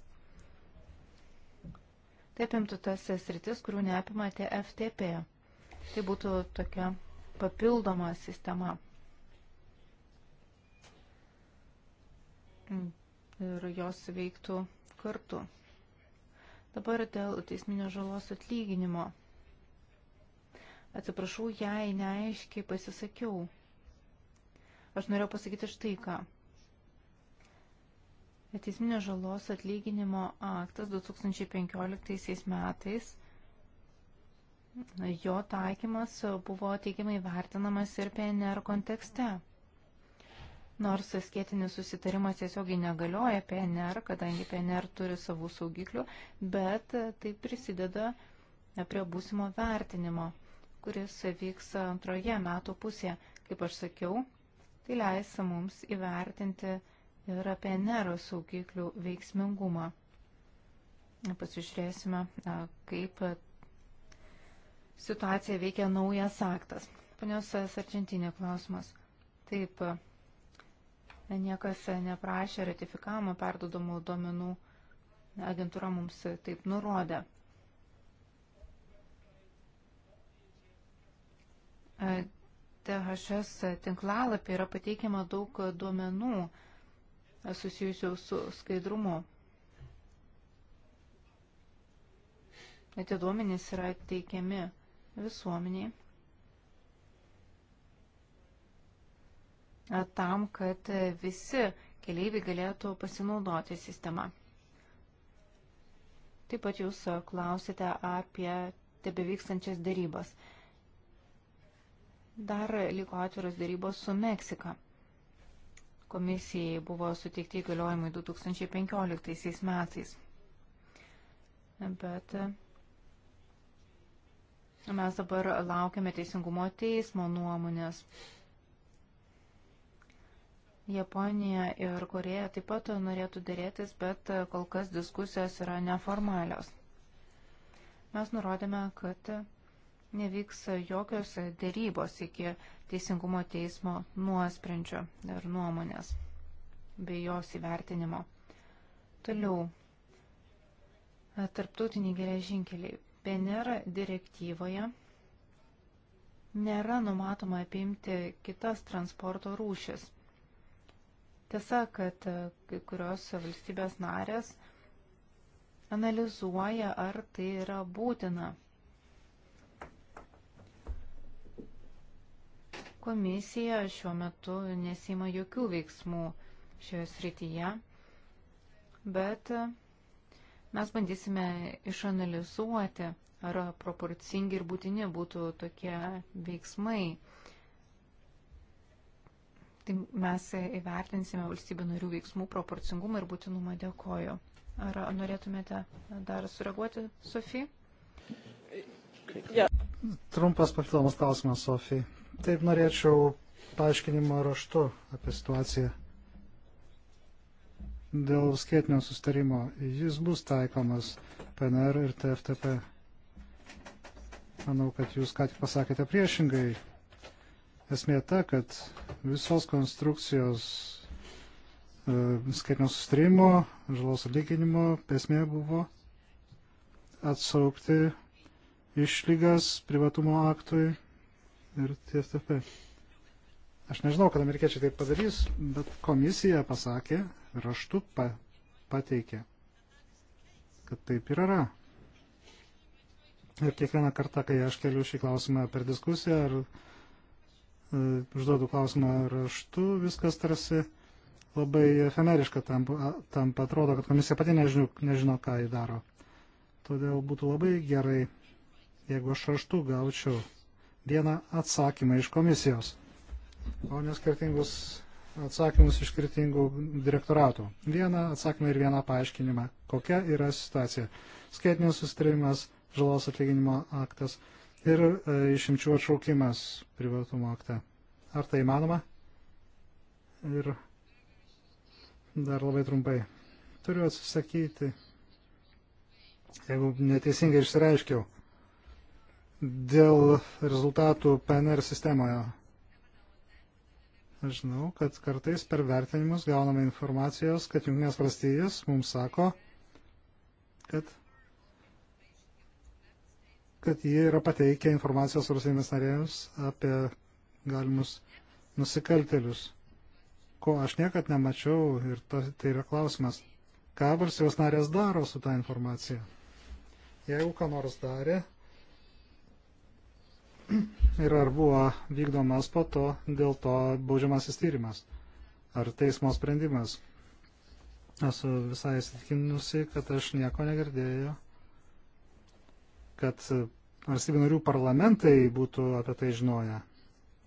Taip imtų tas sritis, kurių neapima TFTP. Tai būtų tokia papildoma sistema. Mm, ir jos veiktų kartu. Dabar dėl teisminio žalos atlyginimo. Atsiprašau, jei neaiškiai pasisakiau. Aš norėjau pasakyti štai ką. Teisminio žalos atlyginimo aktas 2015 metais jo taikymas buvo teigiamai vertinamas ir PNR kontekste. Nors skėtinis susitarimas tiesiogiai negalioja PNR, kadangi PNR turi savų saugiklių, bet tai prisideda prie būsimo vertinimo, kuris vyks antroje metų pusėje. Kaip aš sakiau, tai leis mums įvertinti ir PNR saugiklių veiksmingumą. Pasižiūrėsime, kaip situaciją veikia naujas aktas. Panios Sarčentinė klausimas. Taip, niekas neprašė ratifikavimo perdodamų duomenų, agentūra mums taip nurodė. THS tinklalapį yra pateikiama daug duomenų susijusių su skaidrumu. Tie duomenys yra teikiami visuomeniai. tam, kad visi keleiviai galėtų pasinaudoti sistemą. Taip pat jūs klausite apie tebevykstančias darybas. Dar liko atviros darybos su Meksika. Komisijai buvo suteikti įgaliojimai 2015 metais. Bet Mes dabar laukiame teisingumo teismo nuomonės. Japonija ir Koreja taip pat norėtų dėrėtis, bet kol kas diskusijos yra neformalios. Mes nurodėme, kad nevyks jokios dėrybos iki teisingumo teismo nuosprendžio ir nuomonės bei jos įvertinimo. Toliau, tarptautiniai geležinkeliai. PNR direktyvoje nėra numatoma apimti kitas transporto rūšis. Tiesa, kad e, kai kurios valstybės narės analizuoja, ar tai yra būtina. Komisija šiuo metu nesima jokių veiksmų šioje srityje, bet e, Mes bandysime išanalizuoti, ar proporcingi ir būtini būtų tokie veiksmai. Tai mes įvertinsime valstybių narių veiksmų proporcingumą ir būtinumą. Dėkoju. Ar norėtumėte dar sureaguoti, Sofija? Ja. Trumpas papildomas klausimas, Sofija. Taip norėčiau paaiškinimo raštu apie situaciją dėl skėtinio sustarimo. Jis bus taikomas PNR ir TFTP. Manau, kad jūs ką tik pasakėte priešingai. Esmė ta, kad visos konstrukcijos e, skaitinio sustarimo, žalos atlyginimo, esmė buvo atsaukti išlygas privatumo aktui ir TFTP. Aš nežinau, kad amerikiečiai taip padarys, bet komisija pasakė, raštu pa, pateikė, kad taip ir yra. Ir kiekvieną kartą, kai aš keliu šį klausimą per diskusiją ar e, užduodu klausimą raštu, viskas tarsi labai efemeriška tam, tam atrodo, kad komisija pati nežino, nežino, ką jį daro. Todėl būtų labai gerai, jeigu aš raštu gaučiau vieną atsakymą iš komisijos, o neskirtingus atsakymus iš skirtingų direktoratų. Vieną atsakymą ir vieną paaiškinimą, kokia yra situacija. Skaitinis sustarimas, žalos atlyginimo aktas ir e, išimčių atšaukimas privatumo akte. Ar tai įmanoma? Ir dar labai trumpai. Turiu atsisakyti, jeigu neteisingai išsireiškiau, dėl rezultatų PNR sistemoje Žinau, kad kartais per vertinimus gauname informacijos, kad Junktinės valstijos mums sako, kad, kad jie yra pateikę informacijos valstybės narėms apie galimus nusikaltelius, ko aš niekad nemačiau ir to, tai yra klausimas, ką valstybės narės daro su tą informacija. Jeigu ką nors darė, ir ar buvo vykdomas po to dėl to baudžiamasis tyrimas ar teismo sprendimas. Esu visai įsitikinusi, kad aš nieko negirdėjau, kad valstybių narių parlamentai būtų apie tai žinoję.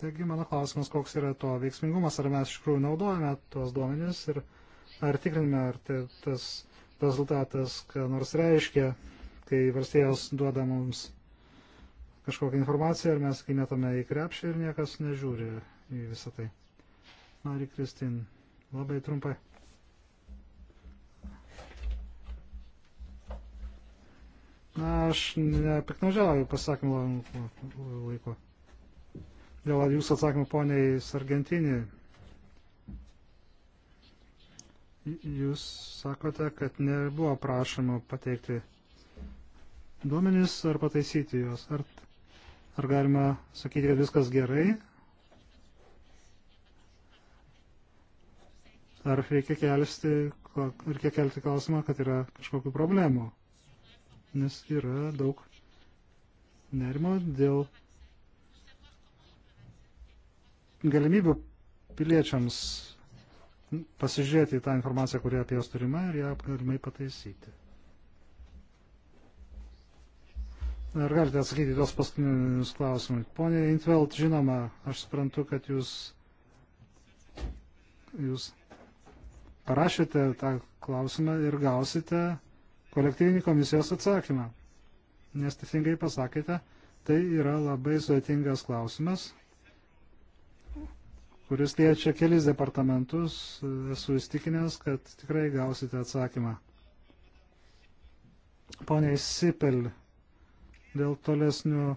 Taigi mano klausimas, koks yra to veiksmingumas, ar mes iš tikrųjų naudojame tuos duomenis ir ar tikrinime, ar tai, tas rezultatas, ką nors reiškia, kai valstybės duoda mums kažkokią informaciją ir mes įmetame į krepšį ir niekas nežiūri į visą tai. Mari Kristin, labai trumpai. Na, aš nepiknaudžiauju pasakymų laiko. Dėl jūsų atsakymų poniai Sargentinį. Jūs sakote, kad nebuvo prašoma pateikti duomenys ar pataisyti juos. Ar Ar galima sakyti, kad viskas gerai? Ar reikia kelsti, reikia kelti klausimą, kad yra kažkokių problemų? Nes yra daug nerimo dėl galimybių piliečiams pasižiūrėti tą informaciją, kurią apie jos turime ir ją galimai pataisyti. Ar galite atsakyti tos paskutinius klausimus? Pone Intveld, žinoma, aš suprantu, kad jūs, jūs parašėte tą klausimą ir gausite kolektyvinį komisijos atsakymą. Nes teisingai pasakėte, tai yra labai sudėtingas klausimas, kuris liečia kelis departamentus. Esu įstikinęs, kad tikrai gausite atsakymą. Pone Sipel, dėl tolesnių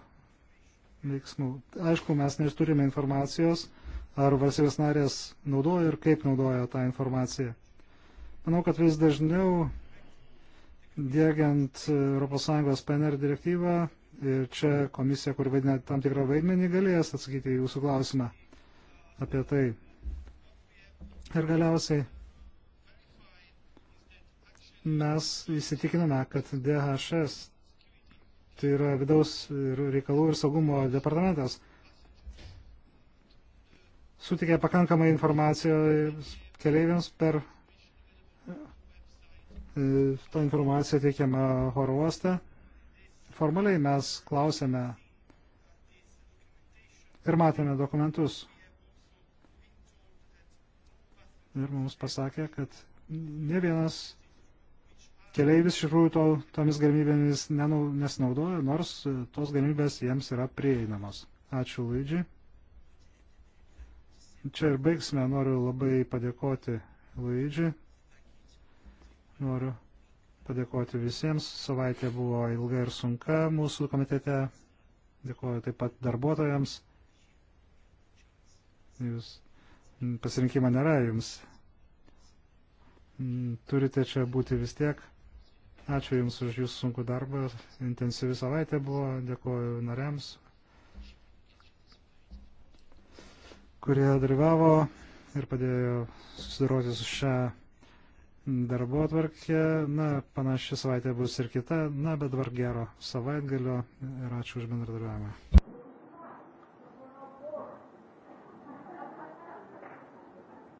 veiksmų. Aišku, mes neturime informacijos, ar valstybės narės naudoja ir kaip naudoja tą informaciją. Manau, kad vis dažniau dėgiant ES PNR direktyvą ir čia komisija, kur vaidina tam tikrą vaidmenį, galės atsakyti į jūsų klausimą apie tai. Ir galiausiai mes įsitikiname, kad DHS tai yra vidaus reikalų ir saugumo departamentas, sutikė pakankamai informacijos keleiviams per e, tą informaciją teikiamą oro uostą. Formaliai mes klausėme ir matėme dokumentus. Ir mums pasakė, kad ne vienas Keleivis iš tikrųjų to, tomis galimybėmis nenau, nesinaudoja, nors e, tos galimybės jiems yra prieinamos. Ačiū Laidžiai. Čia ir baigsime. Noriu labai padėkoti Laidžiai. Noriu padėkoti visiems. Savaitė buvo ilga ir sunka mūsų komitete. Dėkuoju taip pat darbuotojams. Jūs mm, pasirinkimo nėra jums. Mm, turite čia būti vis tiek. Ačiū Jums už Jūsų sunkų darbą. Intensyvi savaitė buvo. Dėkuoju nariams, kurie dalyvavo ir padėjo susidoroti su šią darbo atvarkę. Na, panaši savaitė bus ir kita. Na, bet dabar gero savaitgalio ir ačiū už bendradarbiavimą.